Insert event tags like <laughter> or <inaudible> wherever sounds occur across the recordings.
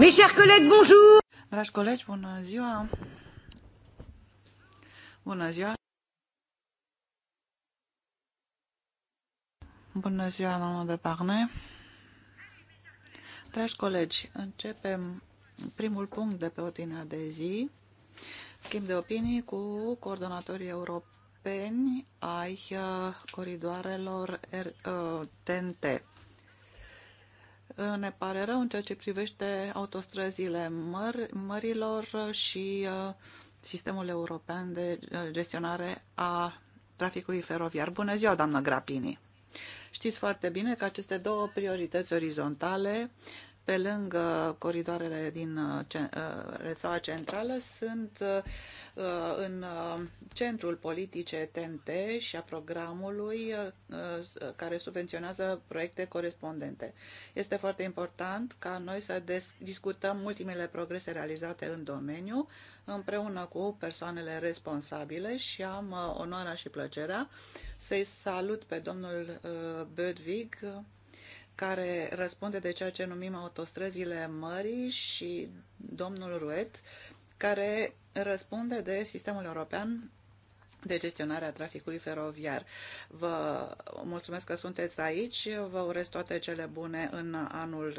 Mes chers collègues, bonjour! Dragi colegi, bună ziua! Bună ziua! Bună ziua, doamnă de Parne! Dragi colegi, începem primul punct de pe ordinea de zi, schimb de opinii cu coordonatorii europeni ai uh, coridoarelor TNT ne pare rău în ceea ce privește autostrăzile măr mărilor și uh, sistemul european de uh, gestionare a traficului feroviar. Bună ziua, doamnă Grapini! Știți foarte bine că aceste două priorități orizontale pe lângă coridoarele din uh, uh, rețeaua centrală, sunt uh, în centrul politice TNT și a programului care subvenționează proiecte corespondente. Este foarte important ca noi să discutăm ultimele progrese realizate în domeniu împreună cu persoanele responsabile și am onoarea și plăcerea să-i salut pe domnul Bödvig, care răspunde de ceea ce numim autostrăzile mării și domnul Ruet, care răspunde de sistemul european de gestionare a traficului feroviar. Vă mulțumesc că sunteți aici, vă urez toate cele bune în anul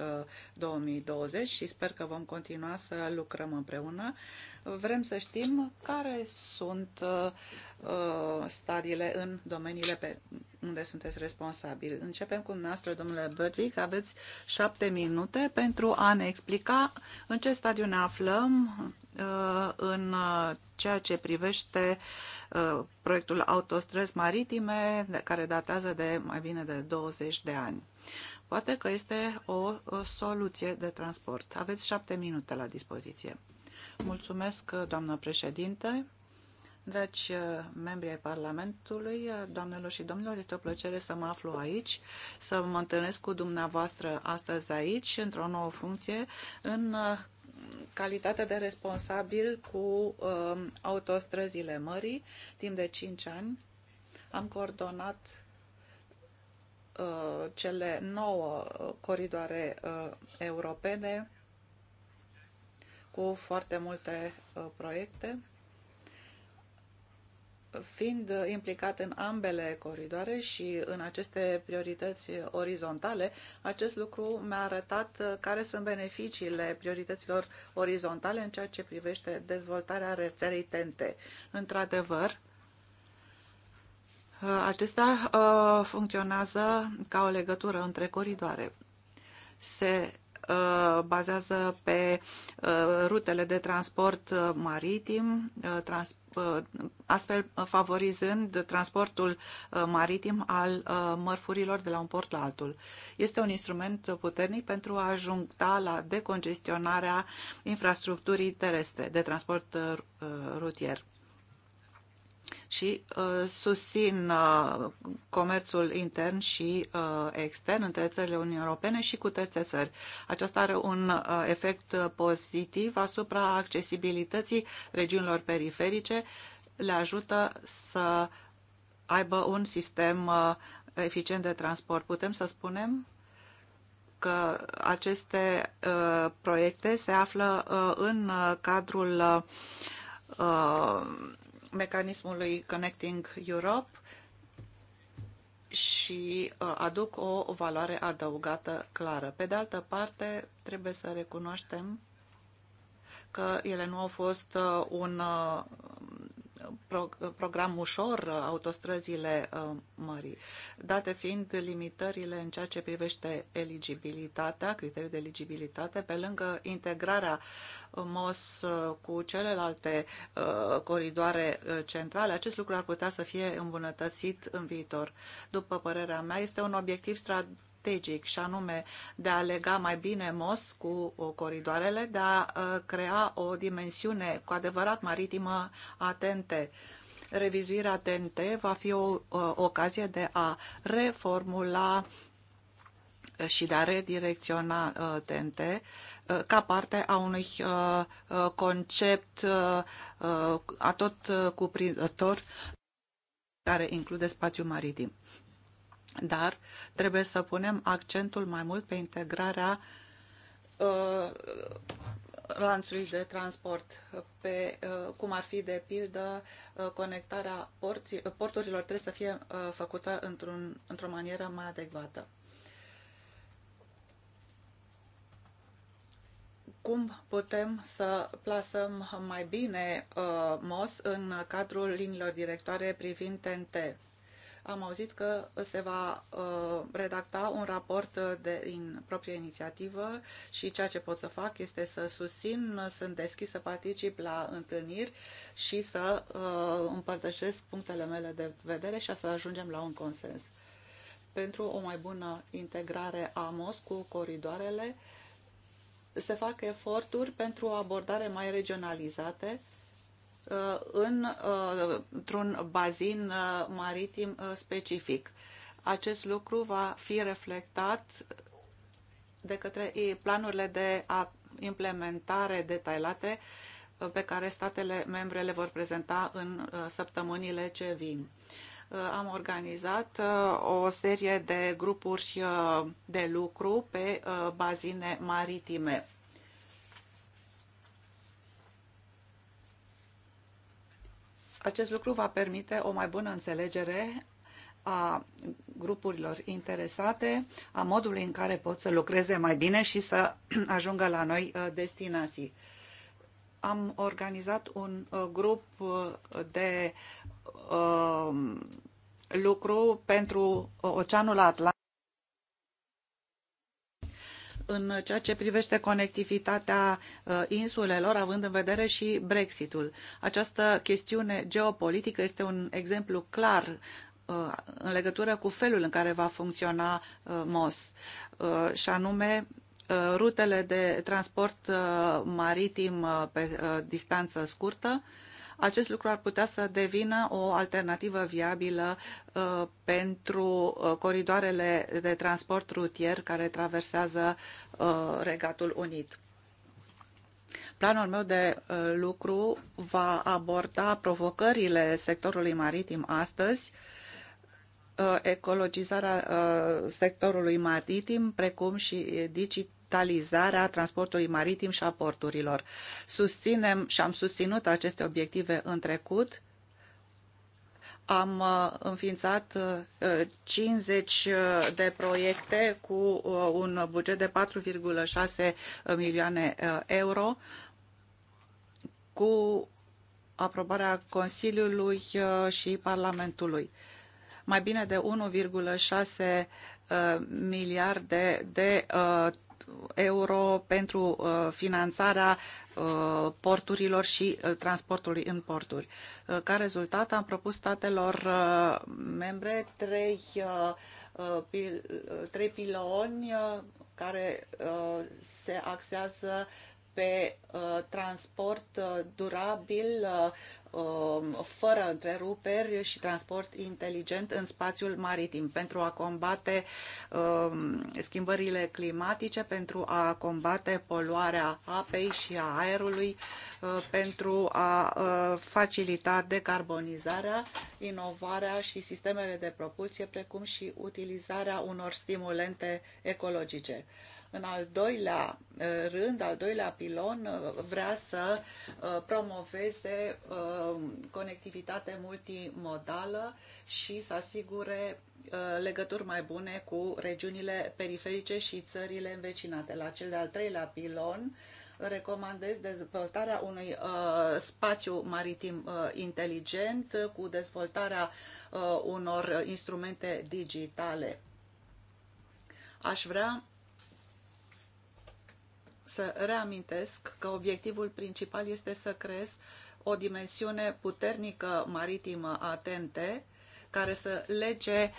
2020 uh, și sper că vom continua să lucrăm împreună. Vrem să știm care sunt uh, uh, stadiile în domeniile pe unde sunteți responsabili. Începem cu dumneavoastră, domnule Bădvic, aveți șapte minute pentru a ne explica în ce stadiu ne aflăm, Uh, în uh, ceea ce privește uh, proiectul Autostrăzi Maritime, care datează de mai bine de 20 de ani. Poate că este o soluție de transport. Aveți șapte minute la dispoziție. Mulțumesc, doamnă președinte. Dragi membri ai Parlamentului, doamnelor și domnilor, este o plăcere să mă aflu aici, să mă întâlnesc cu dumneavoastră astăzi aici, într-o nouă funcție, în calitate de responsabil cu um, autostrăzile mării timp de 5 ani. Am coordonat uh, cele 9 uh, coridoare uh, europene cu foarte multe proiecte fiind implicat în ambele coridoare și în aceste priorități orizontale, acest lucru mi-a arătat care sunt beneficiile priorităților orizontale în ceea ce privește dezvoltarea rețelei TNT. Într-adevăr, acesta uh, funcționează ca o legătură între coridoare. Se Uh, bazează pe uh, rutele de transport uh, maritim, trans, astfel favorizând transportul maritim al mărfurilor de la un port la altul. Este un instrument puternic pentru a ajunta la decongestionarea infrastructurii terestre de transport rutier și uh, susțin uh, comerțul intern și uh, extern între țările Uniunii Europene și cu terțe țări. Aceasta are un uh, efect pozitiv asupra accesibilității regiunilor periferice, le ajută să aibă un sistem uh, eficient de transport. Putem să spunem că aceste uh, proiecte se află uh, în uh, cadrul uh, mecanismului Connecting Europe și uh, aduc o valoare adăugată clară. Pe de altă parte, trebuie să recunoaștem că ele nu au fost uh, un uh, program ușor autostrăzile uh, mării, date fiind limitările în ceea ce privește eligibilitatea, criteriul de eligibilitate, pe lângă integrarea MOS uh, cu celelalte uh, coridoare centrale, acest lucru ar putea să fie îmbunătățit în viitor. După părerea mea, este un obiectiv strategic și anume de a lega mai bine MOS cu uh, coridoarele, de a uh, crea o dimensiune cu adevărat maritimă atente. Revizuirea TNT va fi o uh, ocazie de a reformula și de a redirecționa TNT ca parte a unui concept atot cuprinzător care include spațiul maritim dar trebuie să punem accentul mai mult pe integrarea uh, lanțului de transport, pe, uh, cum ar fi de pildă uh, conectarea porții, porturilor trebuie să fie uh, făcută într-un, într manieră mai adecvată. cum putem să plasăm mai bine uh, MOS în cadrul liniilor directoare privind TNT. Am auzit că se va uh, redacta un raport uh, de, din proprie inițiativă și ceea ce pot să fac este să susțin, sunt deschis să particip la întâlniri și să uh, împărtășesc punctele mele de vedere și să ajungem la un consens. Pentru o mai bună integrare a MOS cu coridoarele, se fac eforturi pentru o abordare mai regionalizate, Uh, în, uh, într-un bazin uh, maritim specific. Acest lucru va fi reflectat de către planurile de implementare detailate pe care statele membre le vor prezenta în săptămânile ce vin. Am organizat o serie de grupuri de lucru pe bazine maritime Acest lucru va permite o mai bună înțelegere a grupurilor interesate, a modului în care pot să lucreze mai bine și să <clears throat> ajungă la noi uh, destinații. Am organizat un uh, grup uh, de lucru pentru Oceanul Atlantic în ceea ce privește conectivitatea uh, insulelor, având în vedere și Brexitul. Această chestiune geopolitică este un exemplu clar uh, în legătură cu felul în care va funcționa uh, MOS, și anume rutele de transport maritim pe distanță scurtă, acest lucru ar putea să devină o alternativă viabilă uh, pentru uh, coridoarele de transport rutier care traversează uh, Regatul Unit. Planul meu de lucru va aborda provocările sectorului maritim astăzi, ecologizarea sectorului maritim, precum și digitalizarea digitalizarea transportului maritim și a porturilor. Susținem și am susținut aceste obiective în trecut. Am uh, înființat 50 uh, uh, de proiecte cu un buget de 4,6 milioane euro cu aprobarea Consiliului și Parlamentului. Mai bine de 1,6 miliarde de euro pentru uh, finanțarea uh, porturilor și uh, transportului în porturi. Ca rezultat am propus statelor membre trei, trei piloni care se axează pe transport durabil, Um, fără întreruperi și transport inteligent în spațiul maritim pentru a combate um, schimbările climatice, pentru a combate poluarea apei și a aerului, uh, pentru a uh, facilita decarbonizarea, inovarea și sistemele de propulsie, precum și utilizarea unor stimulente ecologice. În al doilea uh, rând, al doilea pilon, uh, vrea să uh, promoveze conectivitate multimodală și să asigure legături mai bune cu regiunile periferice și țările învecinate. La cel de-al treilea pilon, recomandez dezvoltarea unui uh, spațiu maritim uh, inteligent cu dezvoltarea uh, unor instrumente digitale. Aș vrea să reamintesc că obiectivul principal este să creez o dimensiune puternică maritimă a TNT care să lege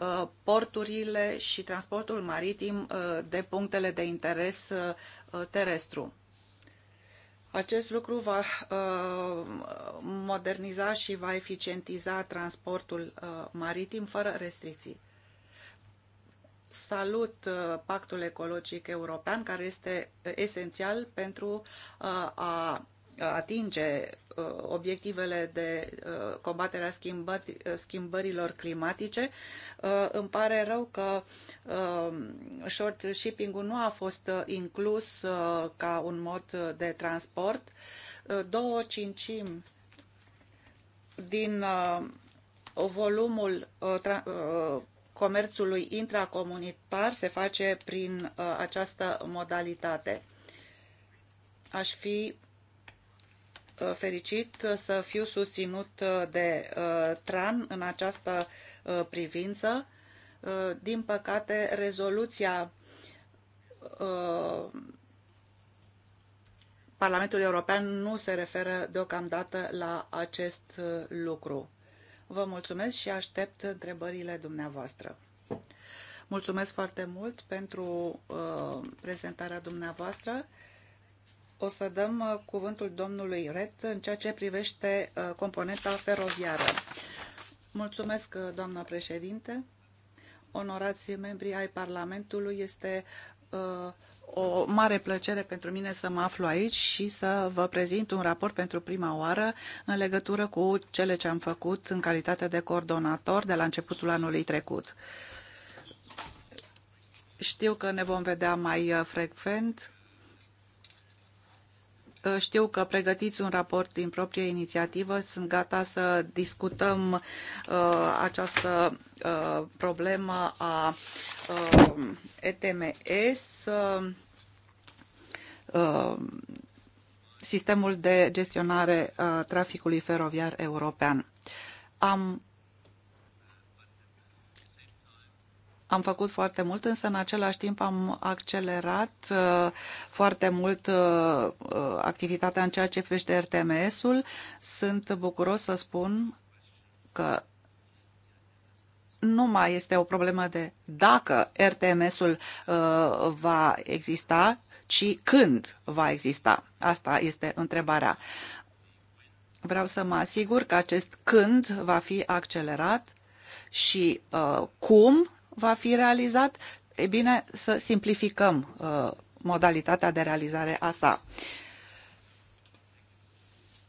uh, porturile și transportul maritim uh, de punctele de interes uh, terestru. Acest lucru va moderniza și va eficientiza transportul maritim fără restricții salut uh, pactul ecologic european, care este uh, esențial pentru uh, a atinge obiectivele de combaterea schimbărilor climatice. Îmi pare rău că short shipping-ul nu a fost inclus ca un mod de transport. Două cincimi din volumul comerțului intracomunitar se face prin uh, această modalitate. Aș fi uh, fericit să fiu susținut uh, de TRAN în această privință. Din păcate, rezoluția Parlamentul European nu se referă deocamdată la acest lucru. Vă mulțumesc și aștept întrebările dumneavoastră. Mulțumesc foarte mult pentru uh, prezentarea dumneavoastră. O să dăm uh, cuvântul domnului Ret în ceea ce privește uh, componenta feroviară. Mulțumesc, uh, doamna președinte. Onorați membrii ai Parlamentului, este uh, o mare plăcere pentru mine să mă aflu aici și să vă prezint un raport pentru prima oară în legătură cu cele ce am făcut în calitate de coordonator de la începutul anului trecut. Știu că ne vom vedea mai frecvent Uh, știu că pregătiți un raport din proprie inițiativă. Sunt gata să discutăm uh, această uh, problemă a uh, ETMS, uh, sistemul de gestionare a traficului feroviar european. Am Am făcut foarte mult, însă în același timp am accelerat uh, foarte mult uh, uh activitatea în ceea ce privește RTMS-ul. Sunt bucuros să spun că nu mai este o problemă de dacă RTMS-ul uh, va exista, ci când va exista. Asta este întrebarea. Vreau să mă asigur că acest când va fi accelerat și uh, cum va fi realizat, e bine să simplificăm uh, modalitatea de realizare a sa.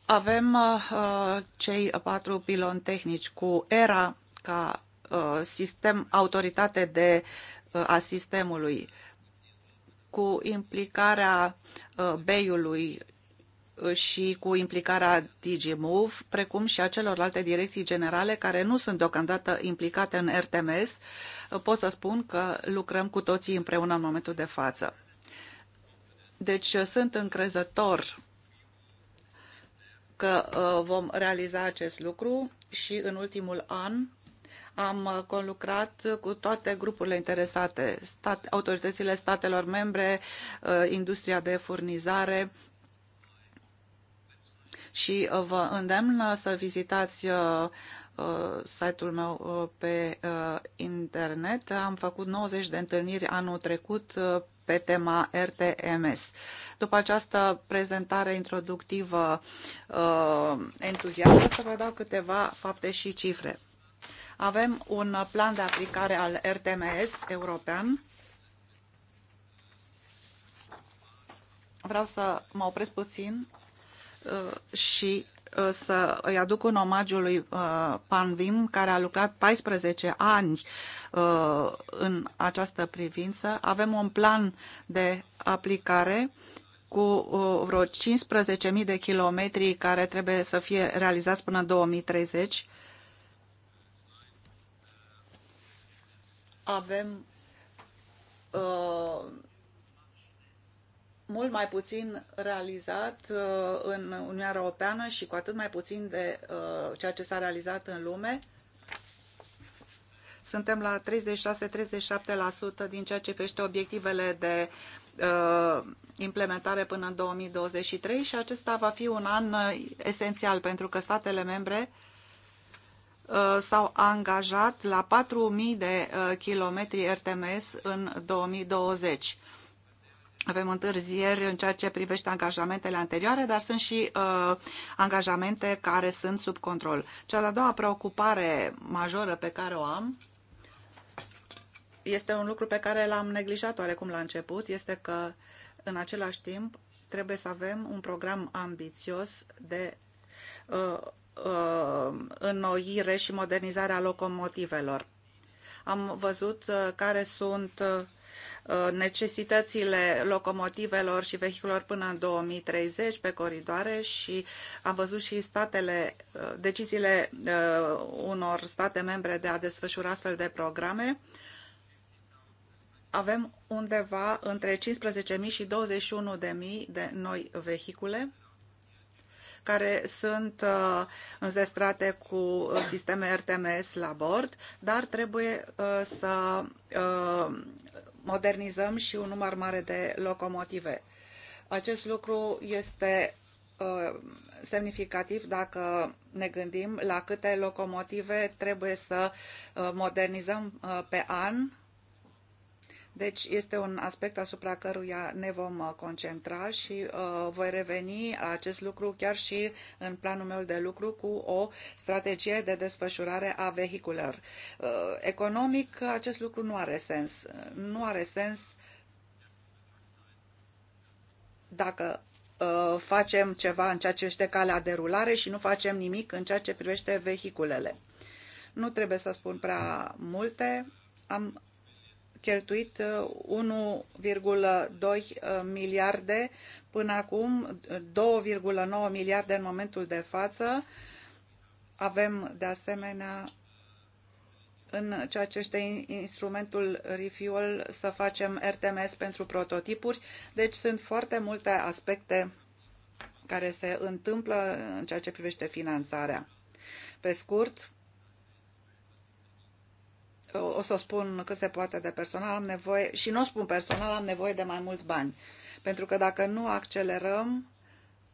Avem uh, uh, cei patru piloni tehnici cu ERA ca uh, sistem, autoritate de uh, a sistemului, cu implicarea uh, BEI-ului și cu implicarea DigiMove, precum și a celorlalte direcții generale care nu sunt deocamdată implicate în RTMS, pot să spun că lucrăm cu toții împreună în momentul de față. Deci sunt încrezător că uh, vom realiza acest lucru și în ultimul an am conlucrat cu toate grupurile interesate, stat, autoritățile statelor membre, uh, industria de furnizare, și uh, vă îndemn uh, să vizitați uh, site-ul meu pe internet. Am făcut 90 de întâlniri anul trecut pe tema RTMS. După această prezentare introductivă entuziastă, să vă dau câteva fapte și cifre. Avem un plan de aplicare al RTMS european. Vreau să mă opresc puțin Uh, și uh, să îi aduc un omagiu lui uh, Pan Vim, care a lucrat 14 ani în această privință. Avem un plan de aplicare cu vreo 15.000 de kilometri care trebuie să fie realizați până în 2030. Avem uh, mult mai puțin realizat uh, în Uniunea Europeană și cu atât mai puțin de uh, ceea ce s-a realizat în lume. Suntem la 36-37% din ceea ce pește obiectivele de uh, implementare până în 2023 și acesta va fi un an esențial pentru că statele membre s-au angajat la 4.000 de kilometri RTMS în 2020 avem întârzieri în ceea ce privește angajamentele anterioare, dar sunt și uh, angajamente care sunt sub control. Cea de-a doua preocupare majoră pe care o am este un lucru pe care l-am neglijat oarecum la început, este că în același timp trebuie să avem un program ambițios de uh, uh, înnoire și modernizare a locomotivelor. Am văzut uh, care sunt uh, Uh, necesitățile locomotivelor și vehiculelor până în 2030 pe coridoare și am văzut și statele, uh, deciziile uh, unor state membre de a desfășura astfel de programe avem undeva între 15.000 și 21.000 de noi vehicule care sunt uh, înzestrate cu sisteme RTMS la bord, dar trebuie uh, să uh, modernizăm și un număr mare de locomotive. Acest lucru este uh, semnificativ dacă ne gândim la câte locomotive trebuie să uh, modernizăm uh, pe an deci este un aspect asupra căruia ne vom uh, concentra și uh, voi reveni la acest lucru chiar și în planul meu de lucru cu o strategie de desfășurare a vehiculelor. Uh, economic, acest lucru nu are sens. Nu are sens dacă uh, facem ceva în ceea ce este calea de rulare și nu facem nimic în ceea ce privește vehiculele. Nu trebuie să spun prea multe. Am cheltuit 1,2 uh, miliarde până acum, 2,9 miliarde în momentul de față. Avem de asemenea în ceea ce este instrumentul Refuel să facem RTMS pentru prototipuri. Deci sunt foarte multe aspecte care se întâmplă în ceea ce privește finanțarea. Pe scurt, o să spun cât se poate de personal, am nevoie, și nu spun personal, am nevoie de mai mulți bani. Pentru că dacă nu accelerăm,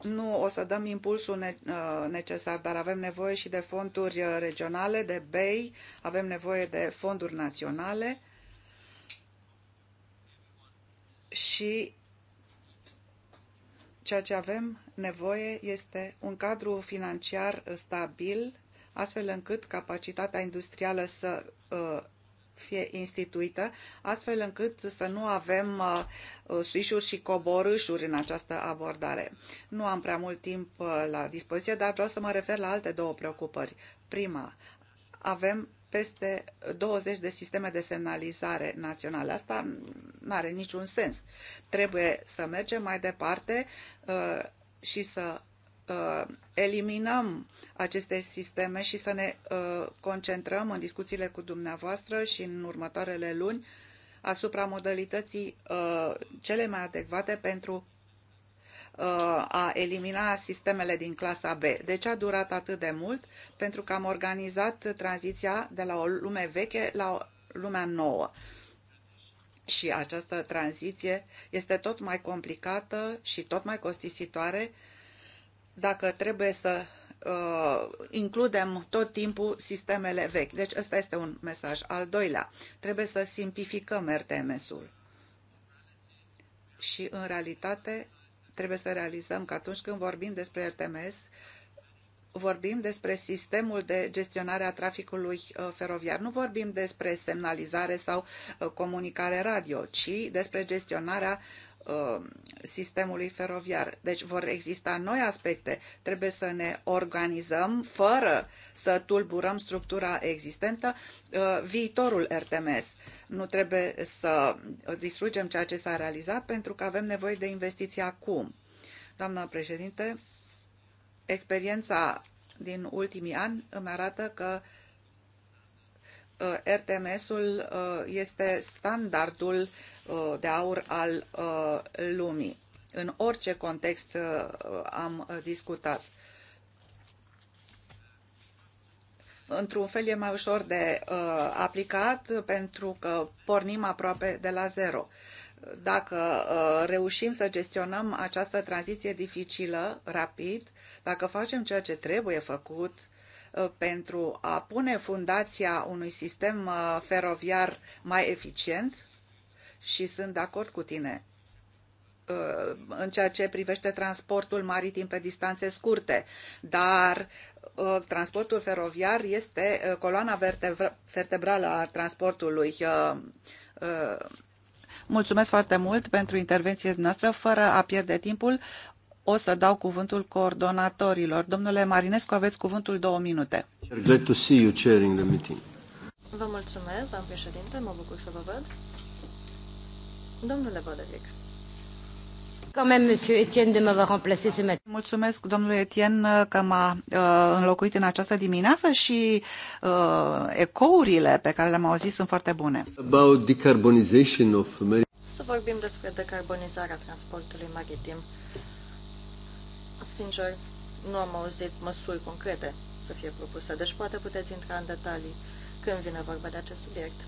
nu o să dăm impulsul uh, necesar, dar avem nevoie și de fonduri uh, regionale, de BEI, avem nevoie de fonduri naționale și ceea ce avem nevoie este un cadru financiar stabil, astfel încât capacitatea industrială să Uh, fie instituită, astfel încât să nu avem uh, uh, suișuri și coborâșuri în această abordare. Nu am prea mult timp la dispoziție, dar vreau să mă refer la alte două preocupări. Prima, avem peste 20 de sisteme de semnalizare naționale. Asta nu are niciun sens. Trebuie să mergem mai departe și să uh, eliminăm aceste sisteme și să ne uh, concentrăm în discuțiile cu dumneavoastră și în următoarele luni asupra modalității uh, cele mai adecvate pentru uh, a elimina sistemele din clasa B. De ce a durat atât de mult? Pentru că am organizat tranziția de la o lume veche la o lumea nouă. Și această tranziție este tot mai complicată și tot mai costisitoare dacă trebuie să uh, includem tot timpul sistemele vechi. Deci ăsta este un mesaj. Al doilea, trebuie să simplificăm RTMS-ul. Și în realitate trebuie să realizăm că atunci când vorbim despre RTMS, vorbim despre sistemul de gestionare a traficului uh, feroviar. Nu vorbim despre semnalizare sau uh, comunicare radio, ci despre gestionarea uh, Uh, sistemului feroviar. Deci vor exista noi aspecte. Trebuie să ne organizăm fără să tulburăm structura existentă uh, viitorul RTMS. Nu trebuie să distrugem ceea ce s-a realizat pentru că avem nevoie de investiții acum. Doamna președinte, experiența din ultimii ani îmi arată că uh, Uh, RTMS-ul uh, este standardul uh, de aur al lumii. În orice context am discutat. Într-un fel e mai ușor de aplicat pentru că pornim aproape de la zero. Dacă reușim să gestionăm această tranziție dificilă, rapid, dacă facem ceea ce trebuie făcut, Uh, pentru a pune fundația unui sistem uh, feroviar mai eficient și sunt de acord cu tine uh, în ceea ce privește transportul maritim pe distanțe scurte, dar transportul feroviar este coloana vertebrală a transportului. Mulțumesc foarte mult pentru intervenția noastră. Fără a pierde timpul, o să dau cuvântul coordonatorilor. Domnule Marinescu, aveți cuvântul două minute. Glad to see you chairing the meeting. Vă mulțumesc, doamnă președinte, mă bucur să vă văd. Domnule Bodevic. Etienne, de Mulțumesc, domnule Etienne, că m-a uh, înlocuit în această dimineață și uh, ecourile pe care le-am auzit sunt foarte bune. About decarbonization of... Să vorbim despre decarbonizarea transportului maritim. Uh, Sincer, nu am auzit măsuri concrete să fie propuse, deci poate puteți intra în detalii când vine vorba de acest subiect.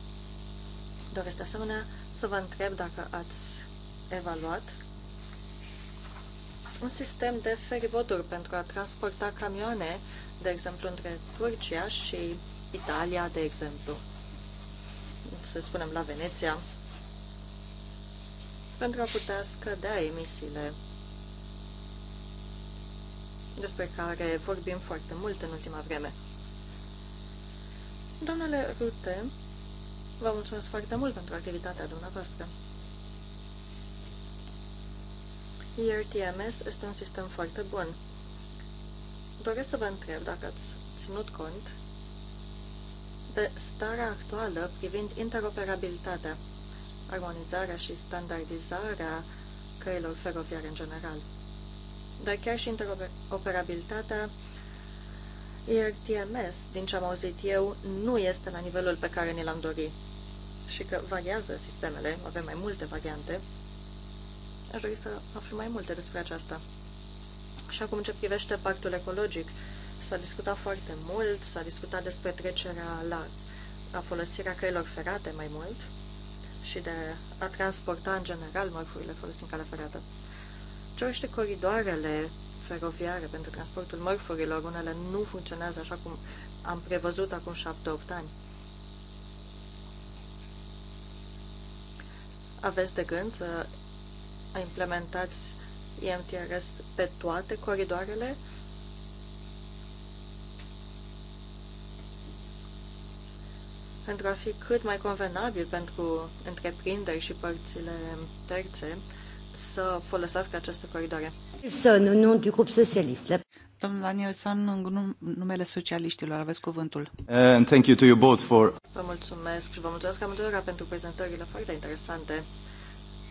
Doresc de asemenea să vă întreb dacă ați evaluat un sistem de feriboturi pentru a transporta camioane, de exemplu, între Turcia și Italia, de exemplu, să spunem la Veneția, pentru a putea scădea emisiile despre care vorbim foarte mult în ultima vreme. Domnule Rute, vă mulțumesc foarte mult pentru activitatea dumneavoastră. ERTMS este un sistem foarte bun. Doresc să vă întreb dacă ați ținut cont de starea actuală privind interoperabilitatea, armonizarea și standardizarea căilor feroviare în general dar chiar și interoperabilitatea ERTMS, din ce am auzit eu, nu este la nivelul pe care ne l-am dorit și că variază sistemele, avem mai multe variante. Aș dori să aflu mai multe despre aceasta. Și acum ce privește pactul ecologic, s-a discutat foarte mult, s-a discutat despre trecerea la a folosirea căilor ferate mai mult și de a transporta în general mărfurile folosind calea ferată. Ceoște coridoarele feroviare pentru transportul mărfurilor, unele nu funcționează așa cum am prevăzut acum 7-8 ani. Aveți de gând să implementați EMTRS pe toate coridoarele? Pentru a fi cât mai convenabil pentru întreprinderi și părțile terțe, să folosească aceste coridoare. Nilsson, în nume du grup socialist. Domnul Danielson, în numele socialiștilor, aveți cuvântul. Uh, and thank you to you both for... Vă mulțumesc și vă mulțumesc amândurora pentru prezentările foarte interesante.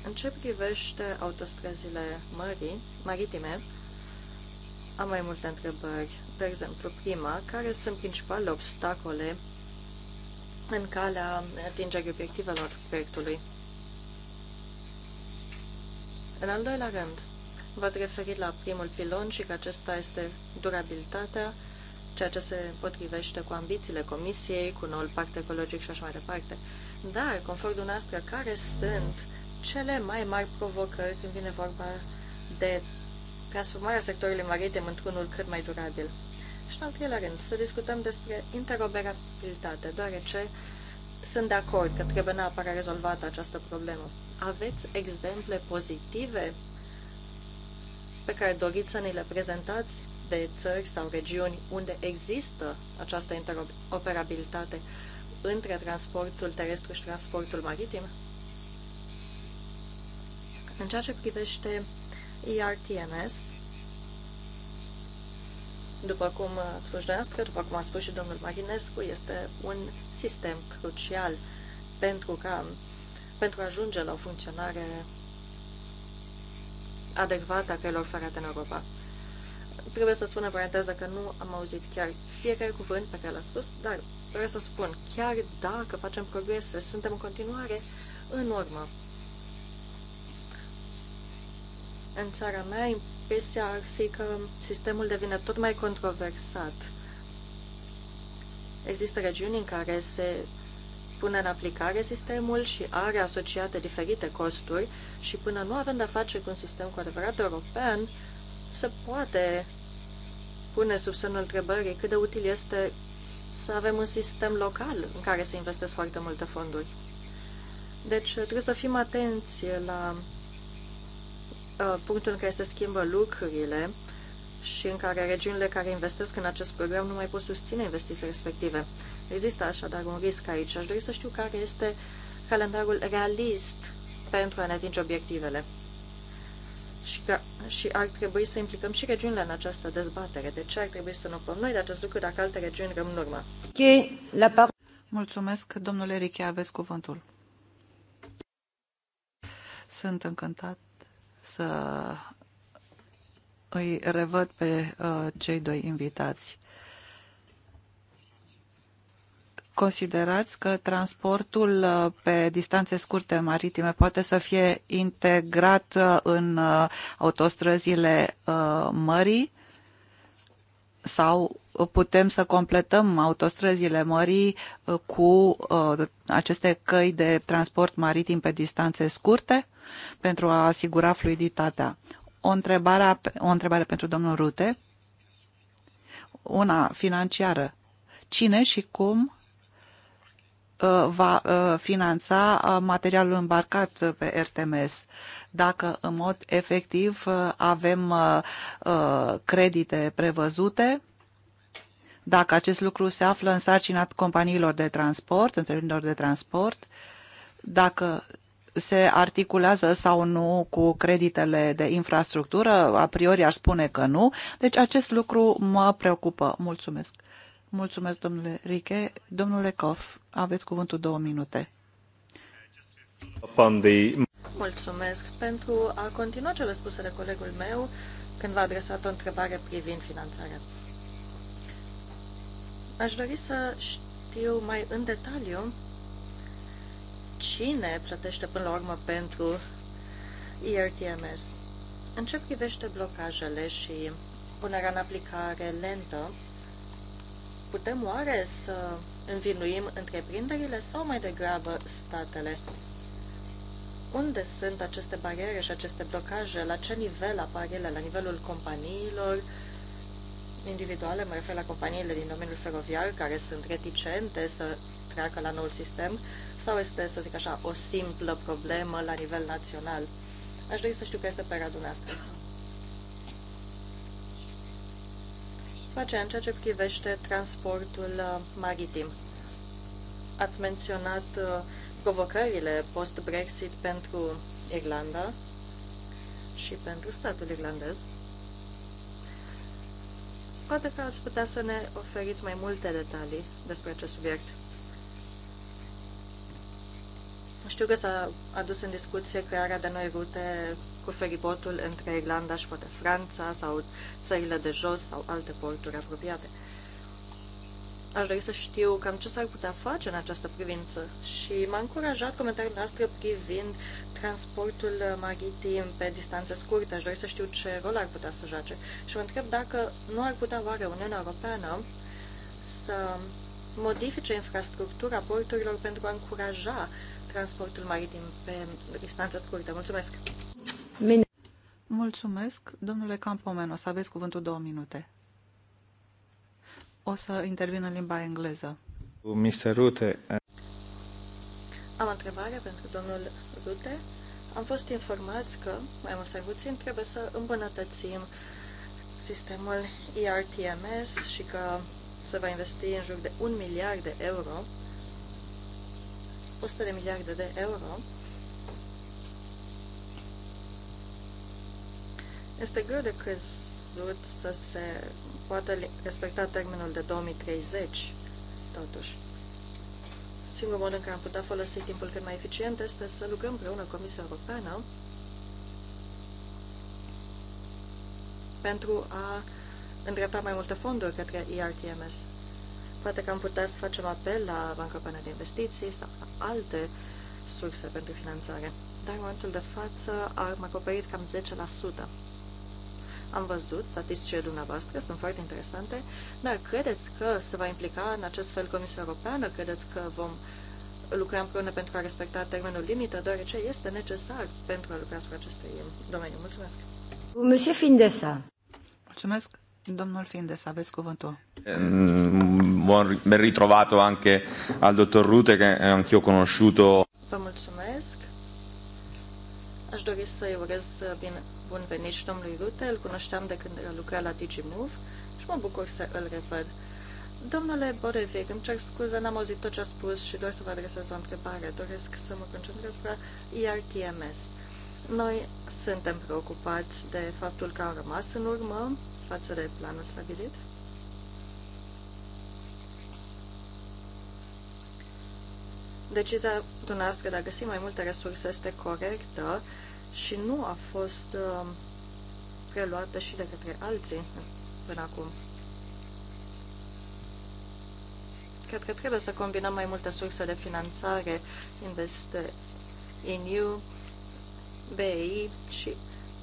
În ce privește autostrăzile mării, maritime, am mai multe întrebări. De exemplu, prima, care sunt principalele obstacole în calea atingerii obiectivelor proiectului? În al doilea rând, v-ați referit la primul pilon și că acesta este durabilitatea, ceea ce se potrivește cu ambițiile Comisiei, cu noul pact ecologic și așa mai departe. Dar, conform dumneavoastră, care sunt cele mai mari provocări când vine vorba de transformarea sectorului maritim într-unul cât mai durabil? Și, în al treilea rând, să discutăm despre interoperabilitate, deoarece sunt de acord că trebuie neapărat rezolvată această problemă. Aveți exemple pozitive pe care doriți să ne le prezentați de țări sau regiuni unde există această interoperabilitate între transportul terestru și transportul maritim? În ceea ce privește ERTMS, după cum a spus dumneavoastră, după cum a spus și domnul Marinescu, este un sistem crucial pentru ca pentru a ajunge la o funcționare adecvată a căilor ferate în Europa. Trebuie să spun în paranteză că nu am auzit chiar fiecare cuvânt pe care l-a spus, dar trebuie să spun, chiar dacă facem progrese, suntem în continuare în urmă. În țara mea, impresia ar fi că sistemul devine tot mai controversat. Există regiuni în care se pune în aplicare sistemul și are asociate diferite costuri și până nu avem de-a face cu un sistem cu adevărat european, se poate pune sub semnul întrebării cât de util este să avem un sistem local în care se investesc foarte multe fonduri. Deci trebuie să fim atenți la uh, punctul în care se schimbă lucrurile și în care regiunile care investesc în acest program nu mai pot susține investiții respective. Există așadar un risc aici și aș dori să știu care este calendarul realist pentru a ne atinge obiectivele. Și, că, și ar trebui să implicăm și regiunile în această dezbatere. De ce ar trebui să ne ocupăm noi de acest lucru dacă alte regiuni rămân în urmă? Mulțumesc, domnule Riche, aveți cuvântul. Sunt încântat să îi revăd pe uh, cei doi invitați. considerați că transportul uh, pe distanțe scurte maritime poate să fie integrat uh, în uh, autostrăzile mării sau putem să completăm autostrăzile mării cu aceste căi de transport maritim pe distanțe scurte pentru a asigura fluiditatea. O întrebare, o întrebare pentru domnul Rute, una financiară. Cine și cum Uh, va uh, finanța uh, materialul îmbarcat pe RTMS. Dacă în mod efectiv avem credite prevăzute, dacă acest lucru se află în sarcina companiilor de transport, întreprinderilor de transport, dacă se articulează sau nu cu creditele de infrastructură, a priori ar spune că nu. Deci acest lucru mă preocupă. Mulțumesc. Mulțumesc, domnule Riche. Domnule Kof, aveți cuvântul două minute. Mulțumesc pentru a continua cele spuse de colegul meu când v-a adresat o întrebare privind finanțarea. Aș dori să știu mai în detaliu cine plătește până la urmă pentru ERTMS. În ce privește blocajele și punerea în aplicare lentă, Putem oare să învinuim întreprinderile sau mai degrabă statele? Unde sunt aceste bariere și aceste blocaje? La ce nivel apar ele? La nivelul companiilor individuale? Mă refer la companiile din domeniul feroviar care sunt reticente să treacă la noul sistem sau este, să zic așa, o simplă problemă la nivel național? Aș dori să știu că este părerea dumneavoastră. facere în ceea ce privește transportul uh, maritim. Ați menționat uh, provocările post-Brexit pentru Irlanda și pentru statul irlandez. Poate că ați putea să ne oferiți mai multe detalii despre acest subiect. Știu că s-a adus în discuție crearea de noi rute cu feribotul între Irlanda și poate Franța sau țările de jos sau alte porturi apropiate. Aș dori să știu cam ce s-ar putea face în această privință și m-a încurajat comentariul noastră privind transportul maritim pe distanțe scurte. Aș dori să știu ce rol ar putea să joace și mă întreb dacă nu ar putea oare Uniunea Europeană să modifice infrastructura porturilor pentru a încuraja transportul maritim pe distanțe scurte. Mulțumesc! Mulțumesc, domnule Campomen. O să aveți cuvântul două minute. O să intervin în limba engleză. Mr. Rute. Uh, Am întrebare pentru domnul Rute. Am fost informați că, mai mult sau puțin, trebuie să îmbunătățim sistemul ERTMS și că se va investi în jur de un miliard de euro, 100 de miliarde de euro, Este greu de crezut să se poată respecta termenul de 2030, totuși. Singurul mod în care am putea folosi timpul cât mai eficient este să lucrăm împreună Comisia Europeană pentru a îndrepta mai multe fonduri către ERTMS. Poate că am putea să facem apel la Banca Europeană de Investiții sau la alte surse pentru finanțare. Dar în momentul de față am acoperit cam 10%. Am văzut statisticile dumneavoastră, sunt foarte interesante, dar credeți că se va implica în acest fel Comisia Europeană? Credeți că vom lucra împreună pentru a respecta termenul limită, deoarece este necesar pentru a lucra asupra acestui domeniu? Mulțumesc! Monsieur Findesa. Mulțumesc! Domnul Findes, aveți cuvântul. Mm, buon, ben ritrovato anche al dottor Rute, che anch'io ho conosciuto. Vă mulțumesc. Aș dori să-i urez bine, bun venit și domnului Rute, îl cunoșteam de când lucra la DigiMove și mă bucur să îl revăd. Domnule Borevic, îmi cer scuze, n-am auzit tot ce a spus și doar să vă adresez o întrebare. Doresc să mă concentrez asupra IRTMS. Noi suntem preocupați de faptul că au rămas în urmă față de planul stabilit. Decizia dumneavoastră de a găsi mai multe resurse este corectă și nu a fost uh, preluată și de către alții până acum. Cred că trebuie să combinăm mai multe surse de finanțare, Invest in You, BEI și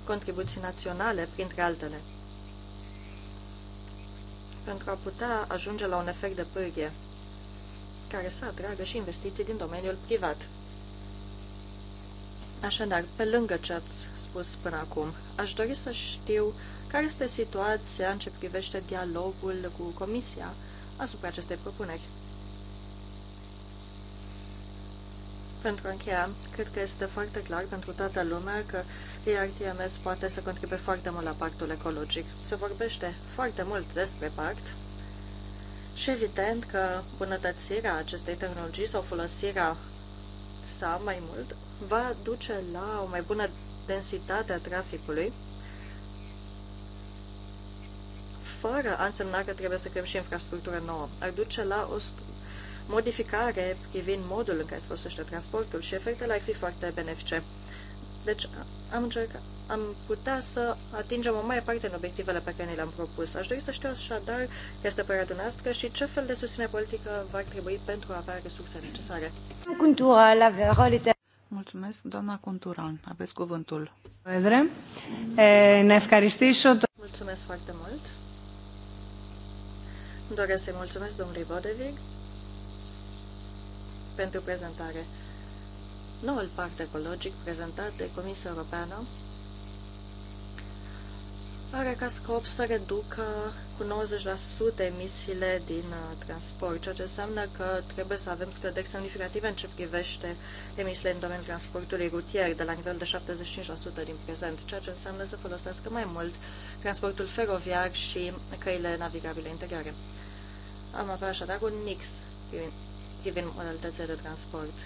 contribuții naționale, printre altele, pentru a putea ajunge la un efect de pârghie care să atragă și investiții din domeniul privat. Așadar, pe lângă ce ați spus până acum, aș dori să știu care este situația în ce privește dialogul cu Comisia asupra acestei propuneri. Pentru a încheia, cred că este foarte clar pentru toată lumea că ERTMS poate să contribuie foarte mult la pactul ecologic. Se vorbește foarte mult despre pact și evident că bunătățirea acestei tehnologii sau folosirea sa mai mult va duce la o mai bună densitate a traficului, fără a însemna că trebuie să creăm și infrastructură nouă. Ar duce la o modificare privind modul în care se folosește transportul și efectele ar fi foarte benefice. Deci am încercat, am putea să atingem o mai parte în obiectivele pe care ni le-am propus. Aș dori să știu așadar, este părerea dumneavoastră și ce fel de susținere politică va trebui pentru a avea resursele necesare. la Mulțumesc, doamna Conturan. Aveți cuvântul. Mulțumesc foarte mult. Doresc să-i mulțumesc domnului Bodevig pentru prezentare. Noul pact ecologic prezentat de Comisia Europeană are ca scop să reducă cu 90% emisiile din uh, transport, ceea ce înseamnă că trebuie să avem scăderi semnificative în ce privește emisiile în domeniul transportului rutier, de la nivel de 75% din prezent, ceea ce înseamnă să folosească mai mult transportul feroviar și căile navigabile interioare. Am avea așadar un mix privind modalitățile de transport.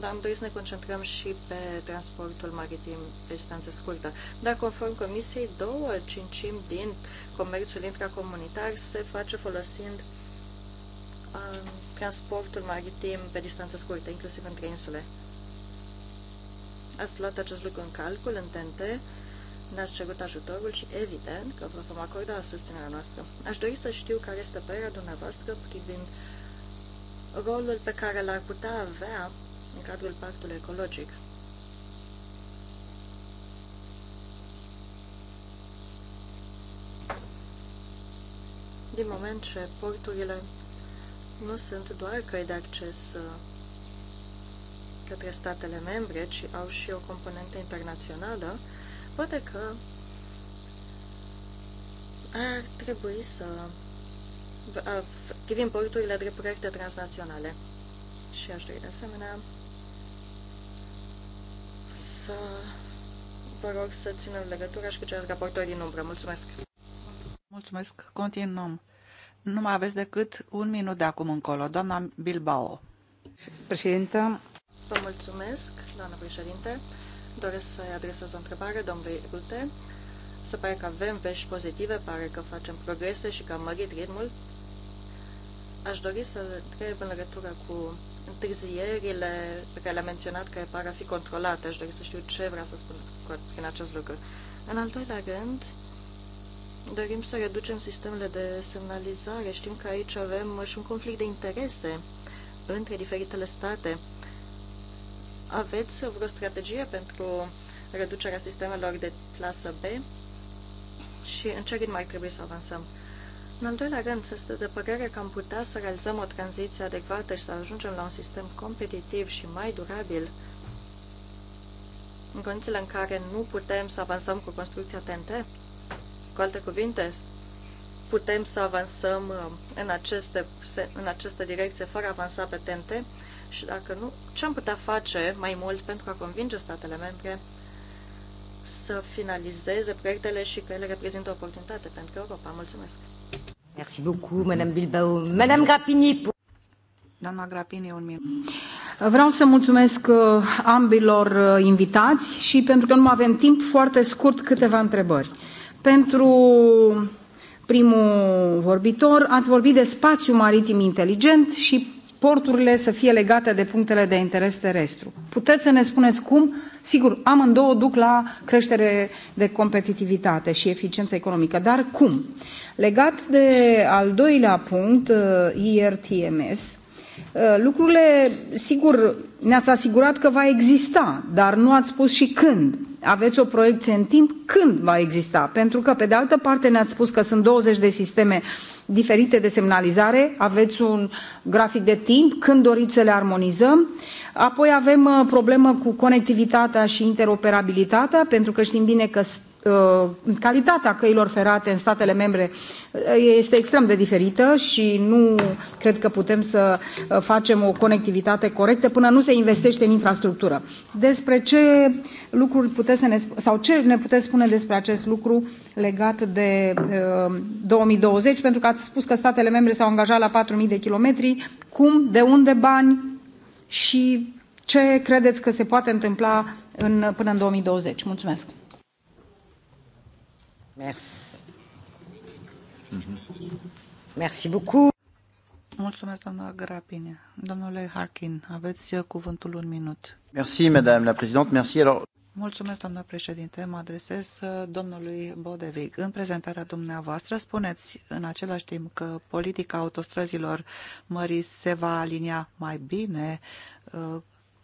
dar am dorit să ne concentrăm și pe transportul maritim pe distanță scurtă. Dar conform Comisiei, două cincimi din comerțul intracomunitar se face folosind um, transportul maritim pe distanță scurtă, inclusiv între insule. Ați luat acest lucru în calcul, în TNT, ne-ați cerut ajutorul și evident că vă vom acorda susținerea noastră. Aș dori să știu care este părerea dumneavoastră privind rolul pe care l-ar putea avea în cadrul pactului ecologic. Din moment ce porturile nu sunt doar căi de acces uh, către statele membre, ci au și o componentă internațională, poate că ar trebui să privim porturile drept proiecte transnaționale. Și aș dori de asemenea să vă rog să ținem legătura și cu ceilalți raportori din umbră. Mulțumesc! Mulțumesc! Continuăm. Nu mai aveți decât un minut de acum încolo. Doamna Bilbao. Președintă. Vă mulțumesc, doamna președinte. Doresc să-i adresez o întrebare domnului Rute. Se pare că avem vești pozitive, pare că facem progrese și că am mărit ritmul. Aș dori să întreb în legătură cu întârzierile pe care le-a menționat care par a fi controlate. Aș dori să știu ce vrea să spun prin acest lucru. În al doilea rând, dorim să reducem sistemele de semnalizare. Știm că aici avem și un conflict de interese între diferitele state. Aveți vreo strategie pentru reducerea sistemelor de clasă B și în ce ritm trebuie să avansăm? În al doilea rând, sunteți de părere că am putea să realizăm o tranziție adecvată și să ajungem la un sistem competitiv și mai durabil în condițiile în care nu putem să avansăm cu construcția TNT? Cu alte cuvinte, putem să avansăm uh, în aceste, în aceste direcție fără a avansa pe TNT? Și dacă nu, ce am putea face mai mult pentru a convinge statele membre să finalizeze proiectele și că ele reprezintă o oportunitate pentru Europa? Mulțumesc! Merci beaucoup, Madame Bilbao. Madame Grapini. Doamna Grappini, un minut. Vreau să mulțumesc uh, ambilor uh, invitați și pentru că nu avem timp, foarte scurt câteva întrebări. Pentru primul vorbitor, ați vorbit de spațiu maritim inteligent și porturile să fie legate de punctele de interes terestru. Puteți să ne spuneți cum? Sigur, amândouă duc la creștere de competitivitate și eficiență economică, dar cum? Legat de al doilea punct, uh, IRTMS, Uh, lucrurile, sigur, ne-ați asigurat că va exista, dar nu ați spus și când. Aveți o proiecție în timp când va exista, pentru că, pe de altă parte, ne-ați spus că sunt 20 de sisteme diferite de semnalizare, aveți un grafic de timp, când doriți să le armonizăm. Apoi avem uh, problemă cu conectivitatea și interoperabilitatea, pentru că știm bine că Uh, calitatea căilor ferate în statele membre uh, este extrem de diferită și nu cred că putem să uh, facem o conectivitate corectă până nu se investește în infrastructură. Despre ce lucruri puteți să ne sau ce ne puteți spune despre acest lucru legat de uh, 2020, pentru că ați spus că statele membre s-au angajat la 4.000 de kilometri. Cum, de unde bani și ce credeți că se poate întâmpla în, până în 2020? Mulțumesc! Merci. Mhm. Mulțumesc, doamna Grapine. Domnule Harkin, aveți cuvântul un minut. Merci, madame la présidente. Merci. Alors... Mulțumesc, doamna președinte. Mă adresez uh, domnului Bodevic. În prezentarea dumneavoastră spuneți în același timp că politica autostrăzilor mării se va alinia mai bine uh,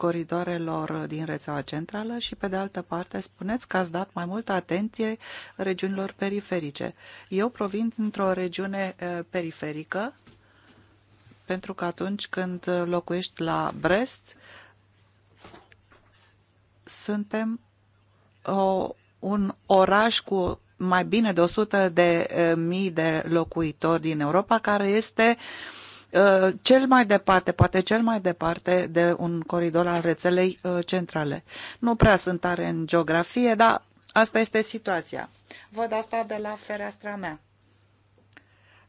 coridoarelor din rețeaua centrală și, pe de altă parte, spuneți că ați dat mai multă atenție regiunilor periferice. Eu provin dintr-o regiune periferică, pentru că atunci când locuiești la Brest, suntem o, un oraș cu mai bine de 100 de mii de locuitori din Europa, care este uh, Uh, cel mai departe, poate cel mai departe de un coridor al rețelei uh, centrale. Nu prea sunt tare în geografie, dar asta este situația. Văd asta de la fereastra mea.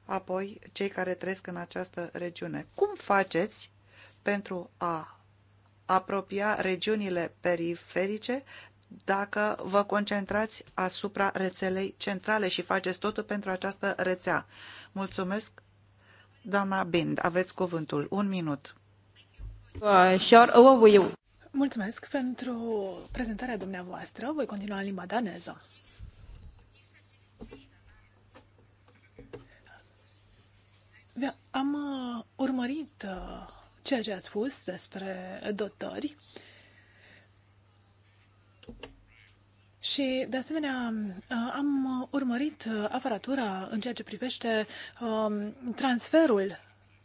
Apoi, cei care trăiesc în această regiune. Cum faceți pentru a apropia regiunile periferice dacă vă concentrați asupra rețelei centrale și faceți totul pentru această rețea. Mulțumesc, Doamna Bind, aveți cuvântul. Un minut. Uh, Mulțumesc pentru prezentarea dumneavoastră. Voi continua în limba daneză. Am uh, urmărit uh, ceea ce ați spus despre dotări Și, de asemenea, uh, am urmărit uh, aparatura în ceea ce privește um, transferul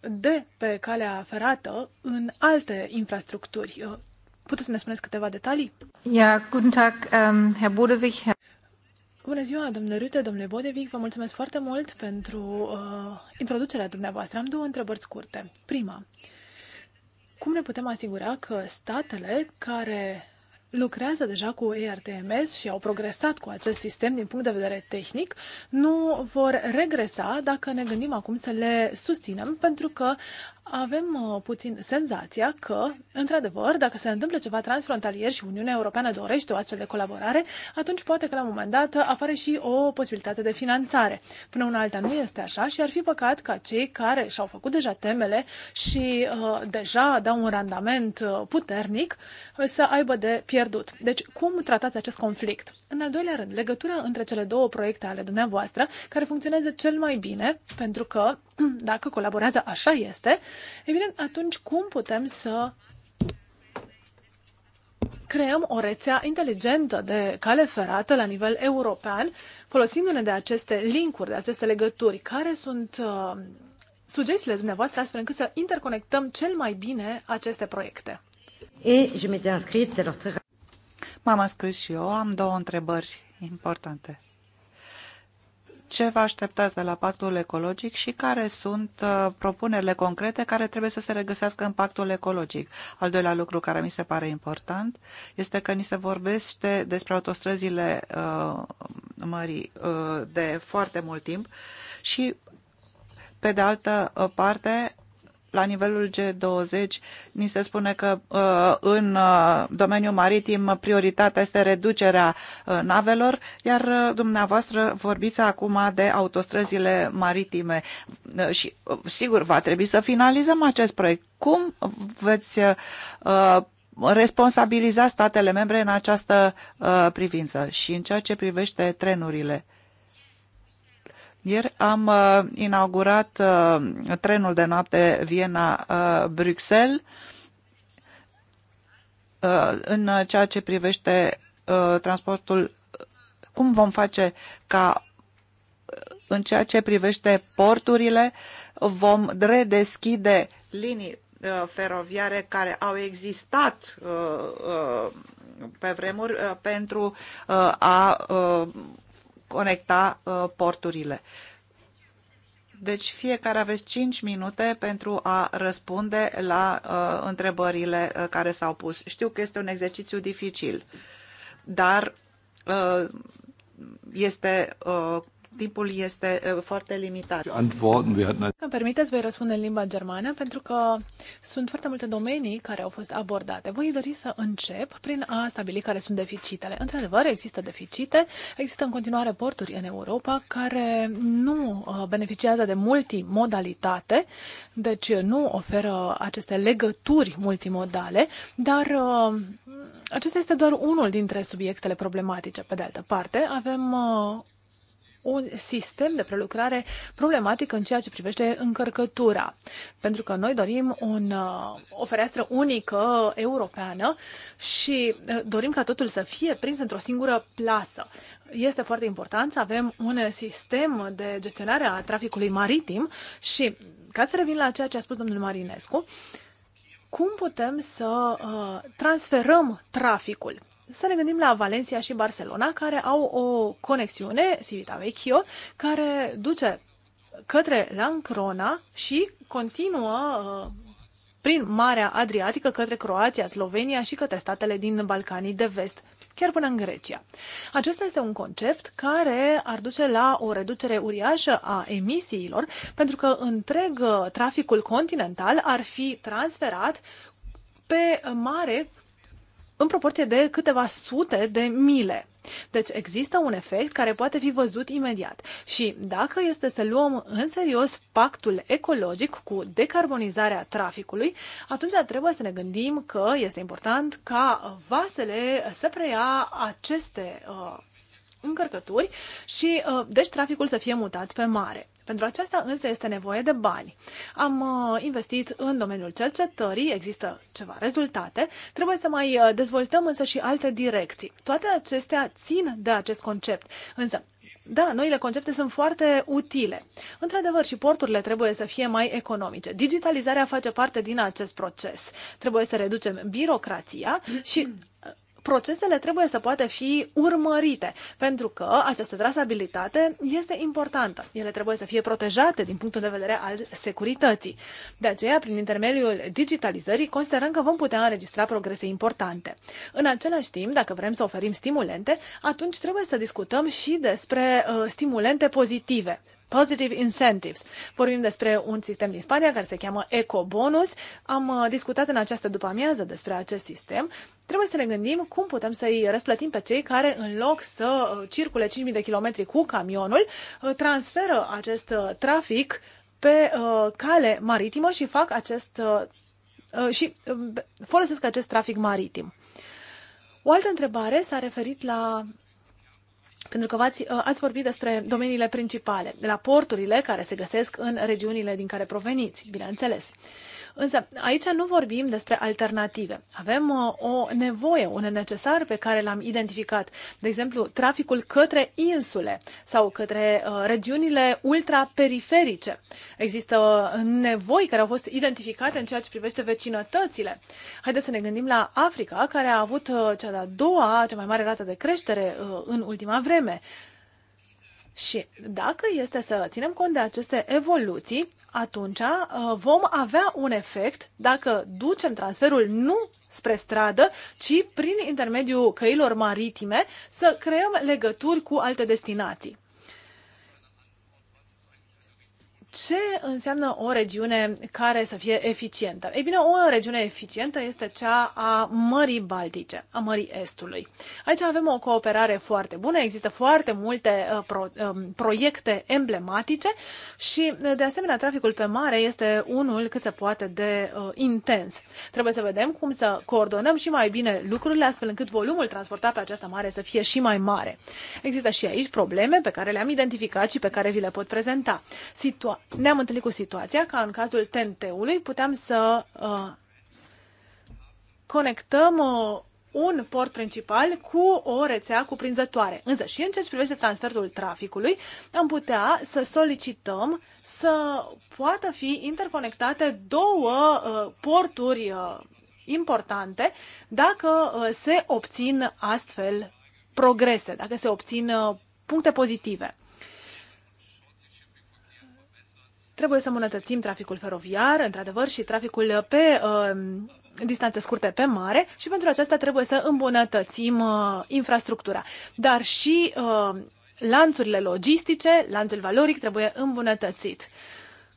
de pe calea ferată în alte infrastructuri. Uh, puteți să ne spuneți câteva detalii? Ja, guten Tag, um, Herr Bodewig. Bună ziua, domnule Rute, domnule Bodevic, vă mulțumesc foarte mult pentru uh, introducerea dumneavoastră. Am două întrebări scurte. Prima, cum ne putem asigura că statele care lucrează deja cu ERTMS și au progresat cu acest sistem din punct de vedere tehnic, nu vor regresa dacă ne gândim acum să le susținem, pentru că avem uh, puțin senzația că, într-adevăr, dacă se întâmplă ceva transfrontalier și Uniunea Europeană dorește o astfel de colaborare, atunci poate că la un moment dat apare și o posibilitate de finanțare. Până una alta nu este așa și ar fi păcat ca cei care și-au făcut deja temele și uh, deja dau un randament uh, puternic uh, să aibă de pierdut. Deci, cum tratați acest conflict? În al doilea rând, legătura între cele două proiecte ale dumneavoastră care funcționează cel mai bine, pentru că <clears throat> dacă colaborează așa este, evident atunci cum putem să creăm o rețea inteligentă de cale ferată la nivel european, folosindu-ne de aceste linkuri, de aceste legături, care sunt uh, sugestiile dumneavoastră astfel încât să interconectăm cel mai bine aceste proiecte. M-am înscris și eu, am două întrebări importante ce vă așteptați de la pactul ecologic și care sunt uh, propunerile concrete care trebuie să se regăsească în pactul ecologic. Al doilea lucru care mi se pare important este că ni se vorbește despre autostrăzile uh, mării uh, de foarte mult timp și pe de altă uh, parte, la nivelul G20 ni se spune că uh, în uh, domeniul maritim prioritatea este reducerea uh, navelor, iar dumneavoastră vorbiți acum de autostrăzile maritime și sigur va trebui să finalizăm acest proiect. Cum veți responsabiliza statele membre în această privință și în ceea ce privește trenurile? Ieri am uh, inaugurat uh, trenul de noapte Viena-Bruxelles uh, în ceea ce privește transportul, cum vom face ca în ceea ce privește porturile, vom redeschide linii feroviare care au existat pe vremuri pentru a conecta uh, porturile. Deci fiecare aveți 5 minute pentru a răspunde la uh, întrebările uh, care s-au pus. Știu că este un exercițiu dificil, dar este timpul este foarte limitat. Îmi permiteți, voi răspunde în limba germană, pentru că sunt foarte multe domenii care au fost abordate. Voi dori să încep prin a stabili care sunt deficitele. Într-adevăr, există deficite, există în continuare porturi în Europa care nu uh, beneficiază de multimodalitate, deci nu oferă aceste legături multimodale, dar uh, acesta este doar unul dintre subiectele problematice. Pe de altă parte, avem uh, un sistem de prelucrare problematic în ceea ce privește încărcătura. Pentru că noi dorim un, uh, o fereastră unică europeană și uh, dorim ca totul să fie prins într-o singură plasă. Este foarte important să avem un sistem de gestionare a traficului maritim și, ca să revin la ceea ce a spus domnul Marinescu, cum putem să uh, transferăm traficul? să ne gândim la Valencia și Barcelona, care au o conexiune, Civita Vecchio, care duce către Lancrona și continuă uh, prin Marea Adriatică către Croația, Slovenia și către statele din Balcanii de vest, chiar până în Grecia. Acesta este un concept care ar duce la o reducere uriașă a emisiilor, pentru că întreg uh, traficul continental ar fi transferat pe mare în proporție de câteva sute de mile. Deci există un efect care poate fi văzut imediat. Și dacă este să luăm în serios pactul ecologic cu decarbonizarea traficului, atunci trebuie să ne gândim că este important ca vasele să preia aceste uh, încărcături și uh, deci traficul să fie mutat pe mare. Pentru aceasta însă este nevoie de bani. Am uh, investit în domeniul cercetării, există ceva rezultate, trebuie să mai uh, dezvoltăm însă și alte direcții. Toate acestea țin de acest concept, însă da, noile concepte sunt foarte utile. Într-adevăr, și porturile trebuie să fie mai economice. Digitalizarea face parte din acest proces. Trebuie să reducem birocrația și uh, procesele trebuie să poată fi urmărite, pentru că această trasabilitate este importantă. Ele trebuie să fie protejate din punctul de vedere al securității. De aceea, prin intermediul digitalizării, considerăm că vom putea înregistra progrese importante. În același timp, dacă vrem să oferim stimulente, atunci trebuie să discutăm și despre uh, stimulente pozitive, Positive Incentives. Vorbim despre un sistem din Spania care se cheamă Ecobonus. Am uh, discutat în această după-amiază despre acest sistem. Trebuie să ne gândim cum putem să-i răsplătim pe cei care, în loc să uh, circule 5.000 de kilometri cu camionul, uh, transferă acest trafic pe cale maritimă și fac acest și folosesc acest trafic maritim. O altă întrebare s-a referit la pentru că ați uh, ați vorbit despre domeniile principale, la porturile care se găsesc în regiunile din care proveniți, bineînțeles. Însă aici nu vorbim despre alternative. Avem uh, o nevoie, un necesar pe care l-am identificat. De exemplu, traficul către insule sau către uh, regiunile ultraperiferice. Există uh, nevoi care au fost identificate în ceea ce privește vecinătățile. Haideți să ne gândim la Africa, care a avut cea de-a doua, cea mai mare rată de creștere în ultima vreme. Și dacă este să ținem cont de aceste evoluții, atunci uh, vom avea un efect dacă ducem transferul nu spre stradă, ci prin intermediul căilor maritime să creăm legături cu alte destinații. ce înseamnă o regiune care să fie eficientă? Ei bine, o regiune eficientă este cea a Mării Baltice, a Mării Estului. Aici avem o cooperare foarte bună, există foarte multe uh, pro, um, proiecte emblematice și, uh, de asemenea, traficul pe mare este unul cât se poate de uh, intens. Trebuie să vedem cum să coordonăm și mai bine lucrurile, astfel încât volumul transportat pe această mare să fie și mai mare. Există și aici probleme pe care le-am identificat și pe care vi le pot prezenta. Situa- ne-am întâlnit cu situația ca în cazul TNT-ului puteam să uh, conectăm uh, un port principal cu o rețea cuprinzătoare. Însă și în ceea ce privește transferul traficului, am putea să solicităm să poată fi interconectate două uh, porturi uh, importante dacă uh, se obțin astfel progrese, dacă se obțin uh, puncte pozitive. Trebuie să îmbunătățim traficul feroviar, într-adevăr, și traficul pe uh, distanțe scurte pe mare și pentru aceasta trebuie să îmbunătățim uh, infrastructura. Dar și uh, lanțurile logistice, lanțul valoric trebuie îmbunătățit.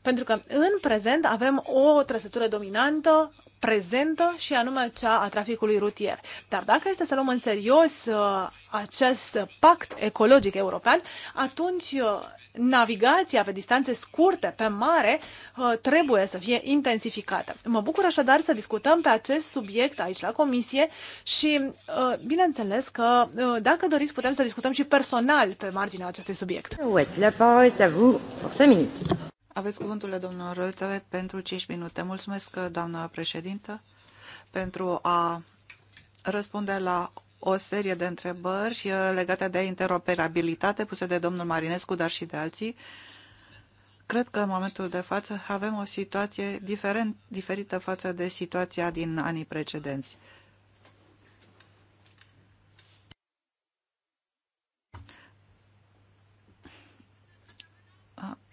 Pentru că în prezent avem o trăsătură dominantă prezentă și anume cea a traficului rutier. Dar dacă este să luăm în serios uh, acest pact ecologic european, atunci uh, navigația pe distanțe scurte, pe mare, uh, trebuie să fie intensificată. Mă bucur așadar să discutăm pe acest subiect aici la comisie și, uh, bineînțeles, că uh, dacă doriți putem să discutăm și personal pe marginea acestui subiect. La Aveți cuvântul, domnul Roite, pentru 5 minute. Mulțumesc, doamna președintă, pentru a răspunde la o serie de întrebări uh, legate de interoperabilitate puse de domnul Marinescu, dar și de alții. Cred că în momentul de față avem o situație diferent, diferită față de situația din anii precedenți.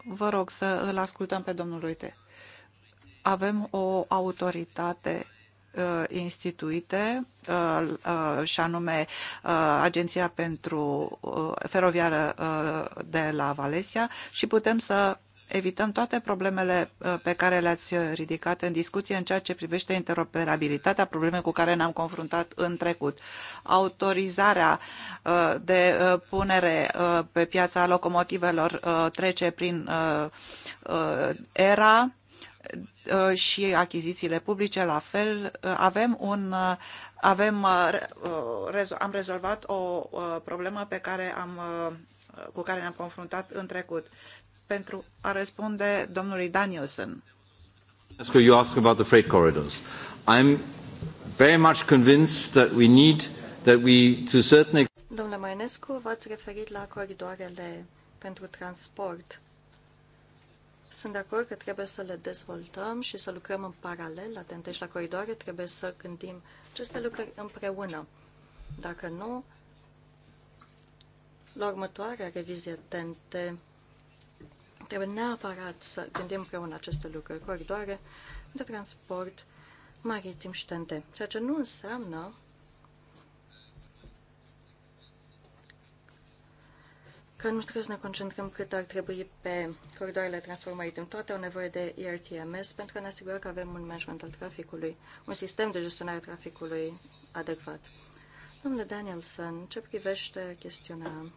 Vă rog să îl ascultăm pe domnul Uite. Avem o autoritate Uh, instituite uh, uh, și anume Agenția pentru Feroviară de la Valesia și putem să evităm toate problemele pe care le-ați ridicat în discuție în ceea ce privește interoperabilitatea, probleme cu care ne-am confruntat în trecut. Autorizarea de punere pe piața locomotivelor trece prin era Uh, și achizițiile publice, la fel, uh, avem un uh, avem, am rezolvat o problemă pe care am, cu care ne-am confruntat în trecut. Pentru a răspunde domnului Danielson. Esco, you asked about the freight corridors. I'm very much convinced that we need that we to certain Domnule Maenescu, v-ați referit la coridoarele pentru transport. Sunt de acord că trebuie să le dezvoltăm și să lucrăm în paralel, atente și la coridoare, trebuie să gândim aceste lucruri împreună. Dacă nu, la următoarea revizie TNT trebuie neapărat să gândim împreună aceste lucruri, coridoare de transport maritim și TNT, ceea ce nu înseamnă că nu trebuie să ne concentrăm cât ar trebui pe coridoarele transformate din toate, au nevoie de ERTMS pentru a ne asigura că avem un management al traficului, un sistem de gestionare a traficului adecvat. Domnule Danielson, ce privește chestiunea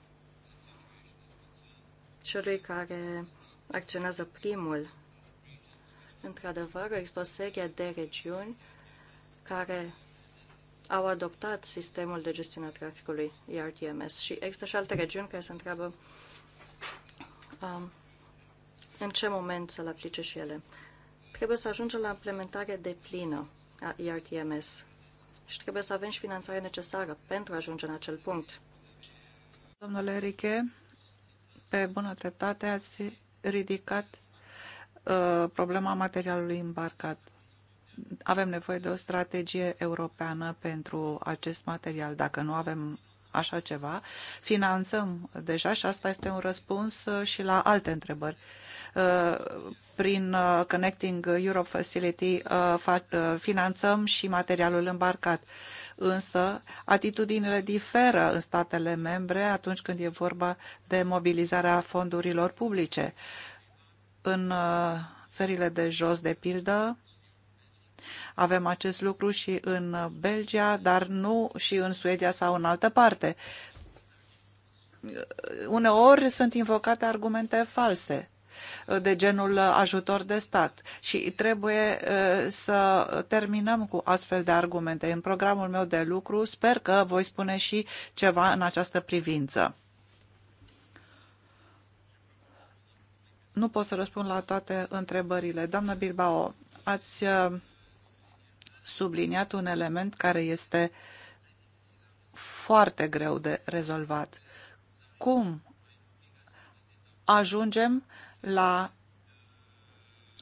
celui care acționează primul, într-adevăr, există o serie de regiuni care au adoptat sistemul de gestiune a traficului ERTMS și există și alte regiuni care se întreabă um, în ce moment să-l aplice și ele. Trebuie să ajungem la implementare de plină a ERTMS și trebuie să avem și finanțarea necesară pentru a ajunge în acel punct. Domnule Riche, pe bună dreptate ați ridicat uh, problema materialului îmbarcat avem nevoie de o strategie europeană pentru acest material. Dacă nu avem așa ceva, finanțăm deja și asta este un răspuns uh, și la alte întrebări. Uh, prin uh, Connecting Europe Facility finanțăm și materialul îmbarcat. Însă, atitudinile diferă în statele membre atunci când e vorba de mobilizarea fondurilor publice. În țările de jos, de pildă, avem acest lucru și în Belgia, dar nu și în Suedia sau în altă parte. Uneori sunt invocate argumente false de genul ajutor de stat și trebuie să terminăm cu astfel de argumente. În programul meu de lucru sper că voi spune și ceva în această privință. Nu pot să răspund la toate întrebările. Doamna Bilbao, ați subliniat un element care este foarte greu de rezolvat. Cum ajungem la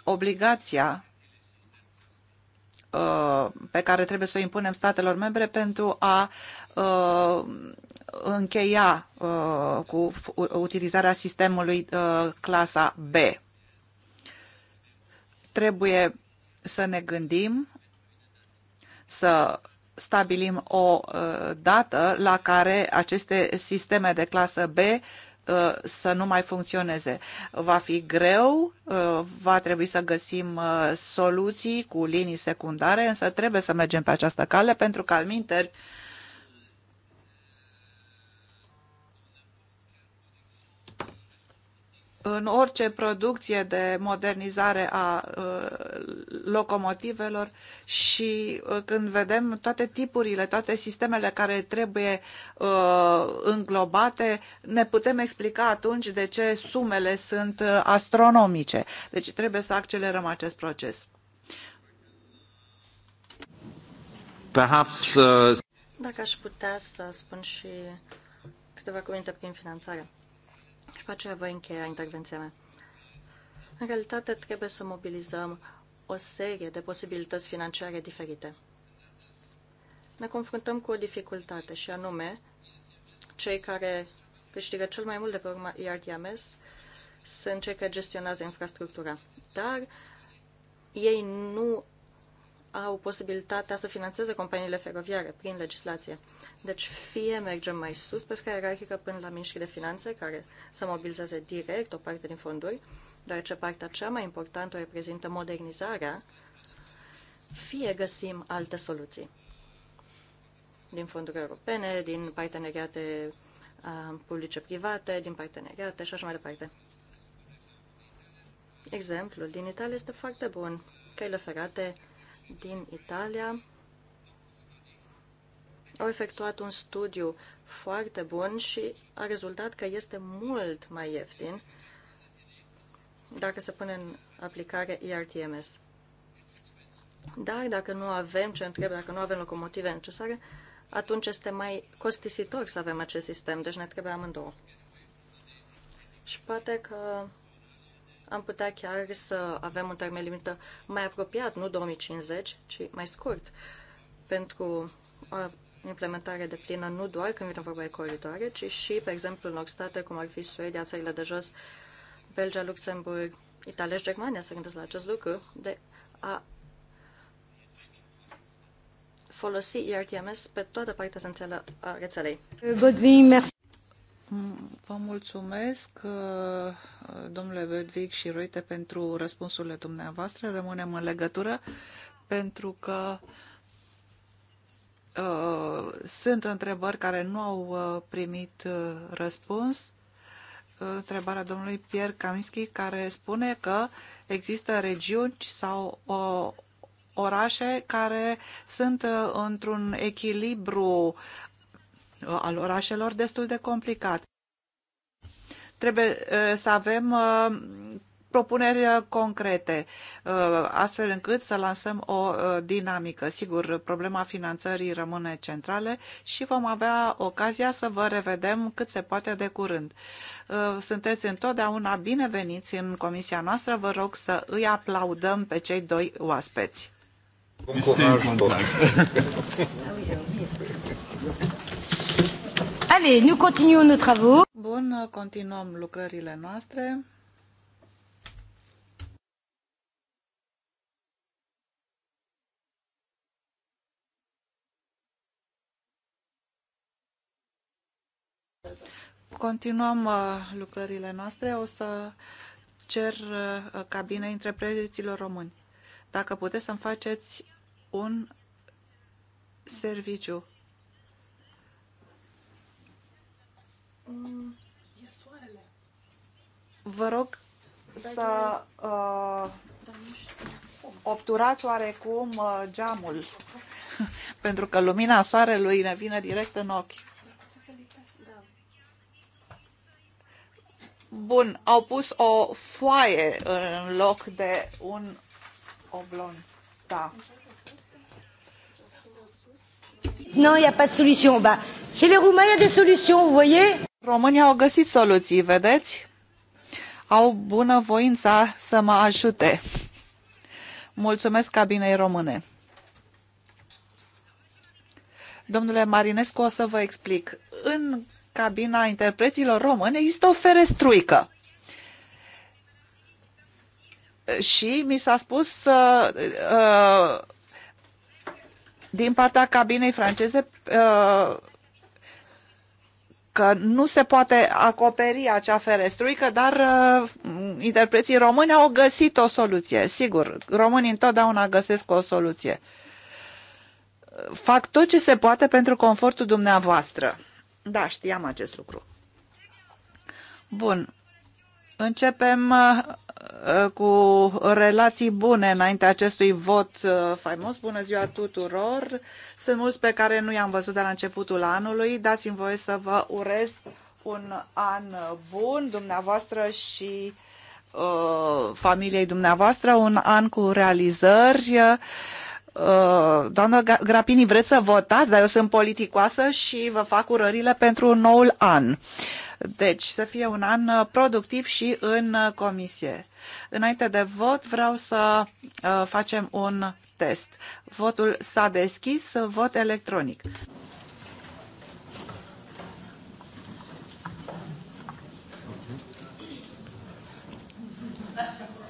obligația uh, pe care trebuie să o impunem statelor membre pentru a uh, încheia uh, cu utilizarea sistemului uh, clasa B. Trebuie să ne gândim să stabilim o uh, dată la care aceste sisteme de clasă B uh, să nu mai funcționeze. Va fi greu, uh, va trebui să găsim soluții cu linii secundare, însă trebuie să mergem pe această cale pentru că, al minteri, în orice producție de modernizare a uh, locomotivelor și uh, când vedem toate tipurile, toate sistemele care trebuie uh, înglobate, ne putem explica atunci de ce sumele sunt astronomice. Deci trebuie să accelerăm acest proces. Perhaps, uh... Dacă aș putea să spun și câteva cuvinte prin finanțare. Și pe aceea voi încheia intervenția mea. În realitate, trebuie să mobilizăm o serie de posibilități financiare diferite. Ne confruntăm cu o dificultate și anume, cei care câștigă cel mai mult de pe urma IRTMS sunt cei care gestionează infrastructura. Dar ei nu au posibilitatea să finanțeze companiile feroviare prin legislație. Deci fie mergem mai sus pe scara ierarhică până la miniștri de finanțe, care să mobilizeze direct o parte din fonduri, deoarece partea cea mai importantă o reprezintă modernizarea, fie găsim alte soluții din fonduri europene, din parteneriate publice-private, din parteneriate și așa mai departe. Exemplul din Italia este foarte bun. Căile ferate din Italia au efectuat un studiu foarte bun și a rezultat că este mult mai ieftin dacă se pune în aplicare ERTMS. Dar dacă nu avem ce întreb, dacă nu avem locomotive necesare, atunci este mai costisitor să avem acest sistem, deci ne trebuie amândouă. Și poate că am putea chiar să avem un termen limită mai apropiat, nu 2050, ci mai scurt, pentru o implementare de plină nu doar când vine vorba de coridoare, ci și, pe exemplu, în state cum ar fi Suedia, țările de jos, Belgia, Luxemburg, Italia și Germania să gândesc la acest lucru, de a folosi ERTMS pe toată partea esențială a rețelei. Godwin, merci. Vă mulțumesc, uh, domnule Vedvic și Roite, pentru răspunsurile dumneavoastră. Rămânem în legătură pentru că uh, sunt întrebări care nu au uh, primit uh, răspuns. Întrebarea domnului Pierre Kaminski, care spune că există regiuni sau uh, orașe care sunt într-un echilibru Uh, al orașelor destul de complicat. Trebuie uh, să avem uh, propuneri concrete, astfel încât să lansăm o dinamică. Sigur, problema finanțării rămâne centrale și vom avea ocazia să vă revedem cât se poate de curând. Sunteți întotdeauna bineveniți în comisia noastră, vă rog să îi aplaudăm pe cei doi oaspeți. Este în <laughs> Allez, nous continuons nos travaux. Bun, continuăm lucrările noastre. Continuăm uh, lucrările noastre. O să cer uh, cabine întreprezeților români. Dacă puteți să-mi faceți un serviciu. Mm. Vă rog să uh, obturați oarecum uh, geamul, <laughs> pentru că lumina soarelui ne vine direct în ochi. Bun, au pus o foaie în loc de un oblon. Da. Non, il n'y a pas de solution. Bah, chez les Roumains, il y a des solutions, vous voyez Românii au găsit soluții, vedeți? Au voința să mă ajute. Mulțumesc cabinei române. Domnule Marinescu, o să vă explic. În cabina interpreților români există o ferestruică. Și mi s-a spus uh, uh, din partea cabinei franceze uh, că nu se poate acoperi acea ferestruică, dar uh, interpreții români au găsit o soluție. Sigur, românii întotdeauna găsesc o soluție. Fac tot ce se poate pentru confortul dumneavoastră. Da, știam acest lucru. Bun, Începem uh, uh, cu relații bune înainte acestui vot uh, faimos. Bună ziua tuturor! Sunt mulți pe care nu i-am văzut de la începutul anului. Dați-mi voie să vă urez un an bun dumneavoastră și uh, familiei dumneavoastră, un an cu realizări. Doamna Grapini, vreți să votați, dar eu sunt politicoasă și vă fac urările pentru noul an. Uh, deci să fie un an uh, productiv și în uh, comisie. Înainte de vot vreau să uh, facem un test. Votul s-a deschis, vot electronic.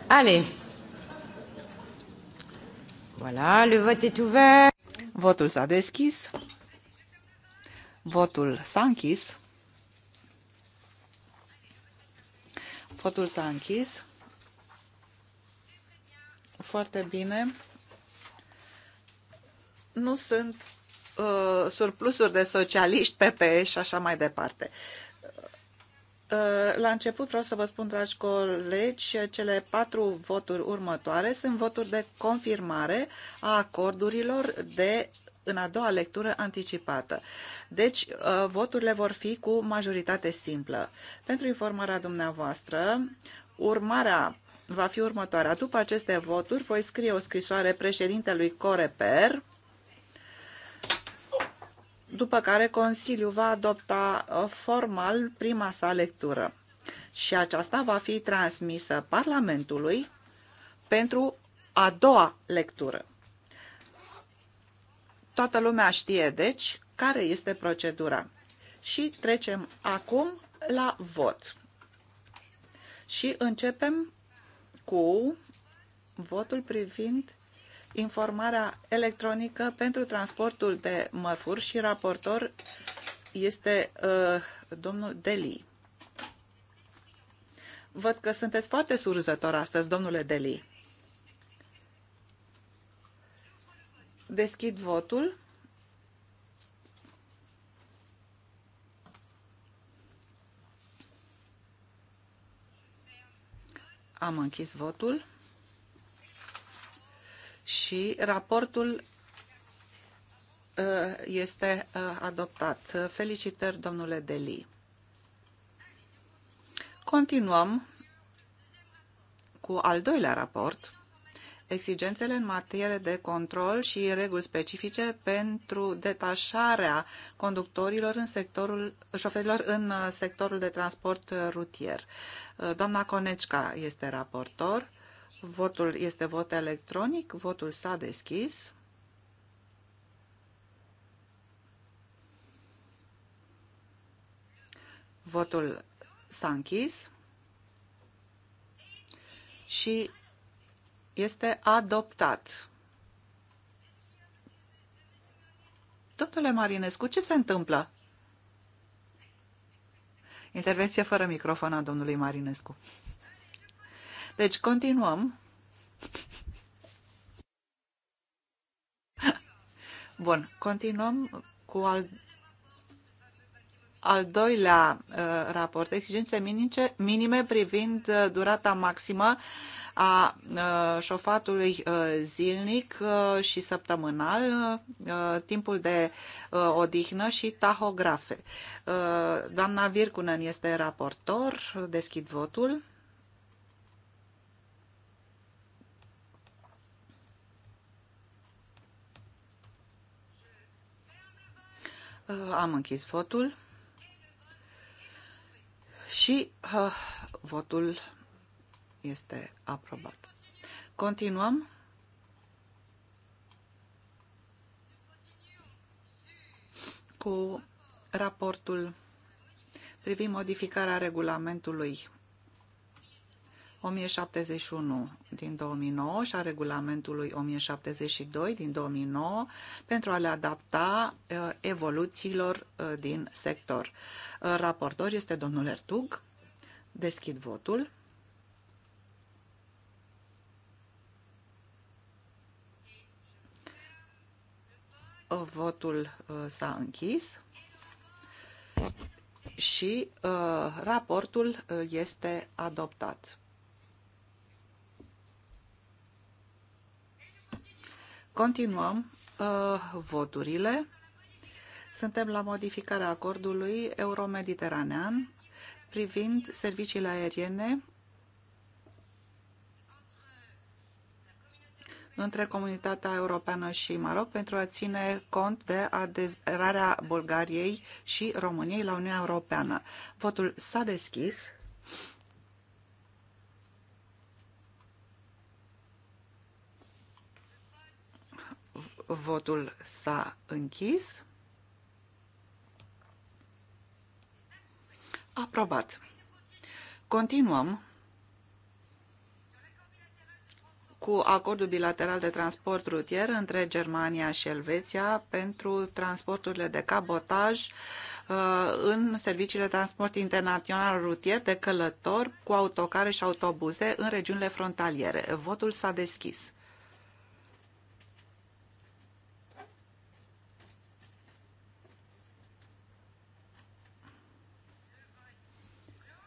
Allez. Voilà, le vote est ouvert. Votul s-a deschis. Votul s-a închis. Votul s-a închis. Foarte bine. Nu sunt uh, surplusuri de socialiști, PP și așa mai departe. Uh, la început vreau să vă spun, dragi colegi, cele patru voturi următoare sunt voturi de confirmare a acordurilor de în a doua lectură anticipată. Deci, uh, voturile vor fi cu majoritate simplă. Pentru informarea dumneavoastră, urmarea va fi următoarea. După aceste voturi, voi scrie o scrisoare președintelui Coreper, după care Consiliul va adopta uh, formal prima sa lectură. Și aceasta va fi transmisă Parlamentului pentru a doua lectură. Toată lumea știe, deci, care este procedura. Și trecem acum la vot. Și începem cu votul privind informarea electronică pentru transportul de mărfuri și raportor este uh, domnul Deli. Văd că sunteți foarte surzător astăzi, domnule Deli. Deschid votul. Am închis votul și raportul uh, este uh, adoptat. Felicitări, domnule Deli. Continuăm cu al doilea raport exigențele în materie de control și reguli specifice pentru detașarea conductorilor în sectorul, șoferilor în uh, sectorul de transport uh, rutier. Uh, doamna Conecica este raportor. Votul este vot electronic, votul s-a deschis. Votul s-a închis și este adoptat. Domnule Marinescu, ce se întâmplă? Intervenție fără microfon a domnului Marinescu. Deci, continuăm. Bun, continuăm cu al, al doilea uh, raport, exigențe minice, minime privind uh, durata maximă a șofatului zilnic și săptămânal, timpul de odihnă și tahografe. Doamna Vircunen este raportor, deschid votul. Am închis votul și uh, votul este aprobat. Continuăm. cu raportul privind modificarea regulamentului 1071 din 2009 și a regulamentului 1072 din 2009 pentru a le adapta uh, evoluțiilor uh, din sector. Uh, raportor este domnul Ertug. Deschid votul. Votul uh, s-a închis și uh, raportul uh, este adoptat. Continuăm voturile. Suntem la modificarea acordului euromediteranean privind serviciile aeriene între comunitatea europeană și Maroc pentru a ține cont de aderarea Bulgariei și României la Uniunea Europeană. Votul s-a deschis. Votul s-a închis. Aprobat. Continuăm cu acordul bilateral de transport rutier între Germania și Elveția pentru transporturile de cabotaj uh, în serviciile de transport internațional rutier de călători cu autocare și autobuze în regiunile frontaliere. Votul s-a deschis.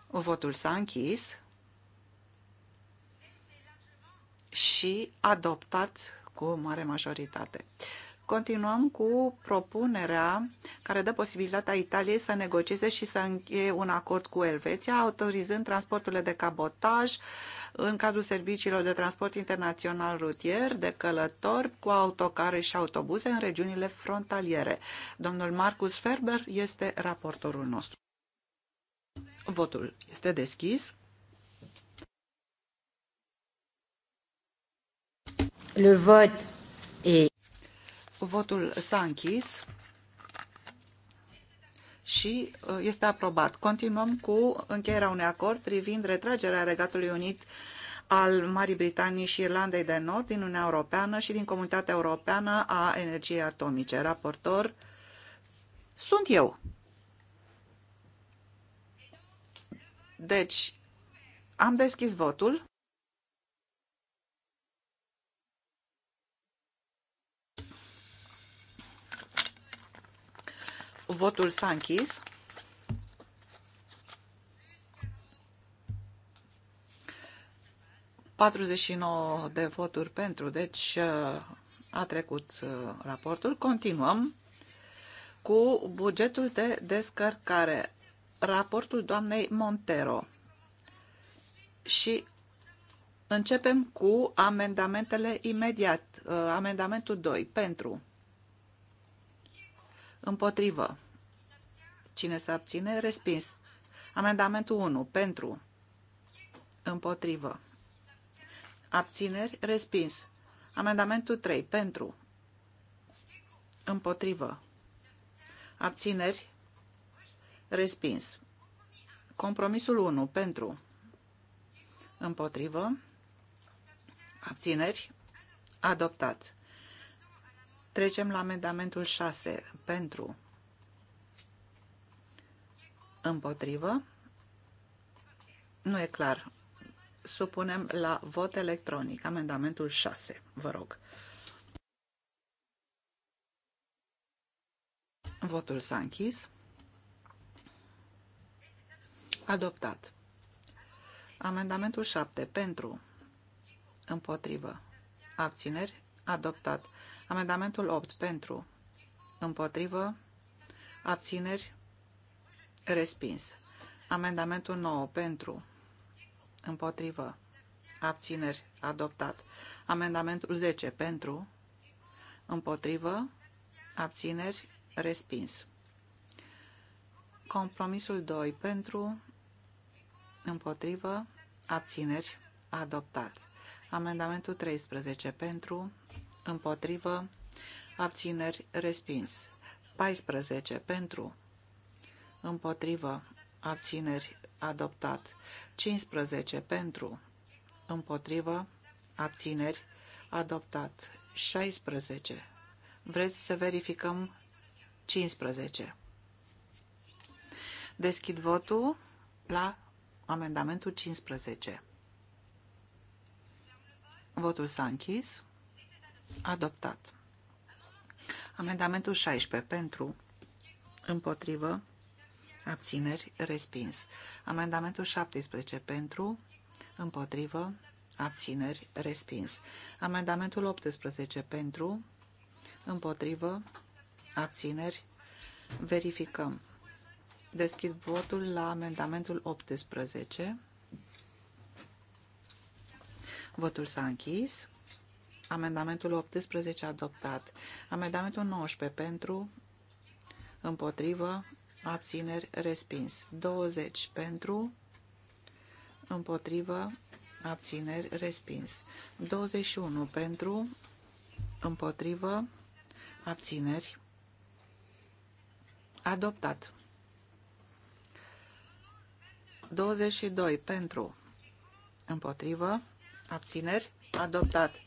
Votul s-a închis. și adoptat cu o mare majoritate. Continuăm cu propunerea care dă posibilitatea Italiei să negocieze și să încheie un acord cu Elveția, autorizând transporturile de cabotaj în cadrul serviciilor de transport internațional rutier, de călători, cu autocare și autobuze în regiunile frontaliere. Domnul Marcus Ferber este raportorul nostru. Votul este deschis. Le vote est... Votul s-a închis și uh, este aprobat. Continuăm cu încheierea unui acord privind retragerea Regatului Unit al Marii Britanii și Irlandei de Nord din Uniunea Europeană și din Comunitatea Europeană a Energiei Atomice. Raportor sunt eu. Deci, am deschis votul. Votul s-a închis. ...49 de voturi pentru, deci uh, a trecut uh, raportul. Continuăm cu bugetul de descărcare. Raportul doamnei Montero. Și începem cu amendamentele imediat. Uh, amendamentul 2. Pentru. Împotrivă. Cine se abține? Respins. Amendamentul 1. Pentru. Împotrivă. Abțineri? Respins. Amendamentul 3. Pentru. Împotrivă. Abțineri? Respins. Compromisul 1. Pentru. Împotrivă. Abțineri? Adoptat. Trecem la amendamentul 6. Pentru. Împotrivă. Nu e clar. Supunem la vot electronic. Amendamentul 6. Vă rog. Votul s-a închis. Adoptat. Amendamentul 7. Pentru. Împotrivă. Abțineri. Adoptat. Amendamentul 8 pentru, împotrivă, abțineri, respins. Amendamentul 9 pentru, împotrivă, abțineri, adoptat. Amendamentul 10 pentru, împotrivă, abțineri, respins. Compromisul 2 pentru, împotrivă, abțineri, adoptat. Amendamentul 13 pentru, împotrivă, abțineri, respins. 14 pentru, împotrivă, abțineri, adoptat. 15 pentru, împotrivă, abțineri, adoptat. 16. Vreți să verificăm 15. Deschid votul la amendamentul 15. Votul s-a închis. Adoptat. Amendamentul 16 pentru, împotrivă, abțineri, respins. Amendamentul 17 pentru, împotrivă, abțineri, respins. Amendamentul 18 pentru, împotrivă, abțineri, verificăm. Deschid votul la amendamentul 18. Votul s-a închis. Amendamentul 18 adoptat. Amendamentul 19 pentru, împotrivă, abțineri, respins. 20 pentru, împotrivă, abțineri, respins. 21 pentru, împotrivă, abțineri, adoptat. 22 pentru, împotrivă, abțineri, adoptat.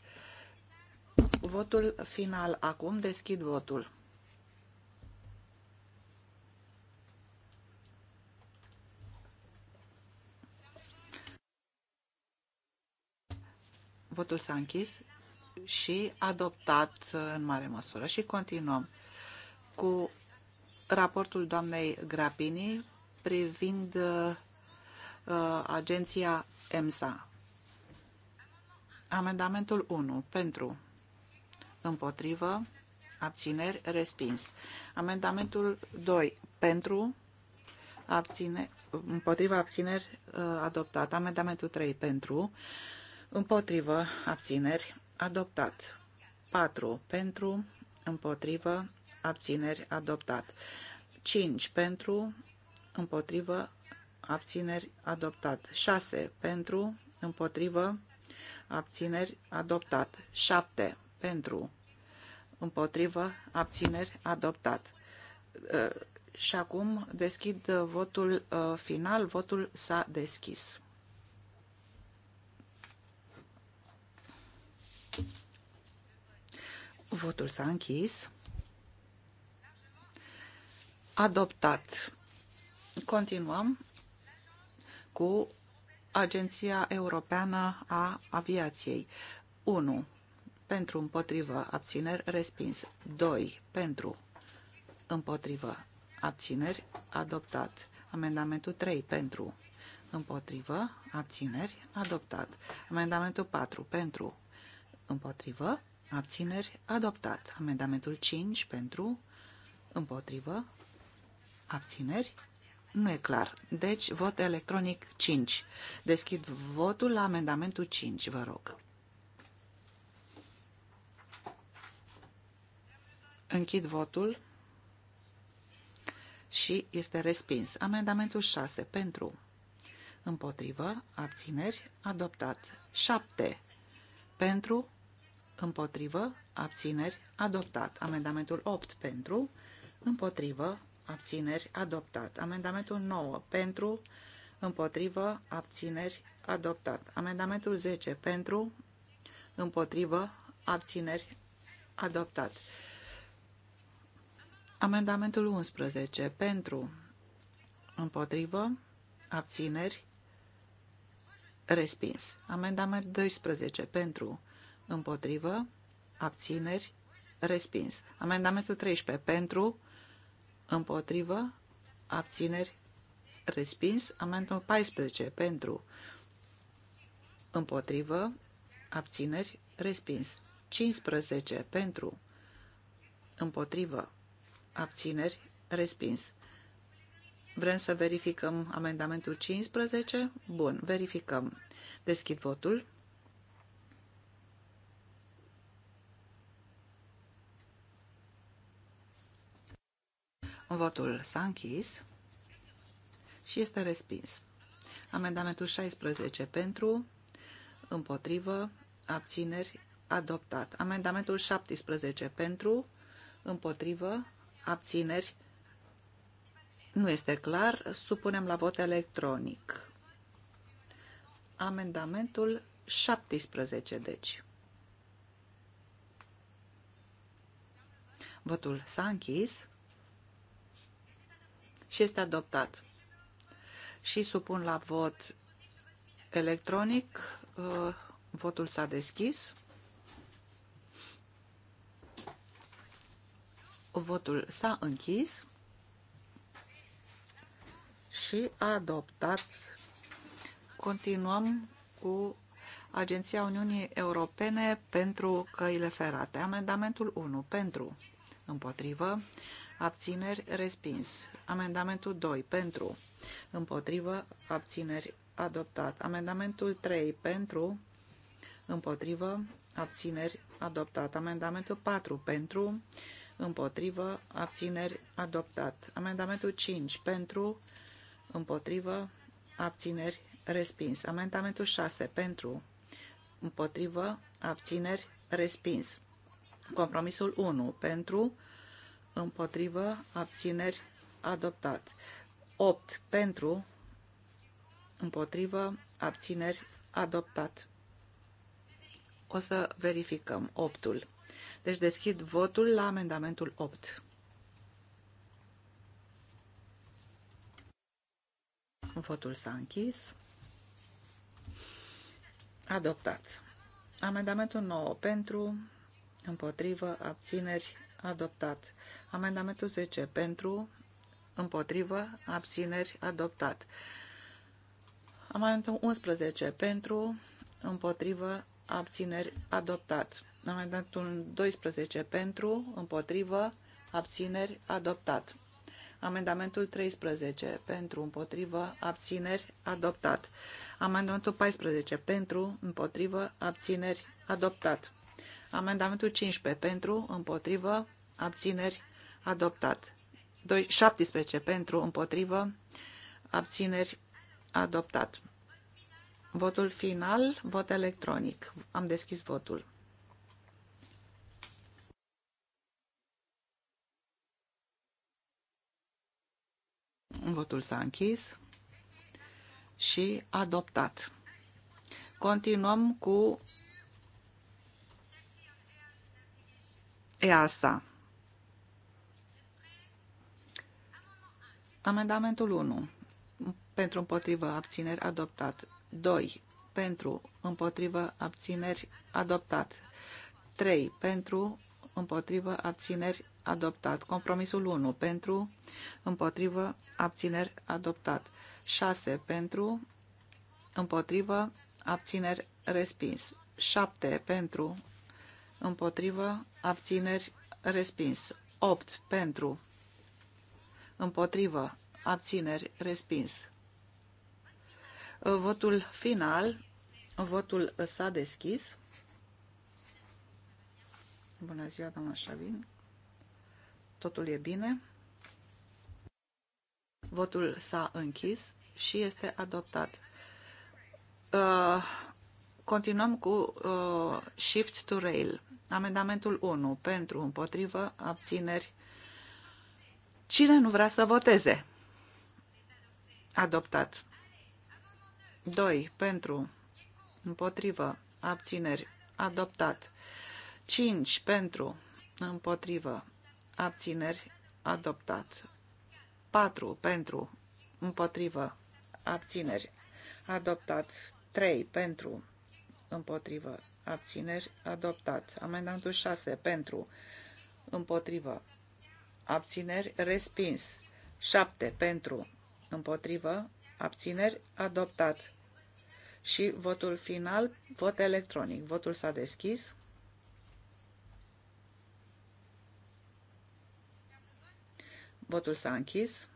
Votul final acum. Deschid votul. Votul s-a închis și adoptat în mare măsură. Și continuăm cu raportul doamnei Grapini privind uh, agenția EMSA. Amendamentul 1 pentru împotrivă, abțineri, respins. Amendamentul 2, pentru, abține, împotrivă. abțineri, uh, adoptat. Amendamentul 3, pentru, împotrivă, abțineri, adoptat. 4, pentru, împotrivă, abțineri, adoptat. 5, pentru, împotrivă, abțineri, adoptat. 6, pentru, împotrivă, abțineri, adoptat. 7, pentru, împotrivă, abțineri, adoptat. Uh, și acum deschid uh, votul uh, final, votul s-a deschis. Votul s-a închis. Adoptat. Continuăm cu Agenția Europeană a Aviației. 1 pentru împotrivă abțineri respins. 2 pentru împotrivă abțineri adoptat. Amendamentul 3 pentru împotrivă abțineri adoptat. Amendamentul 4 pentru împotrivă abțineri adoptat. Amendamentul 5 pentru împotrivă abțineri nu e clar. Deci vot electronic 5. Deschid votul la amendamentul 5, vă rog. Închid votul și este respins. Amendamentul 6 pentru, împotrivă, abțineri, adoptat. 7 pentru, împotrivă, abțineri, adoptat. Amendamentul 8 pentru, împotrivă, abțineri, adoptat. Amendamentul 9 pentru, împotrivă, abțineri, adoptat. Amendamentul 10 pentru, împotrivă, abțineri, adoptat. Amendamentul 11. Pentru, împotrivă, abțineri, respins. Amendament 12. Pentru, împotrivă, abțineri, respins. Amendamentul 13. Pentru, împotrivă, abțineri, respins. Amendamentul 14. Pentru, împotrivă, abțineri, respins. 15. Pentru, împotrivă, abțineri, respins. Vrem să verificăm amendamentul 15? Bun, verificăm. Deschid votul. Votul s-a închis și este respins. Amendamentul 16 pentru, împotrivă, abțineri, adoptat. Amendamentul 17 pentru, împotrivă, abțineri, nu este clar, supunem la vot electronic. Amendamentul 17, deci. Votul s-a închis și este adoptat. Și supun la vot electronic, uh, votul s-a deschis. Votul s-a închis și adoptat. Continuăm cu Agenția Uniunii Europene pentru căile ferate. Amendamentul 1 pentru, împotrivă, abțineri, respins. Amendamentul 2 pentru, împotrivă, abțineri, adoptat. Amendamentul 3 pentru, împotrivă, abțineri, adoptat. Amendamentul 4 pentru, împotrivă, abțineri, adoptat. Amendamentul 5 pentru, împotrivă, abțineri, respins. Amendamentul 6 pentru, împotrivă, abțineri, respins. Compromisul 1 pentru, împotrivă, abțineri, adoptat. 8 pentru, împotrivă, abțineri, adoptat. O să verificăm optul. Deci deschid votul la amendamentul 8. Votul s-a închis. Adoptat. Amendamentul 9 pentru, împotrivă, abțineri, adoptat. Amendamentul 10 pentru, împotrivă, abțineri, adoptat. Amendamentul 11 pentru, împotrivă, abțineri, adoptat. Amendamentul 12 pentru, împotrivă, abțineri, adoptat. Amendamentul 13 pentru, împotrivă, abțineri, adoptat. Amendamentul 14 pentru, împotrivă, abțineri, adoptat. Amendamentul 15 pentru, împotrivă, abțineri, adoptat. 17 pentru, împotrivă, abțineri, adoptat. Votul final, vot electronic. Am deschis votul. Votul s-a închis și adoptat. Continuăm cu EASA. Amendamentul 1. Pentru împotrivă abțineri adoptat. 2. Pentru împotrivă abțineri adoptat. 3. Pentru împotrivă abțineri adoptat. Compromisul 1 pentru, împotrivă, abțineri, adoptat. 6 pentru, împotrivă, abțineri, respins. 7 pentru, împotrivă, abțineri, respins. 8 pentru, împotrivă, abțineri, respins. Votul final, votul s-a deschis. Bună ziua, doamna Șavin. Totul e bine. Votul s-a închis și este adoptat. Uh, continuăm cu uh, Shift to Rail. Amendamentul 1. Pentru, împotrivă, abțineri. Cine nu vrea să voteze? Adoptat. 2. Pentru, împotrivă, abțineri. Adoptat. 5. Pentru, împotrivă, abțineri, adoptat. 4 pentru, împotrivă, abțineri, adoptat. 3 pentru, împotrivă, abțineri, adoptat. Amendamentul 6 pentru, împotrivă, abțineri, respins. 7 pentru, împotrivă, abțineri, adoptat. Și votul final, vot electronic. Votul s-a deschis. Votul s-a închis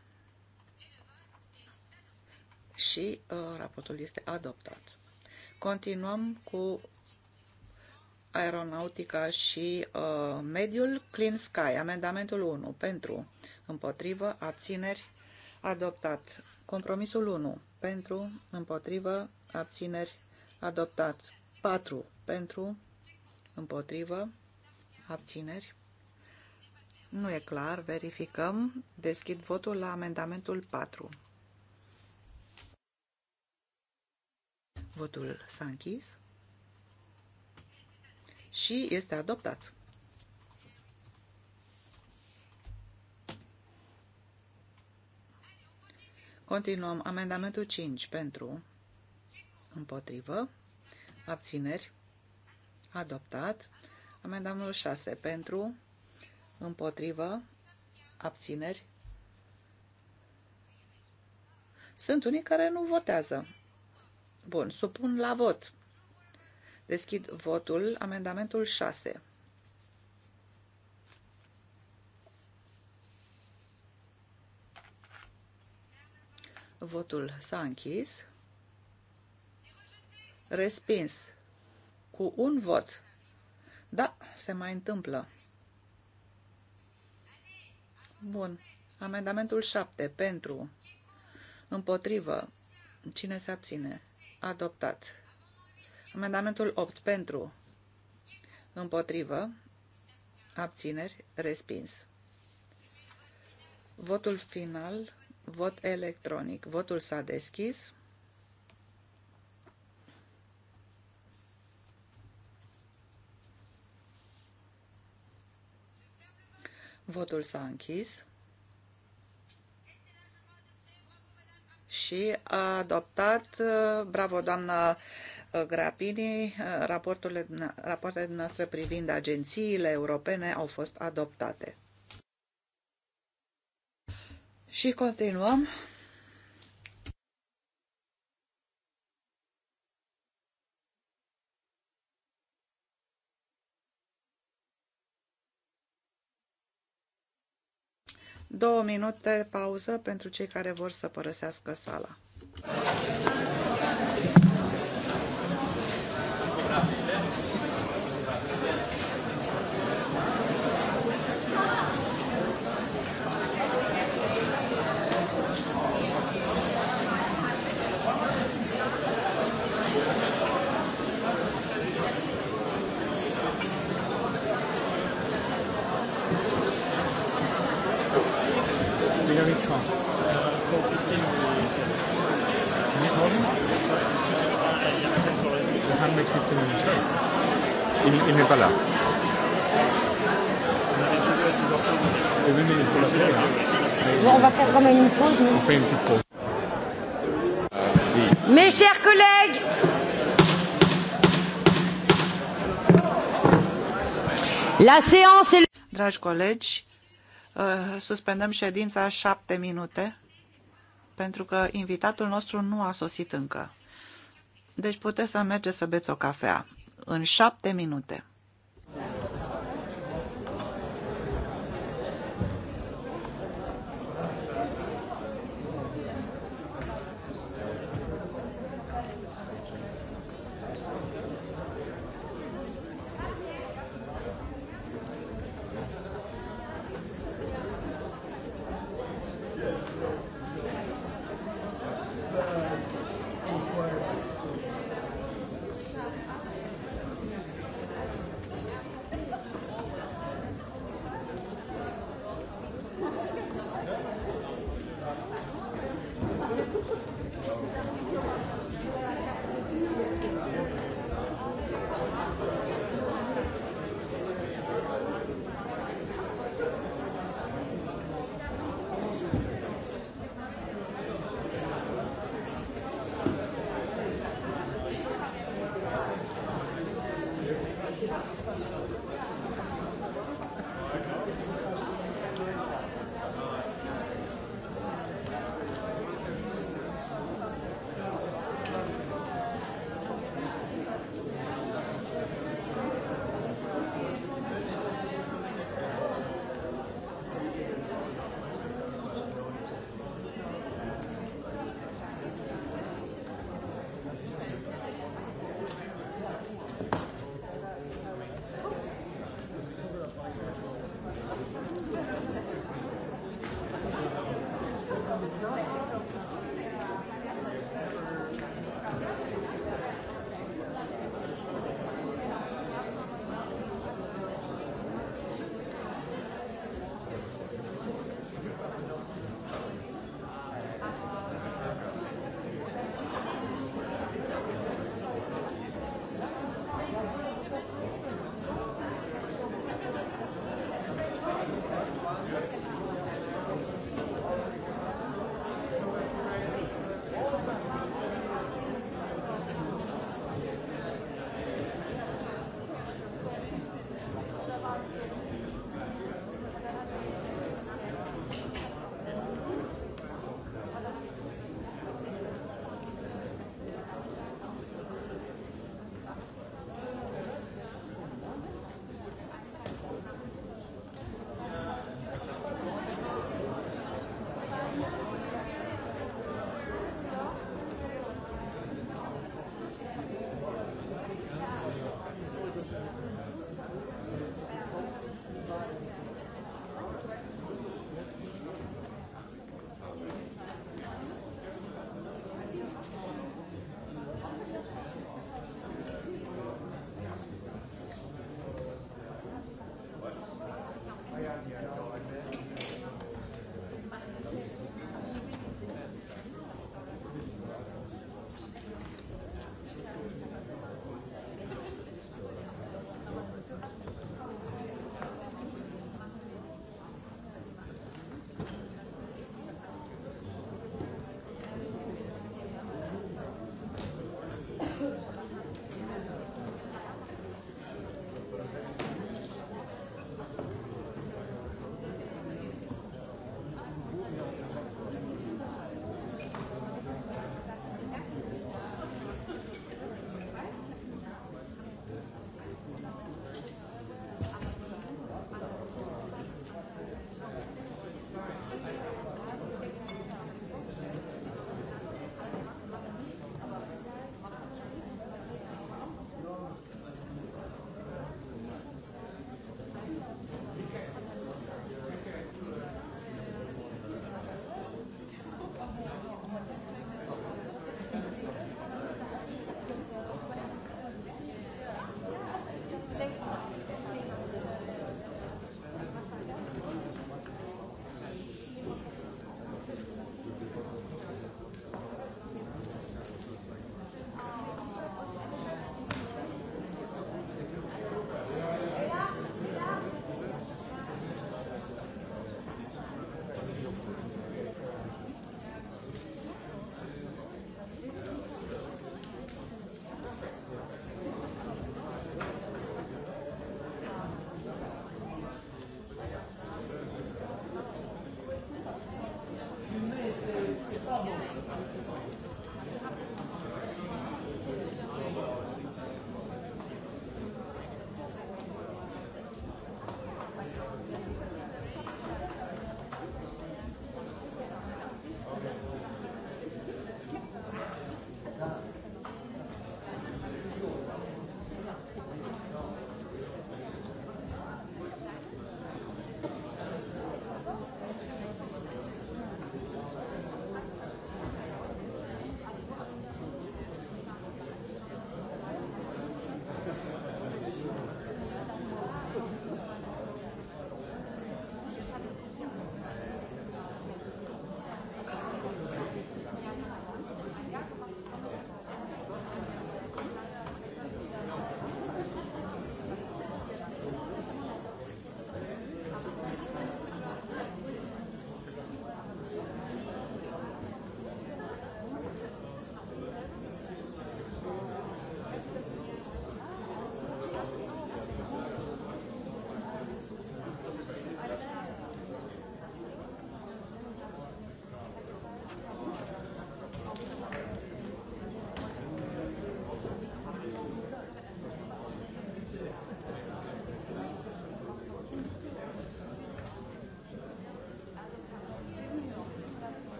și uh, raportul este adoptat. Continuăm cu aeronautica și uh, mediul Clean Sky, amendamentul 1 pentru, împotrivă, abțineri, adoptat. Compromisul 1 pentru, împotrivă, abțineri, adoptat. 4 pentru, împotrivă, abțineri, nu e clar. Verificăm. Deschid votul la amendamentul 4. Votul s-a închis și este adoptat. Continuăm. Amendamentul 5 pentru împotrivă, abțineri, adoptat. Amendamentul 6 pentru împotrivă, abțineri. Sunt unii care nu votează. Bun, supun la vot. Deschid votul, amendamentul 6. Votul s-a închis. Respins. Cu un vot. Da, se mai întâmplă. Bun. Amendamentul 7. Pentru. Împotrivă. Cine se abține? Adoptat. Amendamentul 8. Pentru. Împotrivă. Abțineri. Respins. Votul final. Vot electronic. Votul s-a deschis. Votul s-a închis. și a adoptat, bravo doamna uh, Grapini, uh, raporturile, rapoartele noastre privind agențiile europene au fost adoptate. Și continuăm Două minute pauză pentru cei care vor să părăsească sala. fait une petite pause. Mes chers collègues, la séance est... Dragi colegi, uh, suspendăm ședința șapte minute pentru că invitatul nostru nu a sosit încă. Deci puteți să mergeți să beți o cafea în șapte minute.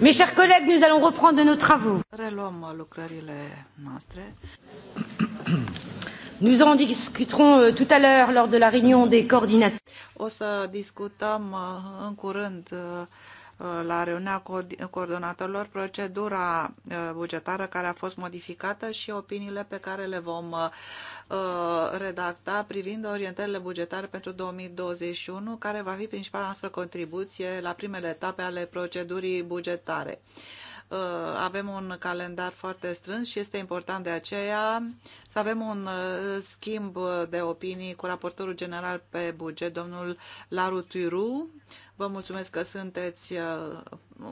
Mes chers collègues, nous allons reprendre nos travaux. Uh, lucrările noastre. Nous en discuterons uh, tout à l'heure lors de la réunion des coordinateurs. O să discutăm uh, în curând Uh, la reuniunea coordonatorilor procedura uh, bugetară care a fost modificată și opiniile pe care le vom uh, redacta privind orientările bugetare pentru 2021, care va fi principala noastră contribuție la primele etape ale procedurii bugetare avem un calendar foarte strâns și este important de aceea să avem un schimb de opinii cu raportorul general pe buget, domnul Laru Tuiru, Vă mulțumesc că sunteți uh,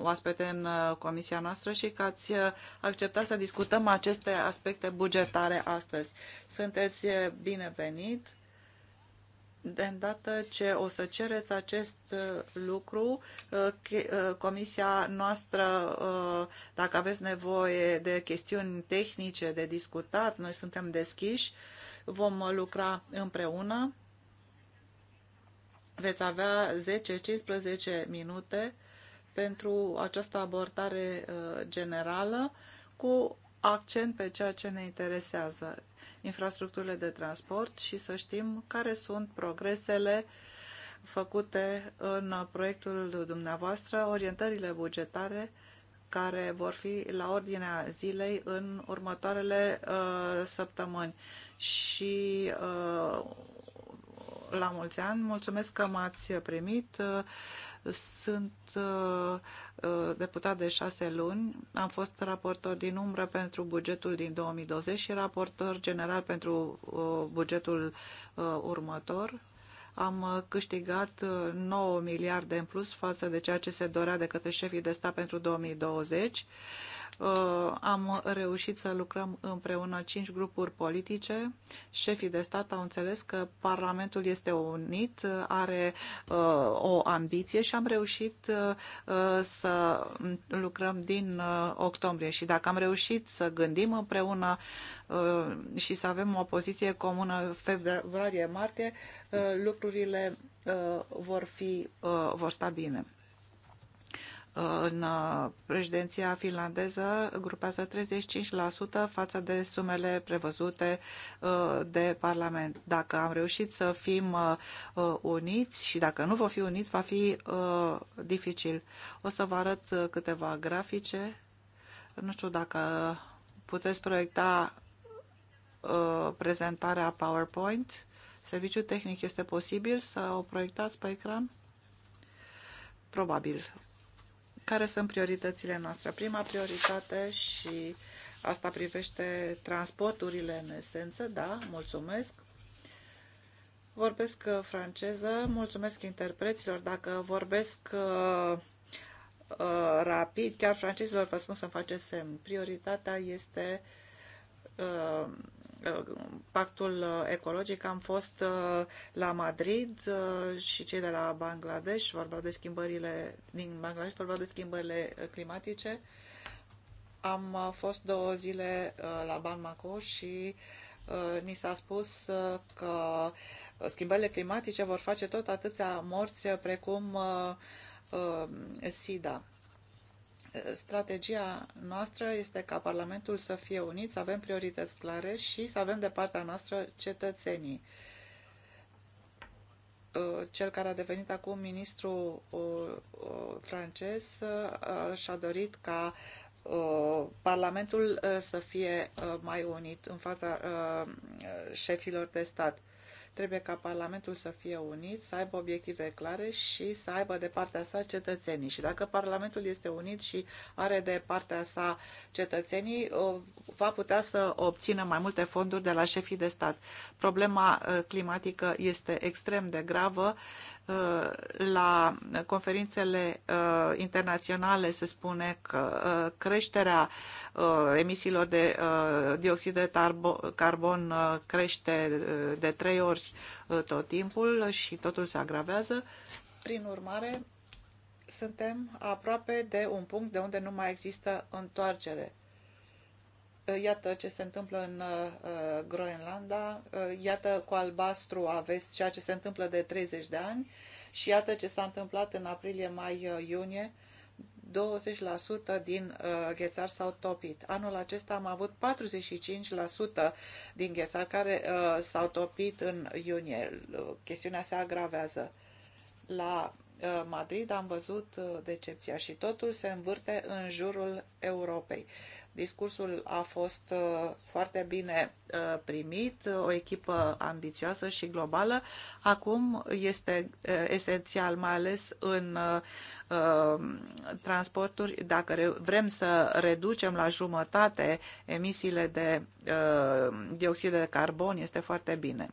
oaspete în uh, comisia noastră și că ați uh, acceptat să discutăm aceste aspecte bugetare astăzi. Sunteți binevenit. De îndată ce o să cereți acest lucru, comisia noastră, dacă aveți nevoie de chestiuni tehnice de discutat, noi suntem deschiși, vom lucra împreună veți avea 10-15 minute pentru această abordare uh, generală cu accent pe ceea ce ne interesează, infrastructurile de transport și să știm care sunt progresele făcute în proiectul dumneavoastră, orientările bugetare care vor fi la ordinea zilei în următoarele uh, săptămâni. Și uh, la mulți ani. Mulțumesc că m-ați primit. Sunt uh, deputat de șase luni. Am fost raportor din umbră pentru bugetul din 2020 și raportor general pentru uh, bugetul uh, următor. Am câștigat 9 miliarde în plus față de ceea ce se dorea de către șefii de stat pentru 2020 Uh, am reușit să lucrăm împreună cinci grupuri politice. Șefii de stat au înțeles că Parlamentul este unit, are uh, o ambiție și am reușit uh, să lucrăm din octombrie. Și dacă am reușit să gândim împreună și să avem o poziție comună februarie-martie, lucrurile vor, fi, vor sta bine. În uh, președinția finlandeză grupează 35% față de sumele prevăzute uh, de Parlament. Dacă am reușit să fim uh, uniți și dacă nu vom fi uniți, va fi dificil. O să vă arăt câteva grafice. Nu știu dacă puteți proiecta prezentarea PowerPoint. Serviciul tehnic este posibil să o proiectați pe ecran? Probabil care sunt prioritățile noastre. Prima prioritate și asta privește transporturile în esență, da, mulțumesc. Vorbesc uh, franceză, mulțumesc interpreților. Dacă vorbesc uh, uh, rapid, chiar francezilor vă spun să-mi faceți semn. Prioritatea este uh, Uh, pactul uh, ecologic am fost uh, la Madrid și cei de la Bangladesh vorbeau de schimbările din Bangladesh vorbeau de schimbările climatice. Am fost două zile la Bamako și ni s-a spus că schimbările climatice vor face tot atâtea morți precum SIDA strategia noastră este ca Parlamentul să fie unit, să avem priorități clare și să avem de partea noastră cetățenii. Uh, cel care a devenit acum ministru uh, uh, francez și-a dorit ca Parlamentul să fie mai unit în fața șefilor de stat. Trebuie ca Parlamentul să fie unit, să aibă obiective clare și să aibă de partea sa cetățenii. Și dacă Parlamentul este unit și are de partea sa cetățenii, va putea să obțină mai multe fonduri de la șefii de stat. Problema uh, climatică este extrem de gravă Uh, la conferințele uh, internaționale se spune că uh, creșterea emisiilor de dioxid de carbon crește de trei ori tot timpul și totul se agravează. Prin urmare, suntem aproape de un punct de unde nu mai există întoarcere. Iată ce se întâmplă în uh, uh, Groenlanda, uh, iată cu albastru aveți ceea ce se întâmplă de 30 de ani și iată ce s-a întâmplat în aprilie, mai, iunie, 20% din uh, ghețar s-au topit. Anul acesta am avut 45% din ghețar care uh, s-au topit în iunie. Chestiunea se agravează. La Madrid am văzut decepția și totul se învârte în jurul Europei. Uh, Discursul a fost uh, foarte bine uh, primit, uh, o echipă ambițioasă și globală. Acum este esențial, mai ales în transporturi, dacă vrem să reducem la jumătate emisiile de dioxid de carbon, este foarte bine.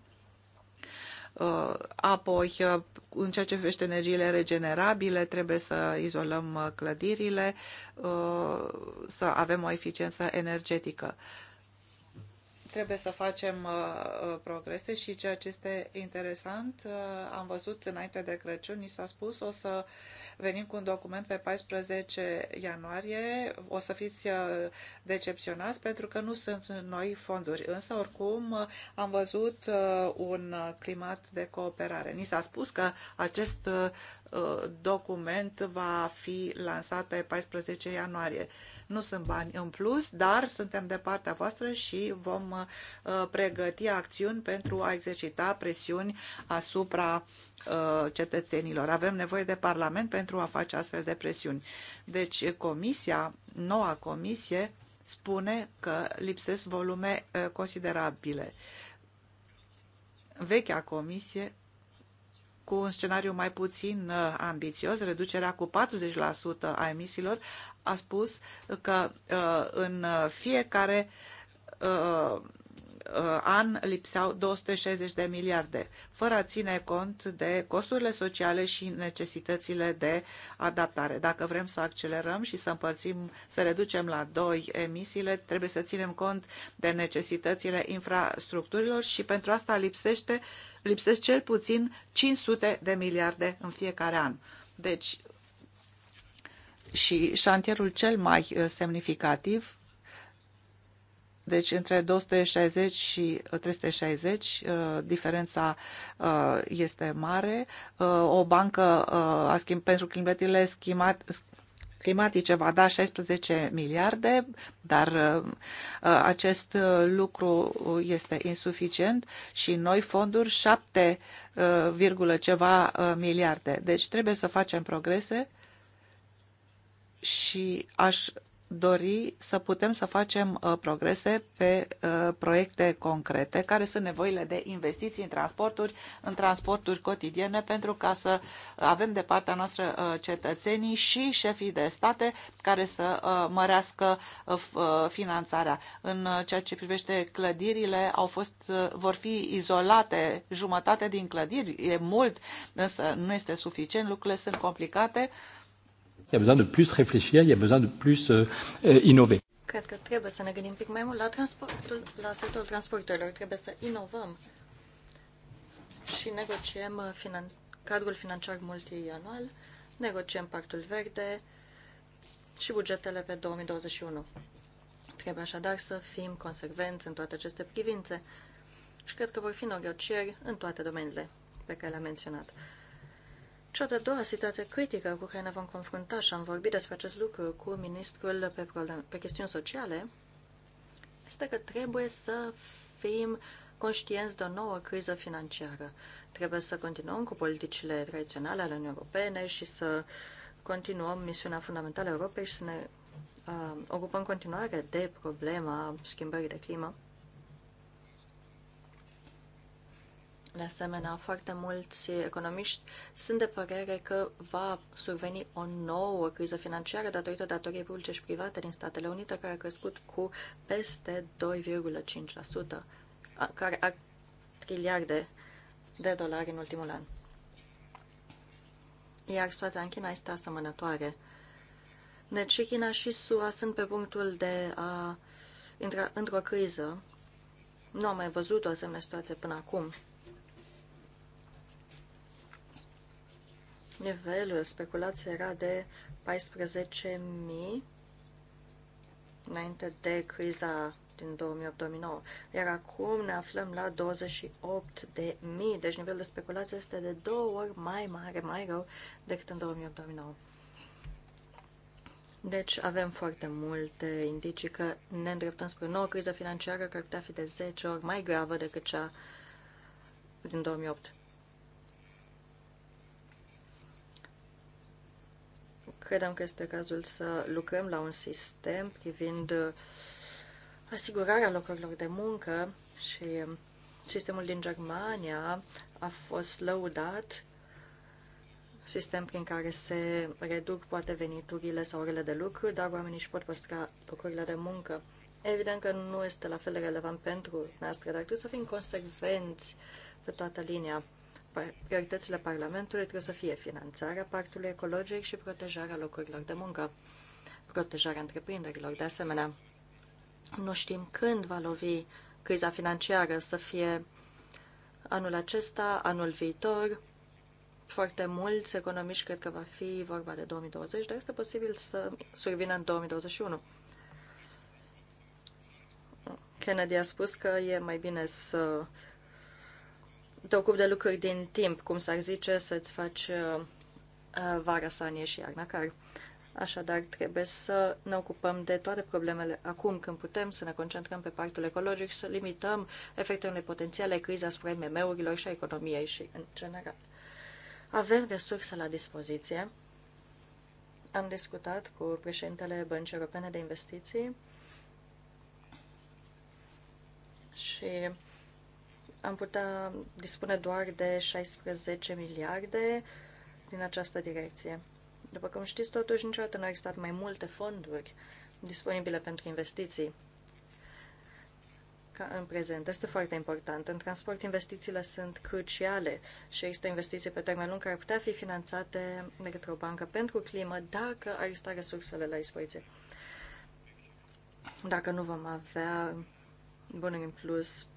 Uh, apoi, uh, în ceea ce vește energiile regenerabile, trebuie să izolăm uh, clădirile, să avem o eficiență energetică trebuie să facem uh, uh, progrese și ceea ce este interesant, uh, am văzut înainte de Crăciun, ni s-a spus, o să venim cu un document pe 14 ianuarie, o să fiți decepționați pentru că nu sunt noi fonduri, însă oricum am văzut un climat de cooperare. Ni s-a spus că acest document va fi lansat pe 14 ianuarie. Nu sunt bani în plus, dar suntem de partea voastră și vom uh, pregăti acțiuni pentru a exercita presiuni asupra uh, cetățenilor. Avem nevoie de Parlament pentru a face astfel de presiuni. Deci comisia, noua comisie, spune că lipsesc volume uh, considerabile. Vechea comisie cu un scenariu mai puțin uh, ambițios, reducerea cu 40% a emisiilor, a spus că uh, în fiecare uh, an lipseau 260 de miliarde, fără a ține cont de costurile sociale și necesitățile de adaptare. Dacă vrem să accelerăm și să împărțim, să reducem la doi emisiile, trebuie să ținem cont de necesitățile infrastructurilor și pentru asta lipsește lipsesc cel puțin 500 de miliarde în fiecare an. Deci, și șantierul cel mai uh, semnificativ, deci între 260 și 360 uh, uh, diferența este mare. O bancă a schimb, pentru clientele schimbat, climatice va da 16 miliarde, dar uh, uh, acest uh, lucru este insuficient și noi fonduri 7, ceva miliarde. Deci trebuie să facem progrese și aș dori să putem să facem uh, progrese pe uh, proiecte concrete, care sunt nevoile de investiții în transporturi, în transporturi cotidiene, pentru ca să uh, avem de partea noastră uh, cetățenii și șefii de state care să uh, mărească uh, finanțarea. În ceea ce privește clădirile, au fost, vor fi izolate jumătate din clădiri, e mult, însă nu este suficient, lucrurile sunt complicate. Uh, y a besoin de plus réfléchir, il y a besoin de plus euh, euh, innover. Cred că trebuie să ne gândim un pic mai mult la, transportul, la sectorul transporturilor. Trebuie să inovăm și negociem uh, finan- cadrul financiar multianual, negociem pactul verde și bugetele pe 2021. Trebuie așadar să fim consecvenți în toate aceste privințe și cred că vor fi negocieri în toate domeniile pe care le-am menționat. Cea de-a doua situație critică cu care ne vom confrunta și am vorbit despre acest lucru cu ministrul pe, problem, pe chestiuni sociale este că trebuie să fim conștienți de o nouă criză financiară. Trebuie să continuăm cu politicile tradiționale ale Uniunii Europene și să continuăm misiunea fundamentală a Europei și să ne uh, ocupăm continuare de problema schimbării de climă. De asemenea, foarte mulți economiști sunt de părere că va surveni o nouă criză financiară datorită datoriei publice și private din Statele Unite, care a crescut cu peste 2,5%, care a triliarde de dolari în ultimul an. Iar situația în China este asemănătoare. Deci și China și SUA sunt pe punctul de a intra într-o criză. Nu am mai văzut o asemenea situație până acum. Nivelul speculației era de 14.000 înainte de criza din 2008-2009. Iar acum ne aflăm la 28 de deci nivelul de speculație este de două ori mai mare, mai rău decât în 2008-2009. Deci avem foarte multe indicii că ne îndreptăm spre o nouă criză financiară care putea fi de 10 ori mai gravă decât cea din 2008. Credem că este cazul să lucrăm la un sistem privind uh, asigurarea locurilor de muncă și um, sistemul din Germania a fost lăudat, sistem prin care se reduc poate veniturile sau orele de lucru, dar oamenii își pot păstra locurile de muncă. Evident că nu este la fel de relevant pentru noastră, dar trebuie să fim consecvenți pe toată linia prioritățile Parlamentului trebuie să fie finanțarea pactului ecologic și protejarea locurilor de muncă, protejarea întreprinderilor de asemenea. Nu știm când va lovi criza financiară, să fie anul acesta, anul viitor. Foarte mulți economiști cred că va fi vorba de 2020, dar este posibil să survină în 2021. Kennedy a spus că e mai bine să te ocupi de lucruri din timp, cum s-ar zice, să-ți faci uh, uh, vara sanie și iarna car. Așadar, trebuie să ne ocupăm de toate problemele acum când putem, să ne concentrăm pe partul ecologic și să limităm efectele potențiale crize asupra MM-urilor și a economiei și în general. Avem resurse la dispoziție. Am discutat cu președintele Băncii Europene de Investiții și am putea dispune doar de 16 miliarde din această direcție. După cum știți, totuși niciodată nu au existat mai multe fonduri disponibile pentru investiții ca în prezent. Este foarte important. În transport investițiile sunt cruciale și există investiții pe termen lung care ar putea fi finanțate de către o bancă pentru climă dacă ar exista resursele la dispoziție. Dacă nu vom avea bunuri în plus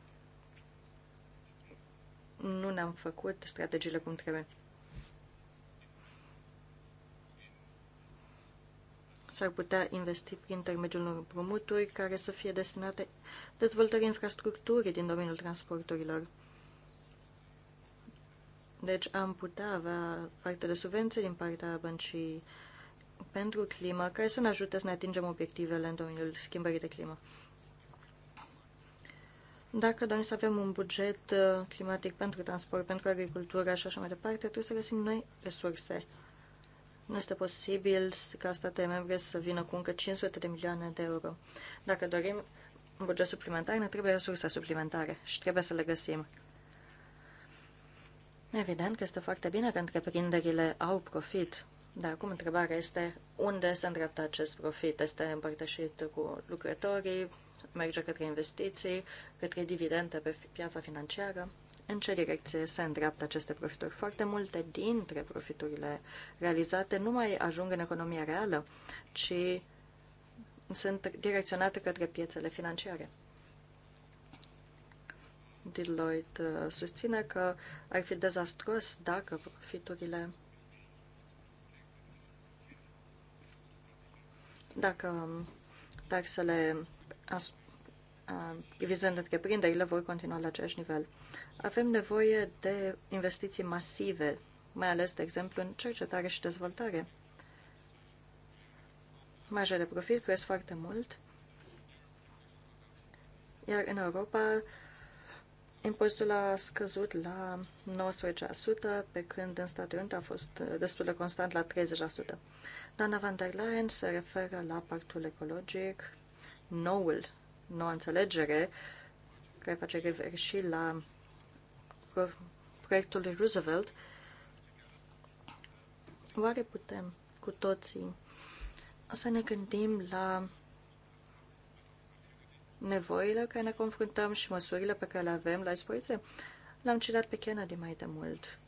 nu ne-am făcut strategiile cum trebuie. S-ar putea investi prin intermediul unor împrumuturi care să fie destinate dezvoltării infrastructurii din domeniul transporturilor. Deci am putea avea parte de subvenții din partea băncii pentru climă, care să ne ajute să ne atingem obiectivele în domeniul schimbării de climă. Dacă dorim să avem un buget uh, climatic pentru transport, pentru agricultură și așa mai departe, trebuie să găsim noi resurse. Nu este posibil ca statele membre să vină cu încă 500 de milioane de euro. Dacă dorim un buget suplimentar, ne trebuie resurse suplimentare și trebuie să le găsim. Evident că este foarte bine că întreprinderile au profit, dar acum întrebarea este unde se îndreaptă acest profit? Este împărtășit cu lucrătorii, merge către investiții, către dividende pe piața financiară. În ce direcție se îndreaptă aceste profituri? Foarte multe dintre profiturile realizate nu mai ajung în economia reală, ci sunt direcționate către piețele financiare. Deloitte uh, susține că ar fi dezastruos dacă profiturile dacă taxele vizând întreprinderile, vor continua la același nivel. Avem nevoie de investiții masive, mai ales, de exemplu, în cercetare și dezvoltare. Marja de profit cresc foarte mult, iar în Europa impozitul a scăzut la 19%, pe când în Statele Unite a fost destul de constant la 30%. Doamna van der Leyen se referă la pactul ecologic, noul, noua înțelegere care face refer și la proiectul lui Roosevelt, oare putem cu toții să ne gândim la nevoile care ne confruntăm și măsurile pe care le avem la dispoziție? L-am citat pe Kennedy mai de mult,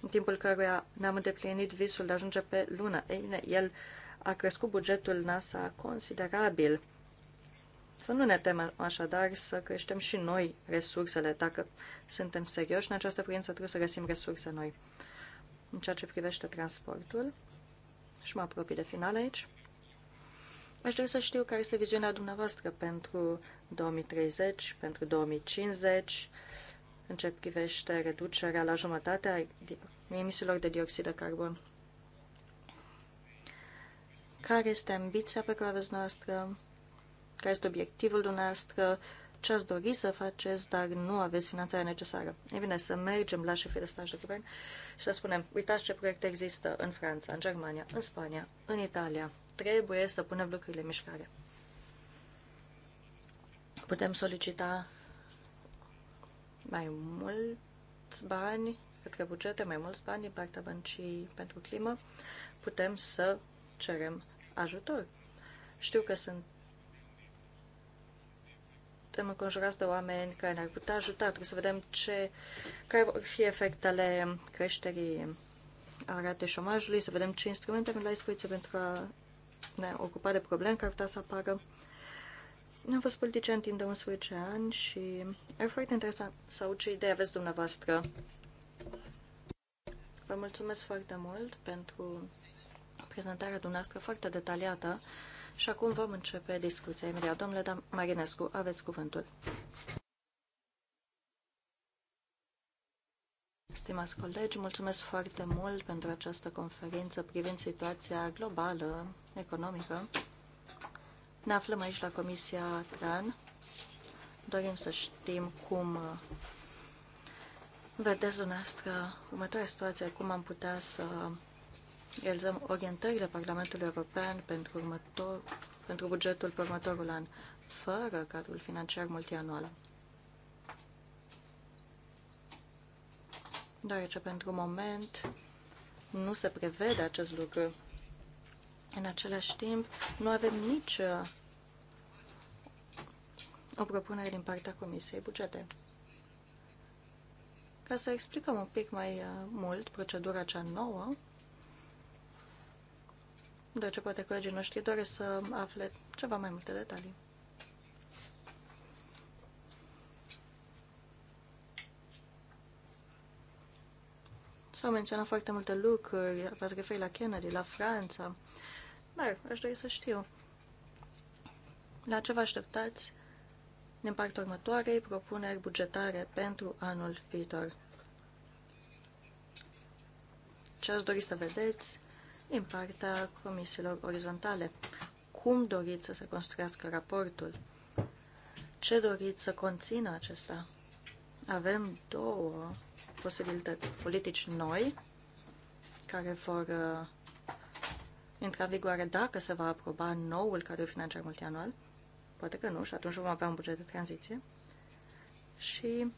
în timpul căruia ne-am îndeplinit visul de a ajunge pe lună. Ei bine, el uh, a crescut bugetul NASA considerabil. Să nu ne temem așadar să creștem și noi resursele. Dacă suntem serioși în această privință, trebuie să găsim resurse noi. În ceea ce privește transportul, și mă apropii de final aici, aș dori să știu care este viziunea dumneavoastră pentru 2030, pentru 2050, în ce privește reducerea la jumătate a emisiilor de dioxid de carbon care este ambiția pe care o aveți noastră, care este obiectivul dumneavoastră, ce ați dori să faceți, dar nu aveți finanțarea necesară. E bine să mergem la șefii de staj de guvern și să spunem, uitați ce proiecte există în Franța, în Germania, în Spania, în Italia. Trebuie să punem lucrurile în mișcare. Putem solicita mai mulți bani către bugete, mai mulți bani din partea băncii pentru climă. Putem să cerem ajutor. Știu că sunt suntem înconjurați de oameni care ne-ar putea ajuta. Trebuie să vedem ce, care vor fi efectele creșterii arate șomajului, să vedem ce instrumente avem la dispoziție pentru a ne ocupa de probleme care ar putea să apară. Am fost politician timp de 11 ani și e foarte interesant să aud ce idei aveți dumneavoastră. Vă mulțumesc foarte mult pentru prezentarea dumneavoastră foarte detaliată și acum vom începe discuția Emilia, Domnule Marinescu, aveți cuvântul. Stimați colegi, mulțumesc foarte mult pentru această conferință privind situația globală, economică. Ne aflăm aici la Comisia TRAN. Dorim să știm cum vedeți dumneavoastră următoarea situație, cum am putea să realizăm orientările Parlamentului European pentru, următor, pentru bugetul pe următorul an, fără cadrul financiar multianual. Deoarece pentru moment nu se prevede acest lucru. În același timp, nu avem nici uh, o propunere din partea Comisiei Bugete. Ca să explicăm un pic mai uh, mult procedura cea nouă, ce poate colegii noștri doresc să afle ceva mai multe detalii. S-au menționat foarte multe lucruri, v-ați referit la Kennedy, la Franța, dar aș dori să știu la ce vă așteptați din partea următoarei propuneri bugetare pentru anul viitor. Ce ați dori să vedeți din partea comisiilor orizontale. Cum doriți să se construiască raportul? Ce doriți să conțină acesta? Avem două posibilități. Politici noi, care vor uh, intra în vigoare dacă se va aproba noul cadru financiar multianual. Poate că nu și atunci vom avea un buget de tranziție. Și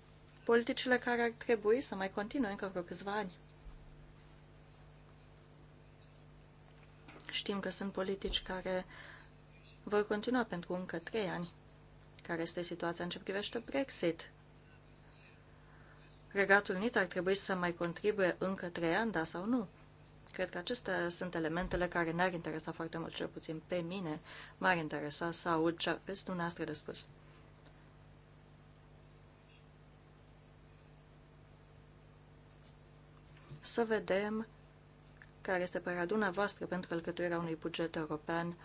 politicile care ar trebui să mai continue încă vreo câțiva ani. Știm că sunt politici care vor continua pentru încă trei ani. Care este situația în ce privește Brexit? Regatul Unit ar trebui să mai contribuie încă trei ani, da sau nu? Cred că acestea sunt elementele care ne-ar interesa foarte mult, cel puțin pe mine m-ar interesa să aud ce aveți dumneavoastră de spus. Să vedem care este părerea dumneavoastră pentru alcătuirea unui buget european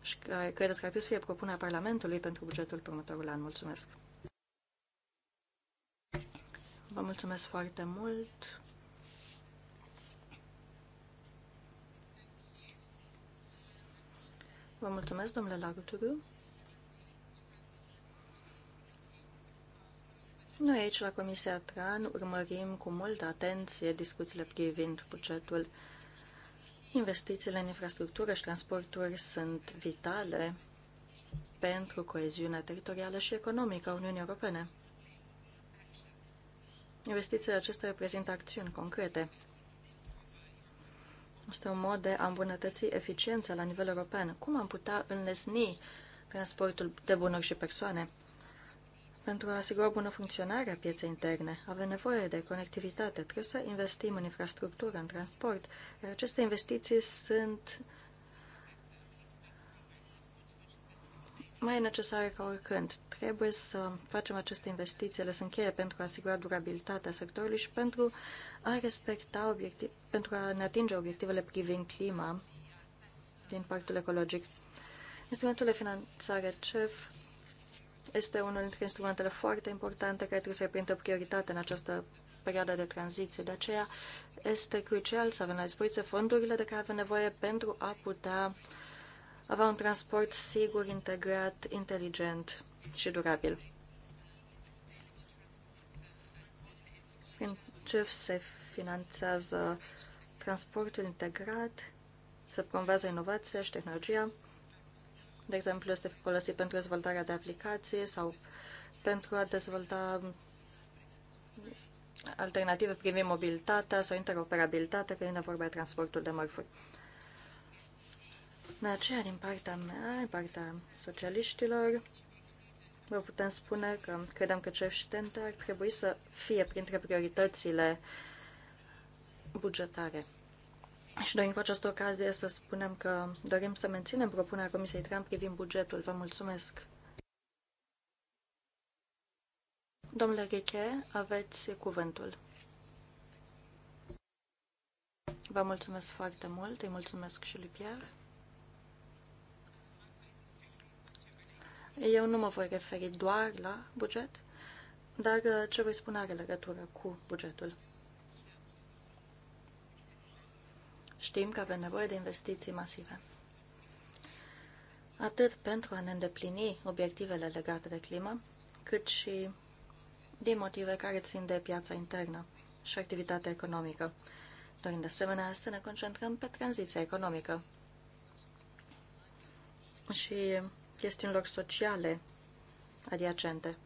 și care credeți că ar trebui să fie propunerea Parlamentului pentru bugetul pe următorul an. Mulțumesc! Vă mulțumesc foarte mult! Vă mulțumesc, domnule Laguturu! Noi aici, la Comisia TRAN, urmărim cu multă atenție discuțiile privind bugetul. Investițiile în infrastructură și transporturi sunt vitale pentru coeziunea teritorială și economică a Uniunii Europene. Investițiile acestea reprezintă acțiuni concrete. Este un mod de a îmbunătăți eficiența la nivel european. Cum am putea înlesni transportul de bunuri și persoane? Pentru a asigura bună funcționare a pieței interne, avem nevoie de conectivitate. Trebuie să investim în infrastructură, în transport. Aceste investiții sunt mai necesare ca oricând. Trebuie să facem aceste investiții, ele sunt cheie pentru a asigura durabilitatea sectorului și pentru a respecta obiectiv, pentru a ne atinge obiectivele privind clima din pactul ecologic. Instrumentul de finanțare CEF este unul dintre instrumentele foarte importante care trebuie să o prioritate în această perioadă de tranziție. De aceea este crucial să avem la dispoziție fondurile de care avem nevoie pentru a putea avea un transport sigur, integrat, inteligent și durabil. Prin ce se finanțează transportul integrat, se promovează inovația și tehnologia, de exemplu, este folosit pentru dezvoltarea de aplicații sau pentru a dezvolta alternative privind mobilitatea sau interoperabilitatea când e vorba de transportul de mărfuri. De aceea, din partea mea, din partea socialiștilor, vă putem spune că credem că cerștente ar trebui să fie printre prioritățile bugetare. Și dorim cu această ocazie să spunem că dorim să menținem propunerea Comisiei Trump privind bugetul. Vă mulțumesc! Domnule Riche, aveți cuvântul. Vă mulțumesc foarte mult, îi mulțumesc și lui Pierre. Eu nu mă voi referi doar la buget, dar ce voi spune are legătură cu bugetul. Știm că avem nevoie de investiții masive. Atât pentru a ne îndeplini obiectivele legate de climă, cât și din motive care țin de piața internă și activitatea economică. Dorim de asemenea să ne concentrăm pe tranziția economică și chestiunilor sociale adiacente.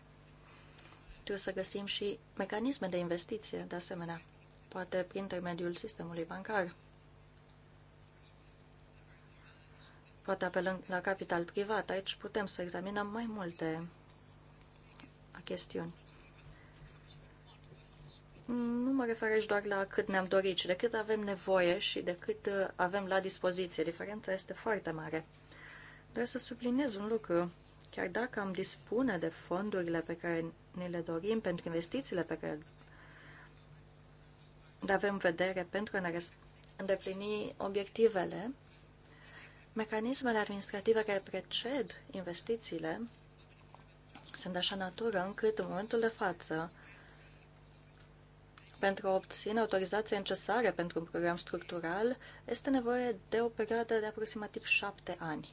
Trebuie să găsim și mecanisme de investiție, de asemenea, poate prin intermediul sistemului bancar. poate apelăm la capital privat. Aici putem să examinăm mai multe chestiuni. Nu mă refer aici doar la cât ne-am dorit, ci de cât avem nevoie și de cât uh, avem la dispoziție. Diferența este foarte mare. Trebuie să subliniez un lucru. Chiar dacă am dispune de fondurile pe care ne le dorim pentru investițiile pe care le avem în vedere pentru a ne îndeplini obiectivele, Mecanismele administrative care preced investițiile sunt de așa natură încât în momentul de față pentru a obține autorizația necesară pentru un program structural, este nevoie de o perioadă de aproximativ șapte ani.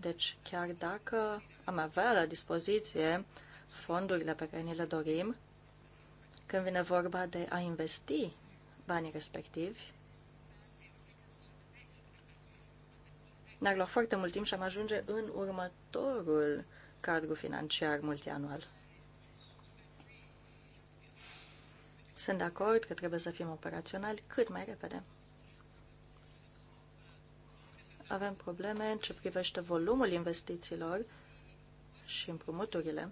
Deci, chiar dacă am avea la dispoziție fondurile pe care ni le dorim, când vine vorba de a investi banii respectivi, Ne-ar lua foarte mult timp și am ajunge în următorul cadru financiar multianual. Sunt de acord că trebuie să fim operaționali cât mai repede. Avem probleme în ce privește volumul investițiilor și împrumuturile,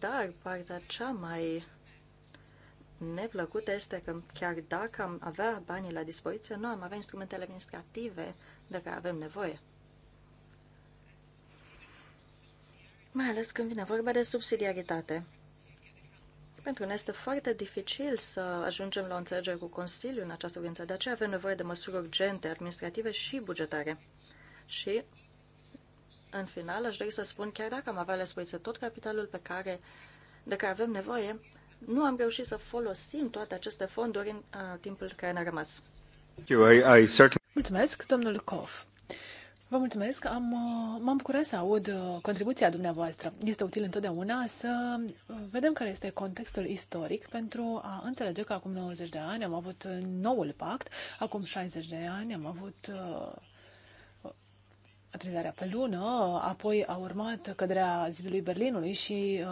dar partea cea mai neplăcută este că chiar dacă am avea banii la dispoziție, nu am avea instrumentele administrative de care avem nevoie. mai ales când vine vorba de subsidiaritate. Pentru noi este foarte dificil să ajungem la o înțelegere cu Consiliul în această privință, de aceea avem nevoie de măsuri urgente, administrative și bugetare. Și, în final, aș dori să spun, chiar dacă am avea la dispoziție tot capitalul pe care, de care avem nevoie, nu am reușit să folosim toate aceste fonduri în uh, timpul care ne-a rămas. Mulțumesc, domnul Kof. Vă mulțumesc. Am, uh, m-am bucurat să aud uh, contribuția dumneavoastră. Este util întotdeauna să uh, vedem care este contextul istoric pentru a înțelege că acum 90 de ani am avut noul pact, acum 60 de ani am avut atrizarea pe lună, apoi a urmat căderea zidului Berlinului și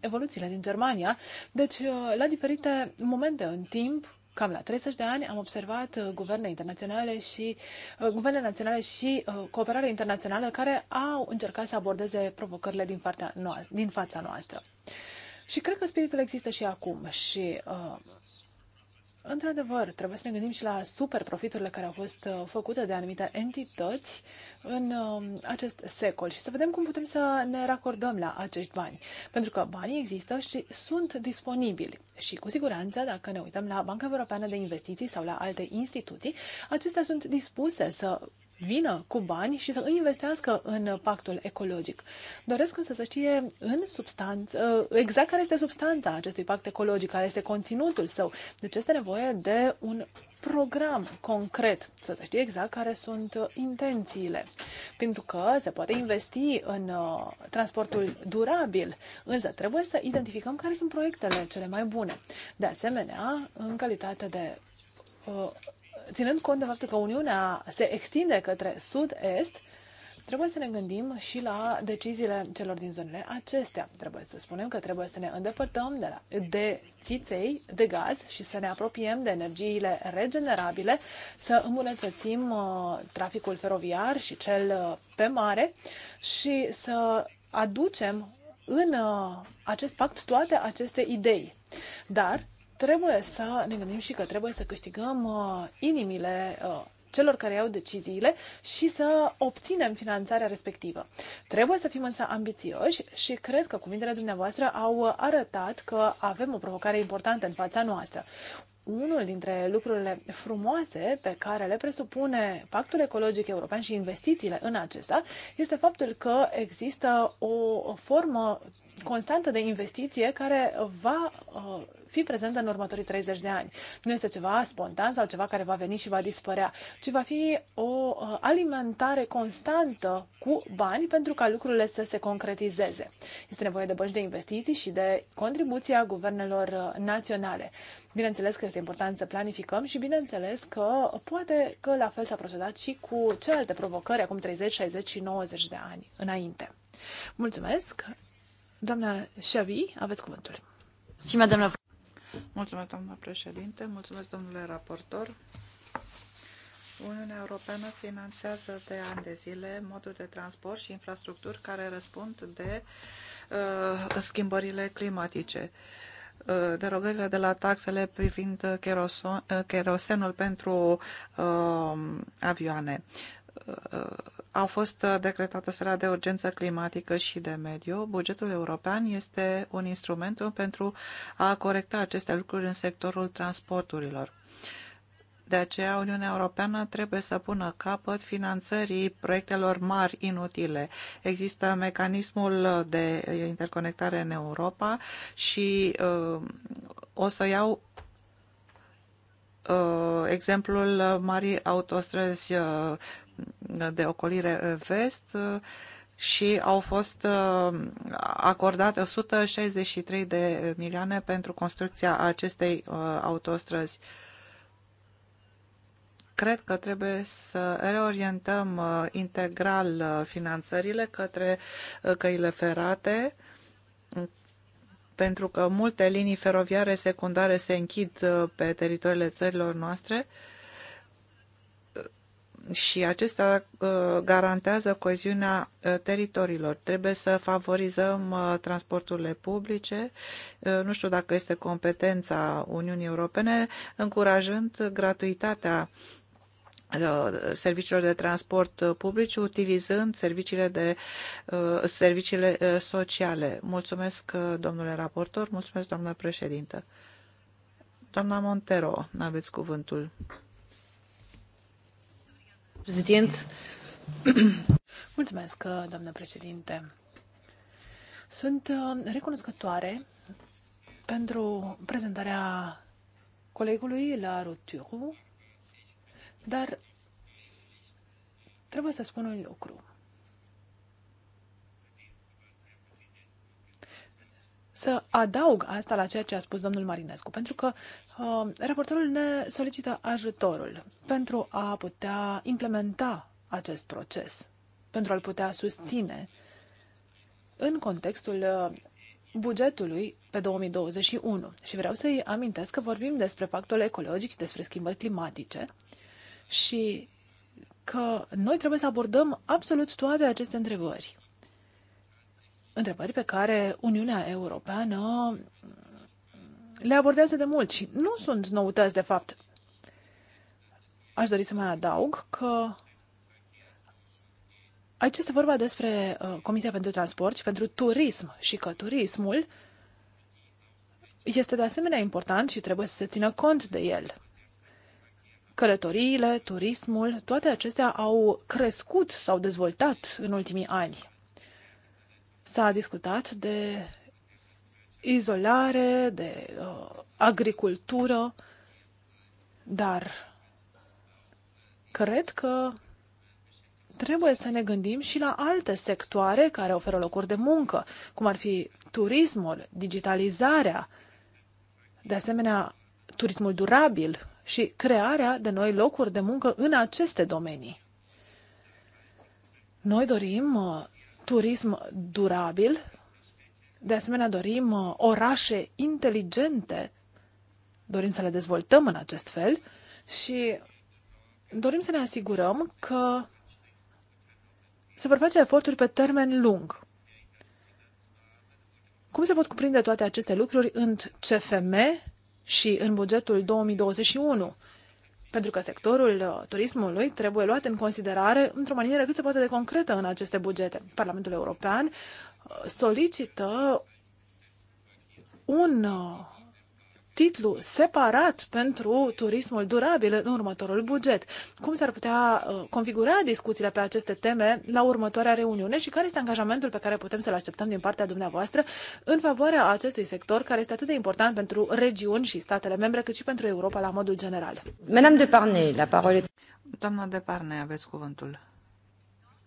evoluțiile din Germania. Deci, la diferite momente în timp, cam la 30 de ani, am observat uh, guverne internaționale și uh, guverne naționale și uh, cooperare internațională care au încercat să abordeze provocările din, partea din fața noastră. Și cred că spiritul există și acum și uh, Într-adevăr, trebuie să ne gândim și la super profiturile care au fost uh, făcute de anumite entități în um, acest secol și să vedem cum putem să ne racordăm la acești bani. Pentru că banii există și sunt disponibili. Și cu siguranță, dacă ne uităm la Banca Europeană de Investiții sau la alte instituții, acestea sunt dispuse să vină cu bani și să investească în pactul ecologic. Doresc însă să știe în substanță, exact care este substanța acestui pact ecologic, care este conținutul său. Deci este nevoie de un program concret, să se știe exact care sunt intențiile. Pentru că se poate investi în uh, transportul durabil, însă trebuie să identificăm care sunt proiectele cele mai bune. De asemenea, în calitate de uh, ținând cont de faptul că Uniunea se extinde către sud-est, trebuie să ne gândim și la deciziile celor din zonele acestea. Trebuie să spunem că trebuie să ne îndepărtăm de, la, de țiței de gaz și să ne apropiem de energiile regenerabile, să îmbunătățim uh, traficul feroviar și cel uh, pe mare și să aducem în uh, acest pact toate aceste idei. Dar trebuie să ne gândim și că trebuie să câștigăm uh, inimile uh, celor care iau deciziile și să obținem finanțarea respectivă. Trebuie să fim însă ambițioși și cred că cuvintele dumneavoastră au arătat că avem o provocare importantă în fața noastră. Unul dintre lucrurile frumoase pe care le presupune Pactul Ecologic European și investițiile în acesta este faptul că există o formă constantă de investiție care va uh, fi prezentă în următorii 30 de ani. Nu este ceva spontan sau ceva care va veni și va dispărea, ci va fi o uh, alimentare constantă cu bani pentru ca lucrurile să se concretizeze. Este nevoie de bănci de investiții și de contribuția guvernelor uh, naționale. Bineînțeles că este important să planificăm și bineînțeles că poate că la fel s-a procedat și cu celelalte provocări acum 30, 60 și 90 de ani înainte. Mulțumesc! Doamna Xavi, aveți cuvântul. Și, madame Mulțumesc, doamnă președinte, mulțumesc, domnule raportor. Uniunea Europeană finanțează de ani de zile modul de transport și infrastructuri care răspund de uh, schimbările climatice. Uh, derogările de la taxele privind cheroson, uh, cherosenul pentru uh, avioane au fost uh, decretată starea de urgență climatică și de mediu. Bugetul european este un instrument pentru a corecta aceste lucruri în sectorul transporturilor. De aceea, Uniunea Europeană trebuie să pună capăt finanțării proiectelor mari inutile. Există mecanismul de interconectare în Europa și uh, o să iau uh, exemplul marii autostrăzi uh, de ocolire vest uh, și au fost uh, acordate 163 de milioane pentru construcția acestei uh, autostrăzi. Cred că trebuie să reorientăm integral finanțările către căile ferate, pentru că multe linii feroviare secundare se închid pe teritoriile țărilor noastre și acesta uh, garantează coeziunea uh, teritoriilor. Trebuie să favorizăm uh, transporturile publice, nu știu dacă este competența Uniunii Europene, încurajând gratuitatea serviciilor de transport public, utilizând serviciile, de, serviciile sociale. Mulțumesc, domnule raportor, mulțumesc, doamnă președintă. Doamna Montero, aveți cuvântul. <clears throat> Mulțumesc, doamnă președinte. Sunt uh, recunoscătoare pentru prezentarea colegului la Ruturu, dar trebuie să spun un lucru. să adaug asta la ceea ce a spus domnul Marinescu, pentru că uh, raportorul ne solicită ajutorul pentru a putea implementa acest proces, pentru a-l putea susține în contextul uh, bugetului pe 2021. Și vreau să-i amintesc că vorbim despre pactul ecologic și despre schimbări climatice și că noi trebuie să abordăm absolut toate aceste întrebări întrebări pe care Uniunea Europeană le abordează de mult și nu sunt noutăți, de fapt. Aș dori să mai adaug că aici este vorba despre uh, Comisia pentru Transport și pentru Turism și că turismul este de asemenea important și trebuie să se țină cont de el. Călătoriile, turismul, toate acestea au crescut, s-au dezvoltat în ultimii ani. S-a discutat de izolare, de uh, agricultură, dar cred că trebuie să ne gândim și la alte sectoare care oferă locuri de muncă, cum ar fi turismul, digitalizarea, de asemenea turismul durabil și crearea de noi locuri de muncă în aceste domenii. Noi dorim uh, turism durabil. De asemenea, dorim uh, orașe inteligente. Dorim să le dezvoltăm în acest fel și dorim să ne asigurăm că se vor face eforturi pe termen lung. Cum se pot cuprinde toate aceste lucruri în CFM și în bugetul 2021? Pentru că sectorul uh, turismului trebuie luat în considerare într-o manieră cât se poate de concretă în aceste bugete. Parlamentul European uh, solicită un uh, titlu separat pentru turismul durabil în următorul buget. Cum s-ar putea uh, configura discuțiile pe aceste teme la următoarea reuniune și care este angajamentul pe care putem să-l așteptăm din partea dumneavoastră în favoarea acestui sector care este atât de important pentru regiuni și statele membre, cât și pentru Europa la modul general? Madame de Parne, la parole. Doamna de Parne aveți cuvântul.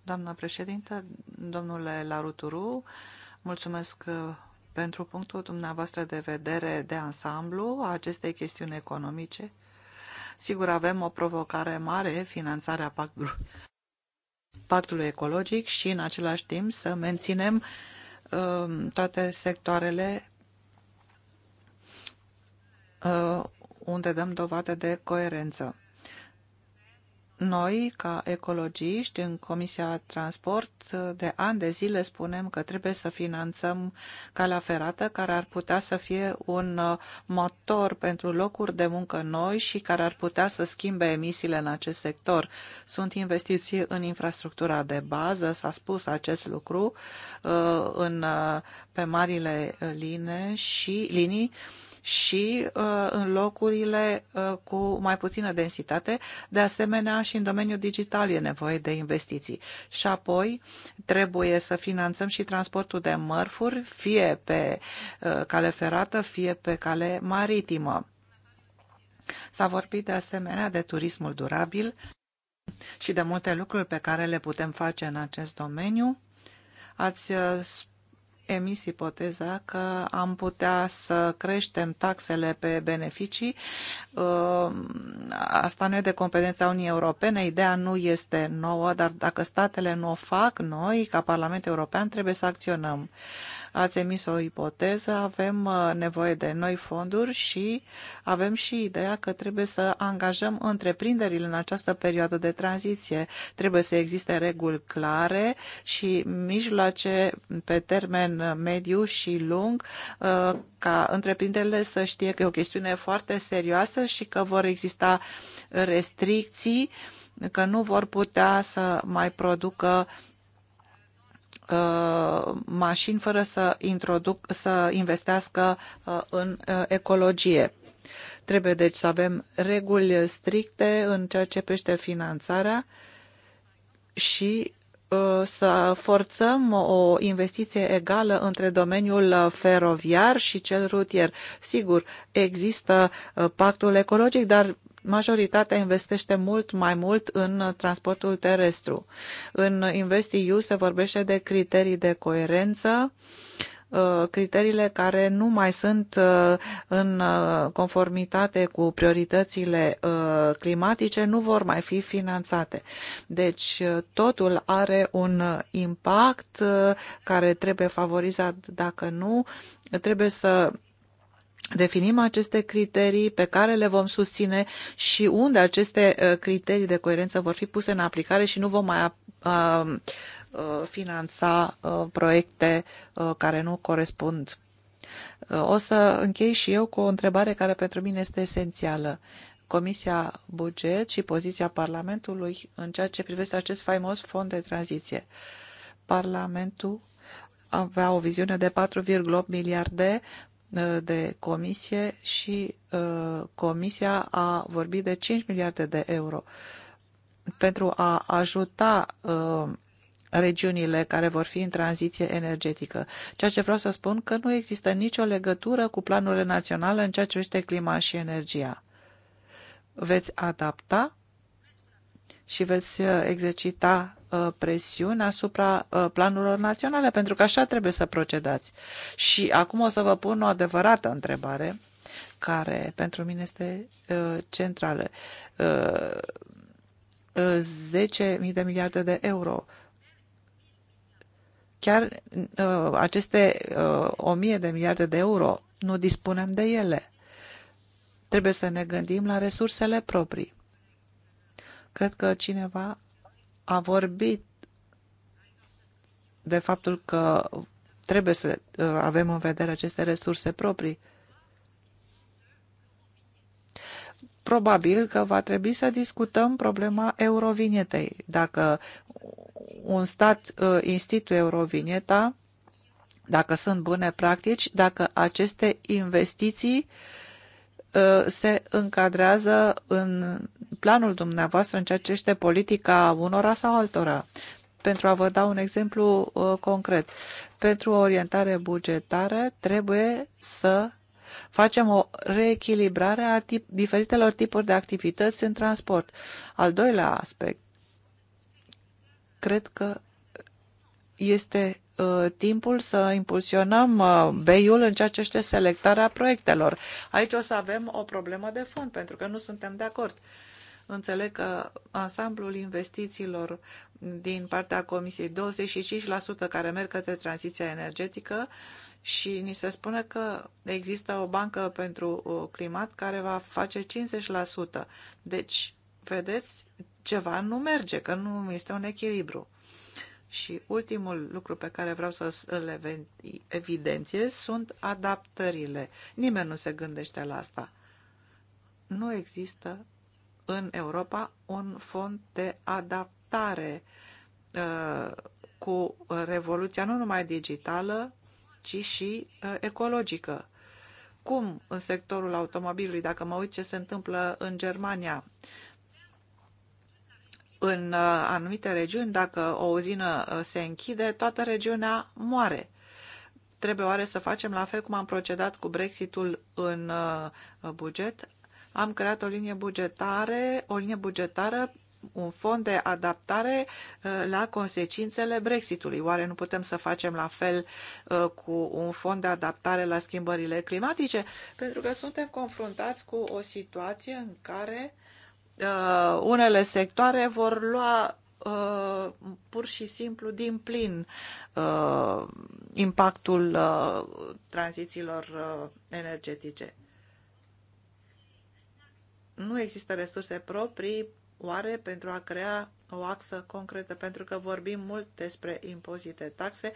Doamna președintă, domnule Laruturu, mulțumesc uh, pentru punctul dumneavoastră de vedere de ansamblu a acestei chestiuni economice? Sigur, avem o provocare mare, finanțarea pactului, pactului ecologic și în același timp să menținem um, toate sectoarele uh, unde dăm dovadă de coerență. Noi, ca ecologiști, în Comisia Transport, de ani de zile spunem că trebuie să finanțăm calea ferată, care ar putea să fie un uh, motor pentru locuri de muncă noi și care ar putea să schimbe emisiile în acest sector. Sunt investiții în infrastructura de bază, s-a spus acest lucru uh, în, uh, pe marile line și linii și uh, în locurile uh, cu mai puțină densitate. De asemenea, și în domeniul digital e nevoie de investiții. Și apoi trebuie să finanțăm și transportul de mărfuri, fie pe uh, cale ferată, fie pe cale maritimă. S-a vorbit de asemenea de turismul durabil și de multe lucruri pe care le putem face în acest domeniu. Ați emis ipoteza că am putea să creștem taxele pe beneficii. Uh, asta nu e de competența Unii Europene, ideea nu este nouă, dar dacă statele nu o fac, noi, ca Parlament European, trebuie să acționăm ați emis o ipoteză, avem uh, nevoie de noi fonduri și avem și ideea că trebuie să angajăm întreprinderile în această perioadă de tranziție. Trebuie să existe reguli clare și mijloace pe termen uh, mediu și lung uh, ca întreprinderile să știe că e o chestiune foarte serioasă și că vor exista restricții, că nu vor putea să mai producă Uh, mașini fără să, introduc, să investească uh, în uh, ecologie. Trebuie deci să avem reguli stricte în ceea ce pește finanțarea și să forțăm o investiție egală între domeniul feroviar și cel rutier. Sigur, există pactul ecologic, dar majoritatea investește mult mai mult în transportul terestru. În InvestEU se vorbește de criterii de coerență, uh, criteriile care nu mai sunt uh, în uh, conformitate cu prioritățile climatice nu vor mai fi finanțate. Deci totul are un impact care trebuie favorizat dacă nu, trebuie să definim aceste criterii pe care le vom susține și unde aceste uh, criterii de coerență vor fi puse în aplicare și nu vom mai uh, uh, finanța proiecte care nu corespund. O să închei și eu cu o întrebare care pentru mine este esențială. Comisia Buget și poziția Parlamentului în ceea ce privește acest faimos fond de tranziție. Parlamentul avea o viziune de 4,8 miliarde Uh, de comisie și uh, comisia a vorbit de 5 miliarde de euro pentru a ajuta uh, regiunile care vor fi în tranziție energetică. Ceea ce vreau să spun că nu există nicio legătură cu planurile naționale în ceea ce privește clima și energia. Veți adapta și veți exercita Uh, presiuni asupra uh, planurilor naționale, pentru că așa trebuie să procedați. Și acum o să vă pun o adevărată întrebare, care pentru mine este uh, centrală. 10.000 de miliarde de euro. Chiar aceste 1.000 de miliarde de euro nu dispunem de ele. Trebuie să ne gândim la resursele proprii. Cred că cineva a vorbit de faptul că trebuie să uh, avem în vedere aceste resurse proprii. Probabil că va trebui să discutăm problema eurovinietei. Dacă un stat uh, instituie eurovinieta, dacă sunt bune practici, dacă aceste investiții uh, Uh, se încadrează în planul dumneavoastră în ceea ce este politica unora sau altora. Pentru a vă da un exemplu uh, concret, pentru o orientare bugetară trebuie să facem o reechilibrare a tip, diferitelor tipuri de activități în transport. Al doilea aspect, cred că este Uh, timpul să impulsionăm uh, BEI-ul în ceea ce este selectarea proiectelor. Aici o să avem o problemă de fond, pentru că nu suntem de acord. Înțeleg că ansamblul investițiilor din partea Comisiei, 25% care merg către tranziția energetică și ni se spune că există o bancă pentru uh, climat care va face 50%. Deci, vedeți, ceva nu merge, că nu este un echilibru. Și ultimul lucru pe care vreau să îl evidențiez sunt adaptările. Nimeni nu se gândește la asta. Nu există în Europa un fond de adaptare uh, cu revoluția nu numai digitală, ci și uh, ecologică. Cum în sectorul automobilului, dacă mă uit ce se întâmplă în Germania, uh, în uh, anumite regiuni, dacă o uzină uh, se închide, toată regiunea moare. Trebuie oare să facem la fel cum am procedat cu Brexitul în uh, buget? Am creat o linie bugetare, o linie bugetară un fond de adaptare la consecințele Brexitului. Oare nu putem să facem la fel cu un fond de adaptare la schimbările climatice? Pentru că suntem confruntați cu o situație în care uh, unele sectoare vor lua uh, pur și simplu din plin uh, impactul uh, tranzițiilor uh, energetice. Nu există resurse proprii, oare, pentru a crea o axă concretă, pentru că vorbim mult despre impozite, taxe,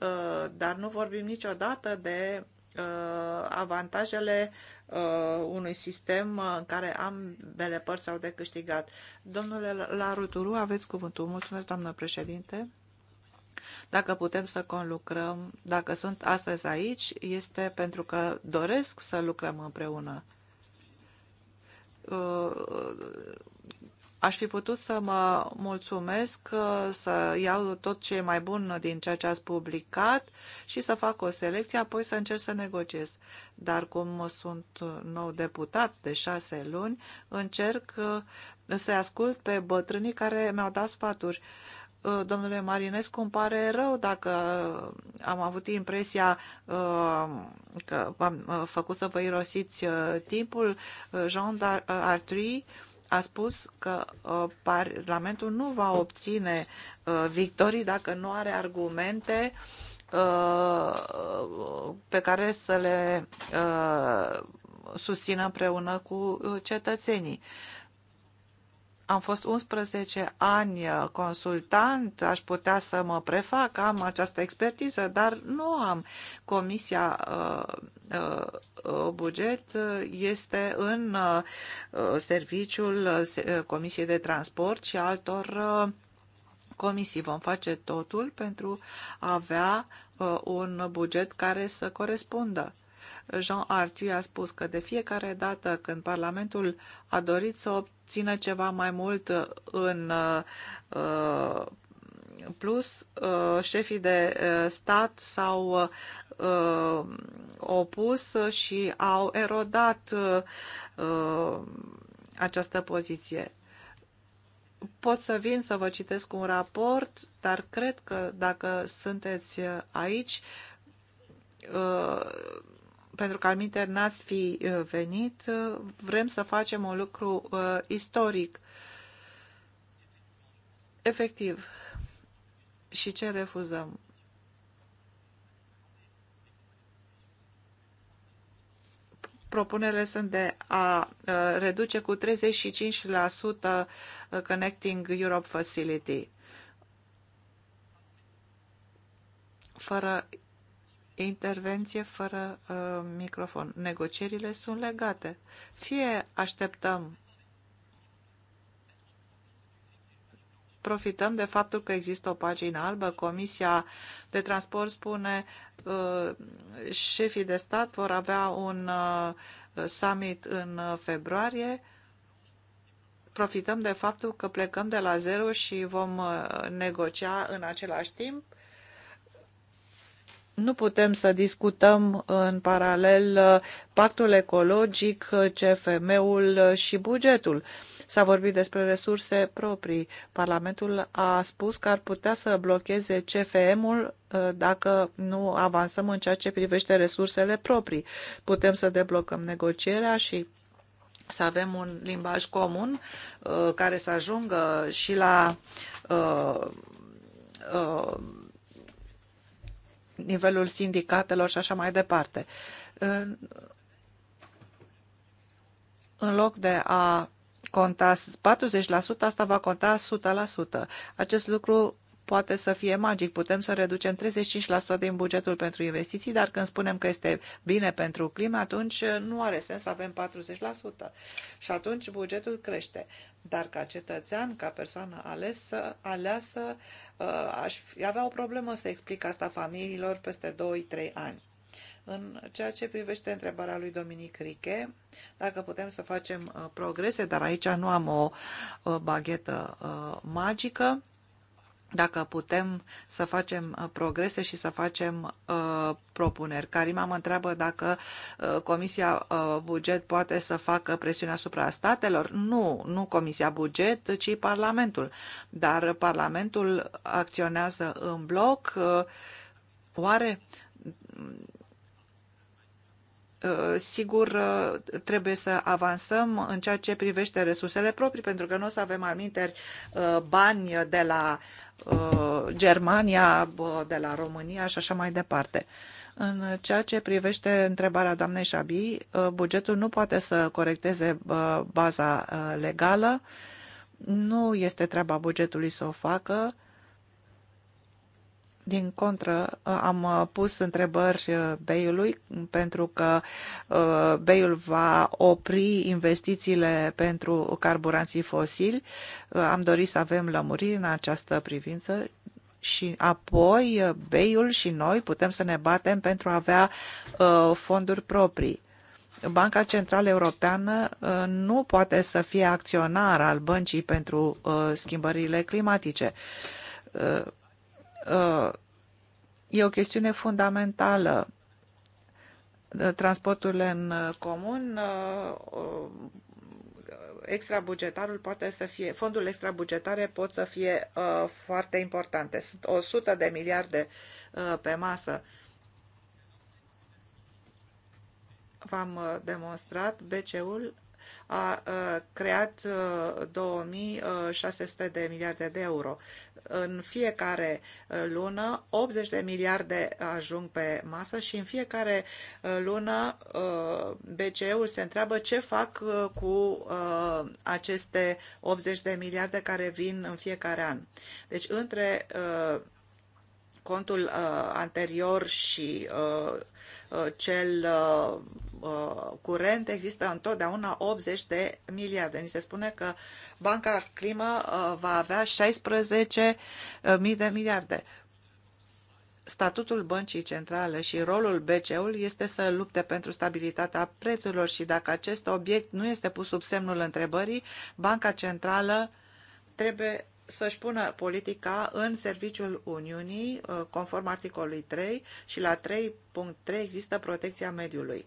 uh, dar nu vorbim niciodată de Uh, avantajele uh, unui sistem uh, în care ambele părți au de câștigat. Domnule Laruturu, aveți cuvântul. Mulțumesc, doamnă președinte. Dacă putem să conlucrăm, dacă sunt astăzi aici, este pentru că doresc să lucrăm împreună Aș fi putut să mă mulțumesc, uh, să iau tot ce e mai bun din ceea ce ați publicat și să fac o selecție, apoi să încerc să negociez. Dar cum sunt nou deputat de șase luni, încerc uh, să ascult pe bătrânii care mi-au dat sfaturi. Uh, domnule Marinescu, îmi pare rău dacă am avut impresia că v-am făcut să vă irosiți timpul. Jean d'Arthuis, a spus că uh, Parlamentul nu va obține uh, victorii dacă nu are argumente uh, pe care să le uh, susțină împreună cu uh, cetățenii. Uh, am fost 11 ani uh, consultant, aș putea să mă prefac, am această expertiză, dar nu am. Comisia uh, uh, buget este în serviciul Comisiei de Transport și altor comisii. Vom face totul pentru a avea un buget care să corespundă. Jean Arthuis a spus că de fiecare dată când Parlamentul a dorit să obțină ceva mai mult în uh, plus, uh, șefii de uh, stat s-au uh, opus și au erodat uh, această poziție pot să vin să vă citesc un raport, dar cred că dacă sunteți aici, uh, pentru că alminte n-ați fi uh, venit, uh, vrem să facem un lucru uh, istoric. Efectiv. Și ce refuzăm? propunerile sunt de a reduce cu 35% Connecting Europe Facility. Fără intervenție fără uh, microfon. Negocierile sunt legate. Fie așteptăm, profităm de faptul că există o pagină albă, Comisia de Transport spune uh, șefii de stat vor avea un uh, summit în uh, februarie, profităm de faptul că plecăm de la zero și vom uh, negocia în același timp nu putem să discutăm în paralel uh, pactul ecologic, uh, CFM-ul uh, și bugetul. S-a vorbit despre resurse proprii. Parlamentul a spus că ar putea să blocheze CFM-ul dacă nu avansăm în ceea ce privește resursele proprii. Putem să deblocăm negocierea și să avem un limbaj comun care să ajungă și la nivelul sindicatelor și așa mai departe. În loc de a conta 40%, asta va conta 100%. Acest lucru poate să fie magic. Putem să reducem 35% din bugetul pentru investiții, dar când spunem că este bine pentru climă, atunci uh, nu are sens să avem 40%. Și atunci bugetul crește. Dar ca cetățean, ca persoană alesă, aleasă, uh, aș avea o problemă să explic asta familiilor peste 2-3 ani. În ceea ce privește întrebarea lui Dominic Riche, dacă putem să facem uh, progrese, dar aici nu am o baghetă magică, dacă putem să facem uh, progrese și să facem uh, propuneri. Karima mă întreabă dacă uh, Comisia uh, Buget poate să facă presiune asupra statelor. Nu, nu Comisia Buget, ci Parlamentul. Dar Parlamentul acționează în bloc. Uh, oare Uh, sigur, uh, trebuie să avansăm în ceea ce privește resursele proprii, pentru că nu o să avem aminteri uh, bani de la Germania, de la România și așa mai departe. În ceea ce privește întrebarea doamnei Șabi, bugetul nu poate să corecteze baza legală, nu este treaba bugetului să o facă, din contră, uh, am uh, pus întrebări uh, Beiului pentru că Beiul va opri investițiile pentru carburanții fosili. Am dorit să avem lămuriri în această privință și apoi Beiul și noi putem să ne batem pentru a avea fonduri proprii. Banca Centrală Europeană nu poate să fie acționar al băncii pentru schimbările climatice Uh, e o chestiune fundamentală. Uh, transporturile în uh, comun, extrabugetarul poate să fie, fondul extrabugetare pot să fie foarte importante. Sunt 100 de miliarde pe masă. V-am demonstrat BC-ul a creat 2600 de miliarde de euro. În fiecare lună 80 de miliarde ajung pe masă și în fiecare lună BCE-ul se întreabă ce fac cu aceste 80 de miliarde care vin în fiecare an. Deci între contul anterior și Uh, cel uh, uh, curent, există întotdeauna 80 de miliarde. Ni se spune că Banca Climă va avea 16.000 de miliarde statutul băncii centrale și rolul BCE-ului este să lupte pentru stabilitatea prețurilor și dacă acest obiect nu este pus sub semnul întrebării, banca centrală trebuie să-și pună politica în serviciul Uniunii, uh, conform articolului 3 și la 3.3 există protecția mediului.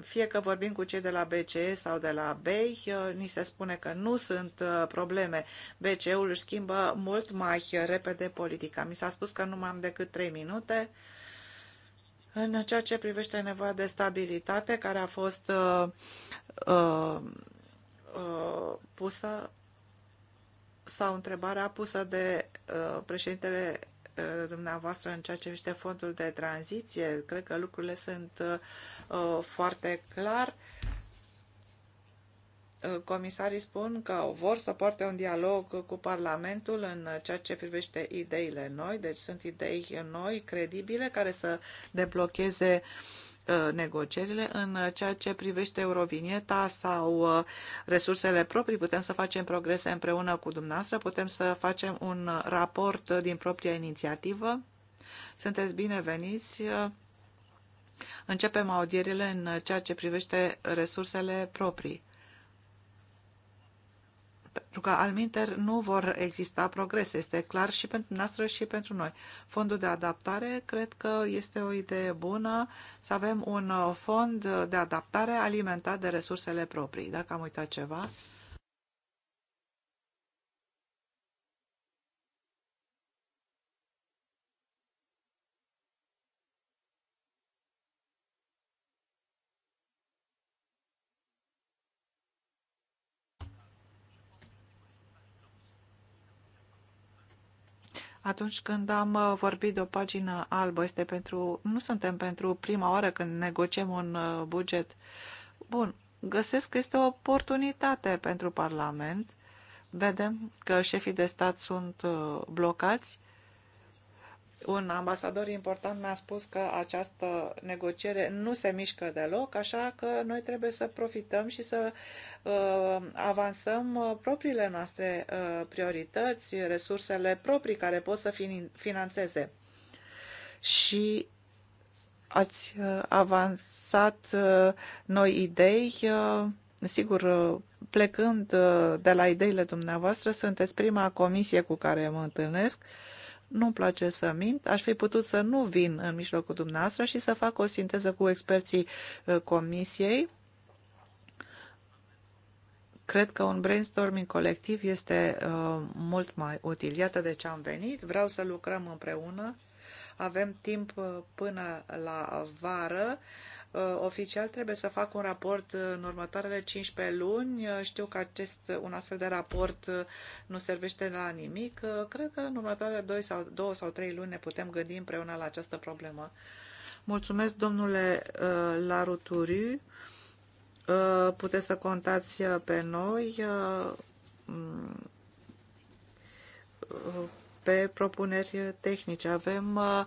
Fie că vorbim cu cei de la BCE sau de la BEI, uh, ni se spune că nu sunt uh, probleme. BCE-ul își schimbă mult mai repede politica. Mi s-a spus că nu mai am decât 3 minute. În ceea ce privește nevoia de stabilitate, care a fost uh, uh, Uh, pusă sau întrebarea pusă de uh, președintele uh, dumneavoastră în ceea ce privește fondul de tranziție. Cred că lucrurile sunt foarte clar. Comisarii spun că vor să poarte un dialog cu Parlamentul în ceea ce privește ideile noi, deci sunt idei noi, credibile, care să deblocheze uh, Uh, negocierile în uh, ceea ce privește Eurovinieta sau uh, resursele proprii. Putem să facem progrese împreună cu dumneavoastră, putem să facem un raport din propria inițiativă. Sunteți bineveniți. Începem audierile în ceea ce privește resursele proprii pentru că alminter nu vor exista progrese, este clar și pentru noastră și pentru noi. Fondul de adaptare cred că este o idee bună să avem un fond de adaptare alimentat de resursele proprii. Dacă am uitat ceva, Atunci când am uh, vorbit de o pagină albă, este pentru, nu suntem pentru prima oară când negociem un uh, buget. Bun, găsesc că este o oportunitate pentru Parlament. Vedem că șefii de stat sunt uh, blocați un ambasador important mi-a spus că această negociere nu se mișcă deloc, așa că noi trebuie să profităm și să uh, avansăm uh, propriile noastre uh, priorități, resursele proprii care pot să fin financeze. Și ați uh, avansat uh, noi idei, uh, sigur, uh, plecând uh, de la ideile dumneavoastră, sunteți prima comisie cu care mă întâlnesc, uh, nu-mi place să mint, aș fi putut să nu vin în mijlocul dumneavoastră și să fac o sinteză cu experții uh, comisiei. Cred că un brainstorming colectiv este uh, mult mai util. Iată de ce am venit, vreau să lucrăm împreună avem timp uh, până la vară. Uh, oficial trebuie să fac un raport uh, în următoarele 15 luni. Uh, știu că acest, un astfel de raport nu servește la nimic. Cred că în următoarele 2 sau, 2 sau 3 luni ne putem gândi împreună la această problemă. Mulțumesc, domnule Laruturi. Puteți să contați pe noi mm, pe propuneri tehnice. Avem uh,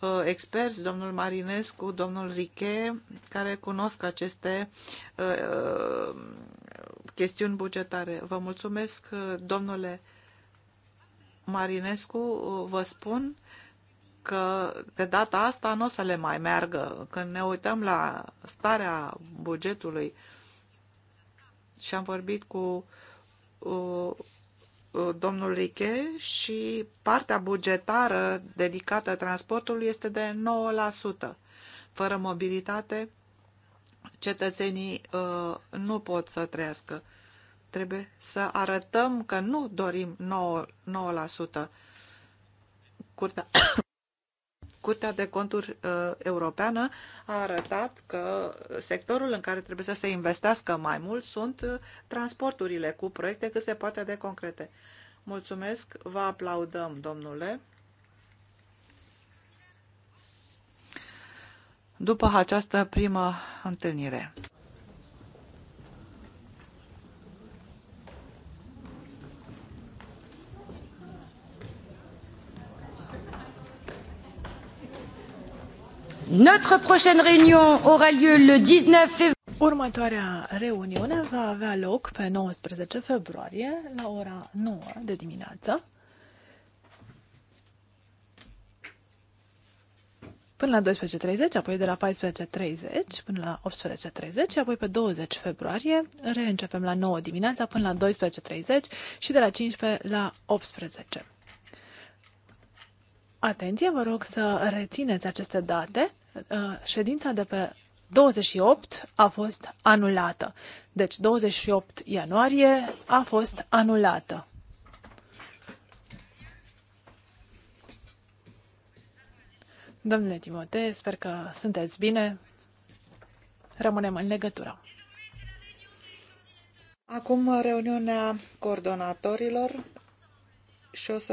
uh, experți, domnul Marinescu, domnul Riche, care cunosc aceste uh, uh, chestiuni bugetare. Vă mulțumesc, domnule Marinescu, vă spun că de data asta nu o să le mai meargă. Când ne uităm la starea bugetului și am vorbit cu uh, Uh, domnul Riche și partea bugetară dedicată transportului este de 9%. Fără mobilitate, cetățenii uh, nu pot să trăiască. Trebuie să arătăm că nu dorim 9%. 9%. Curtea Curtea de Conturi uh, Europeană a arătat că sectorul în care trebuie să se investească mai mult sunt uh, transporturile cu proiecte cât se poate de concrete. Mulțumesc, vă aplaudăm, domnule. După această primă întâlnire. Notre prochaine réunion aura lieu le 19 février. Următoarea reuniune va avea loc pe 19 februarie la ora 9 de dimineață. până la 12.30, apoi de la 14.30 până la 18.30 și apoi pe 20 februarie reîncepem la 9 dimineața până la 12.30 și de la 15 la 18. Atenție, vă rog să rețineți aceste date. Uh, ședința de pe 28 a fost anulată. Deci 28 ianuarie a fost anulată. Domnule Timotei, sper că sunteți bine. Rămânem în legătură. Acum reuniunea coordonatorilor și o să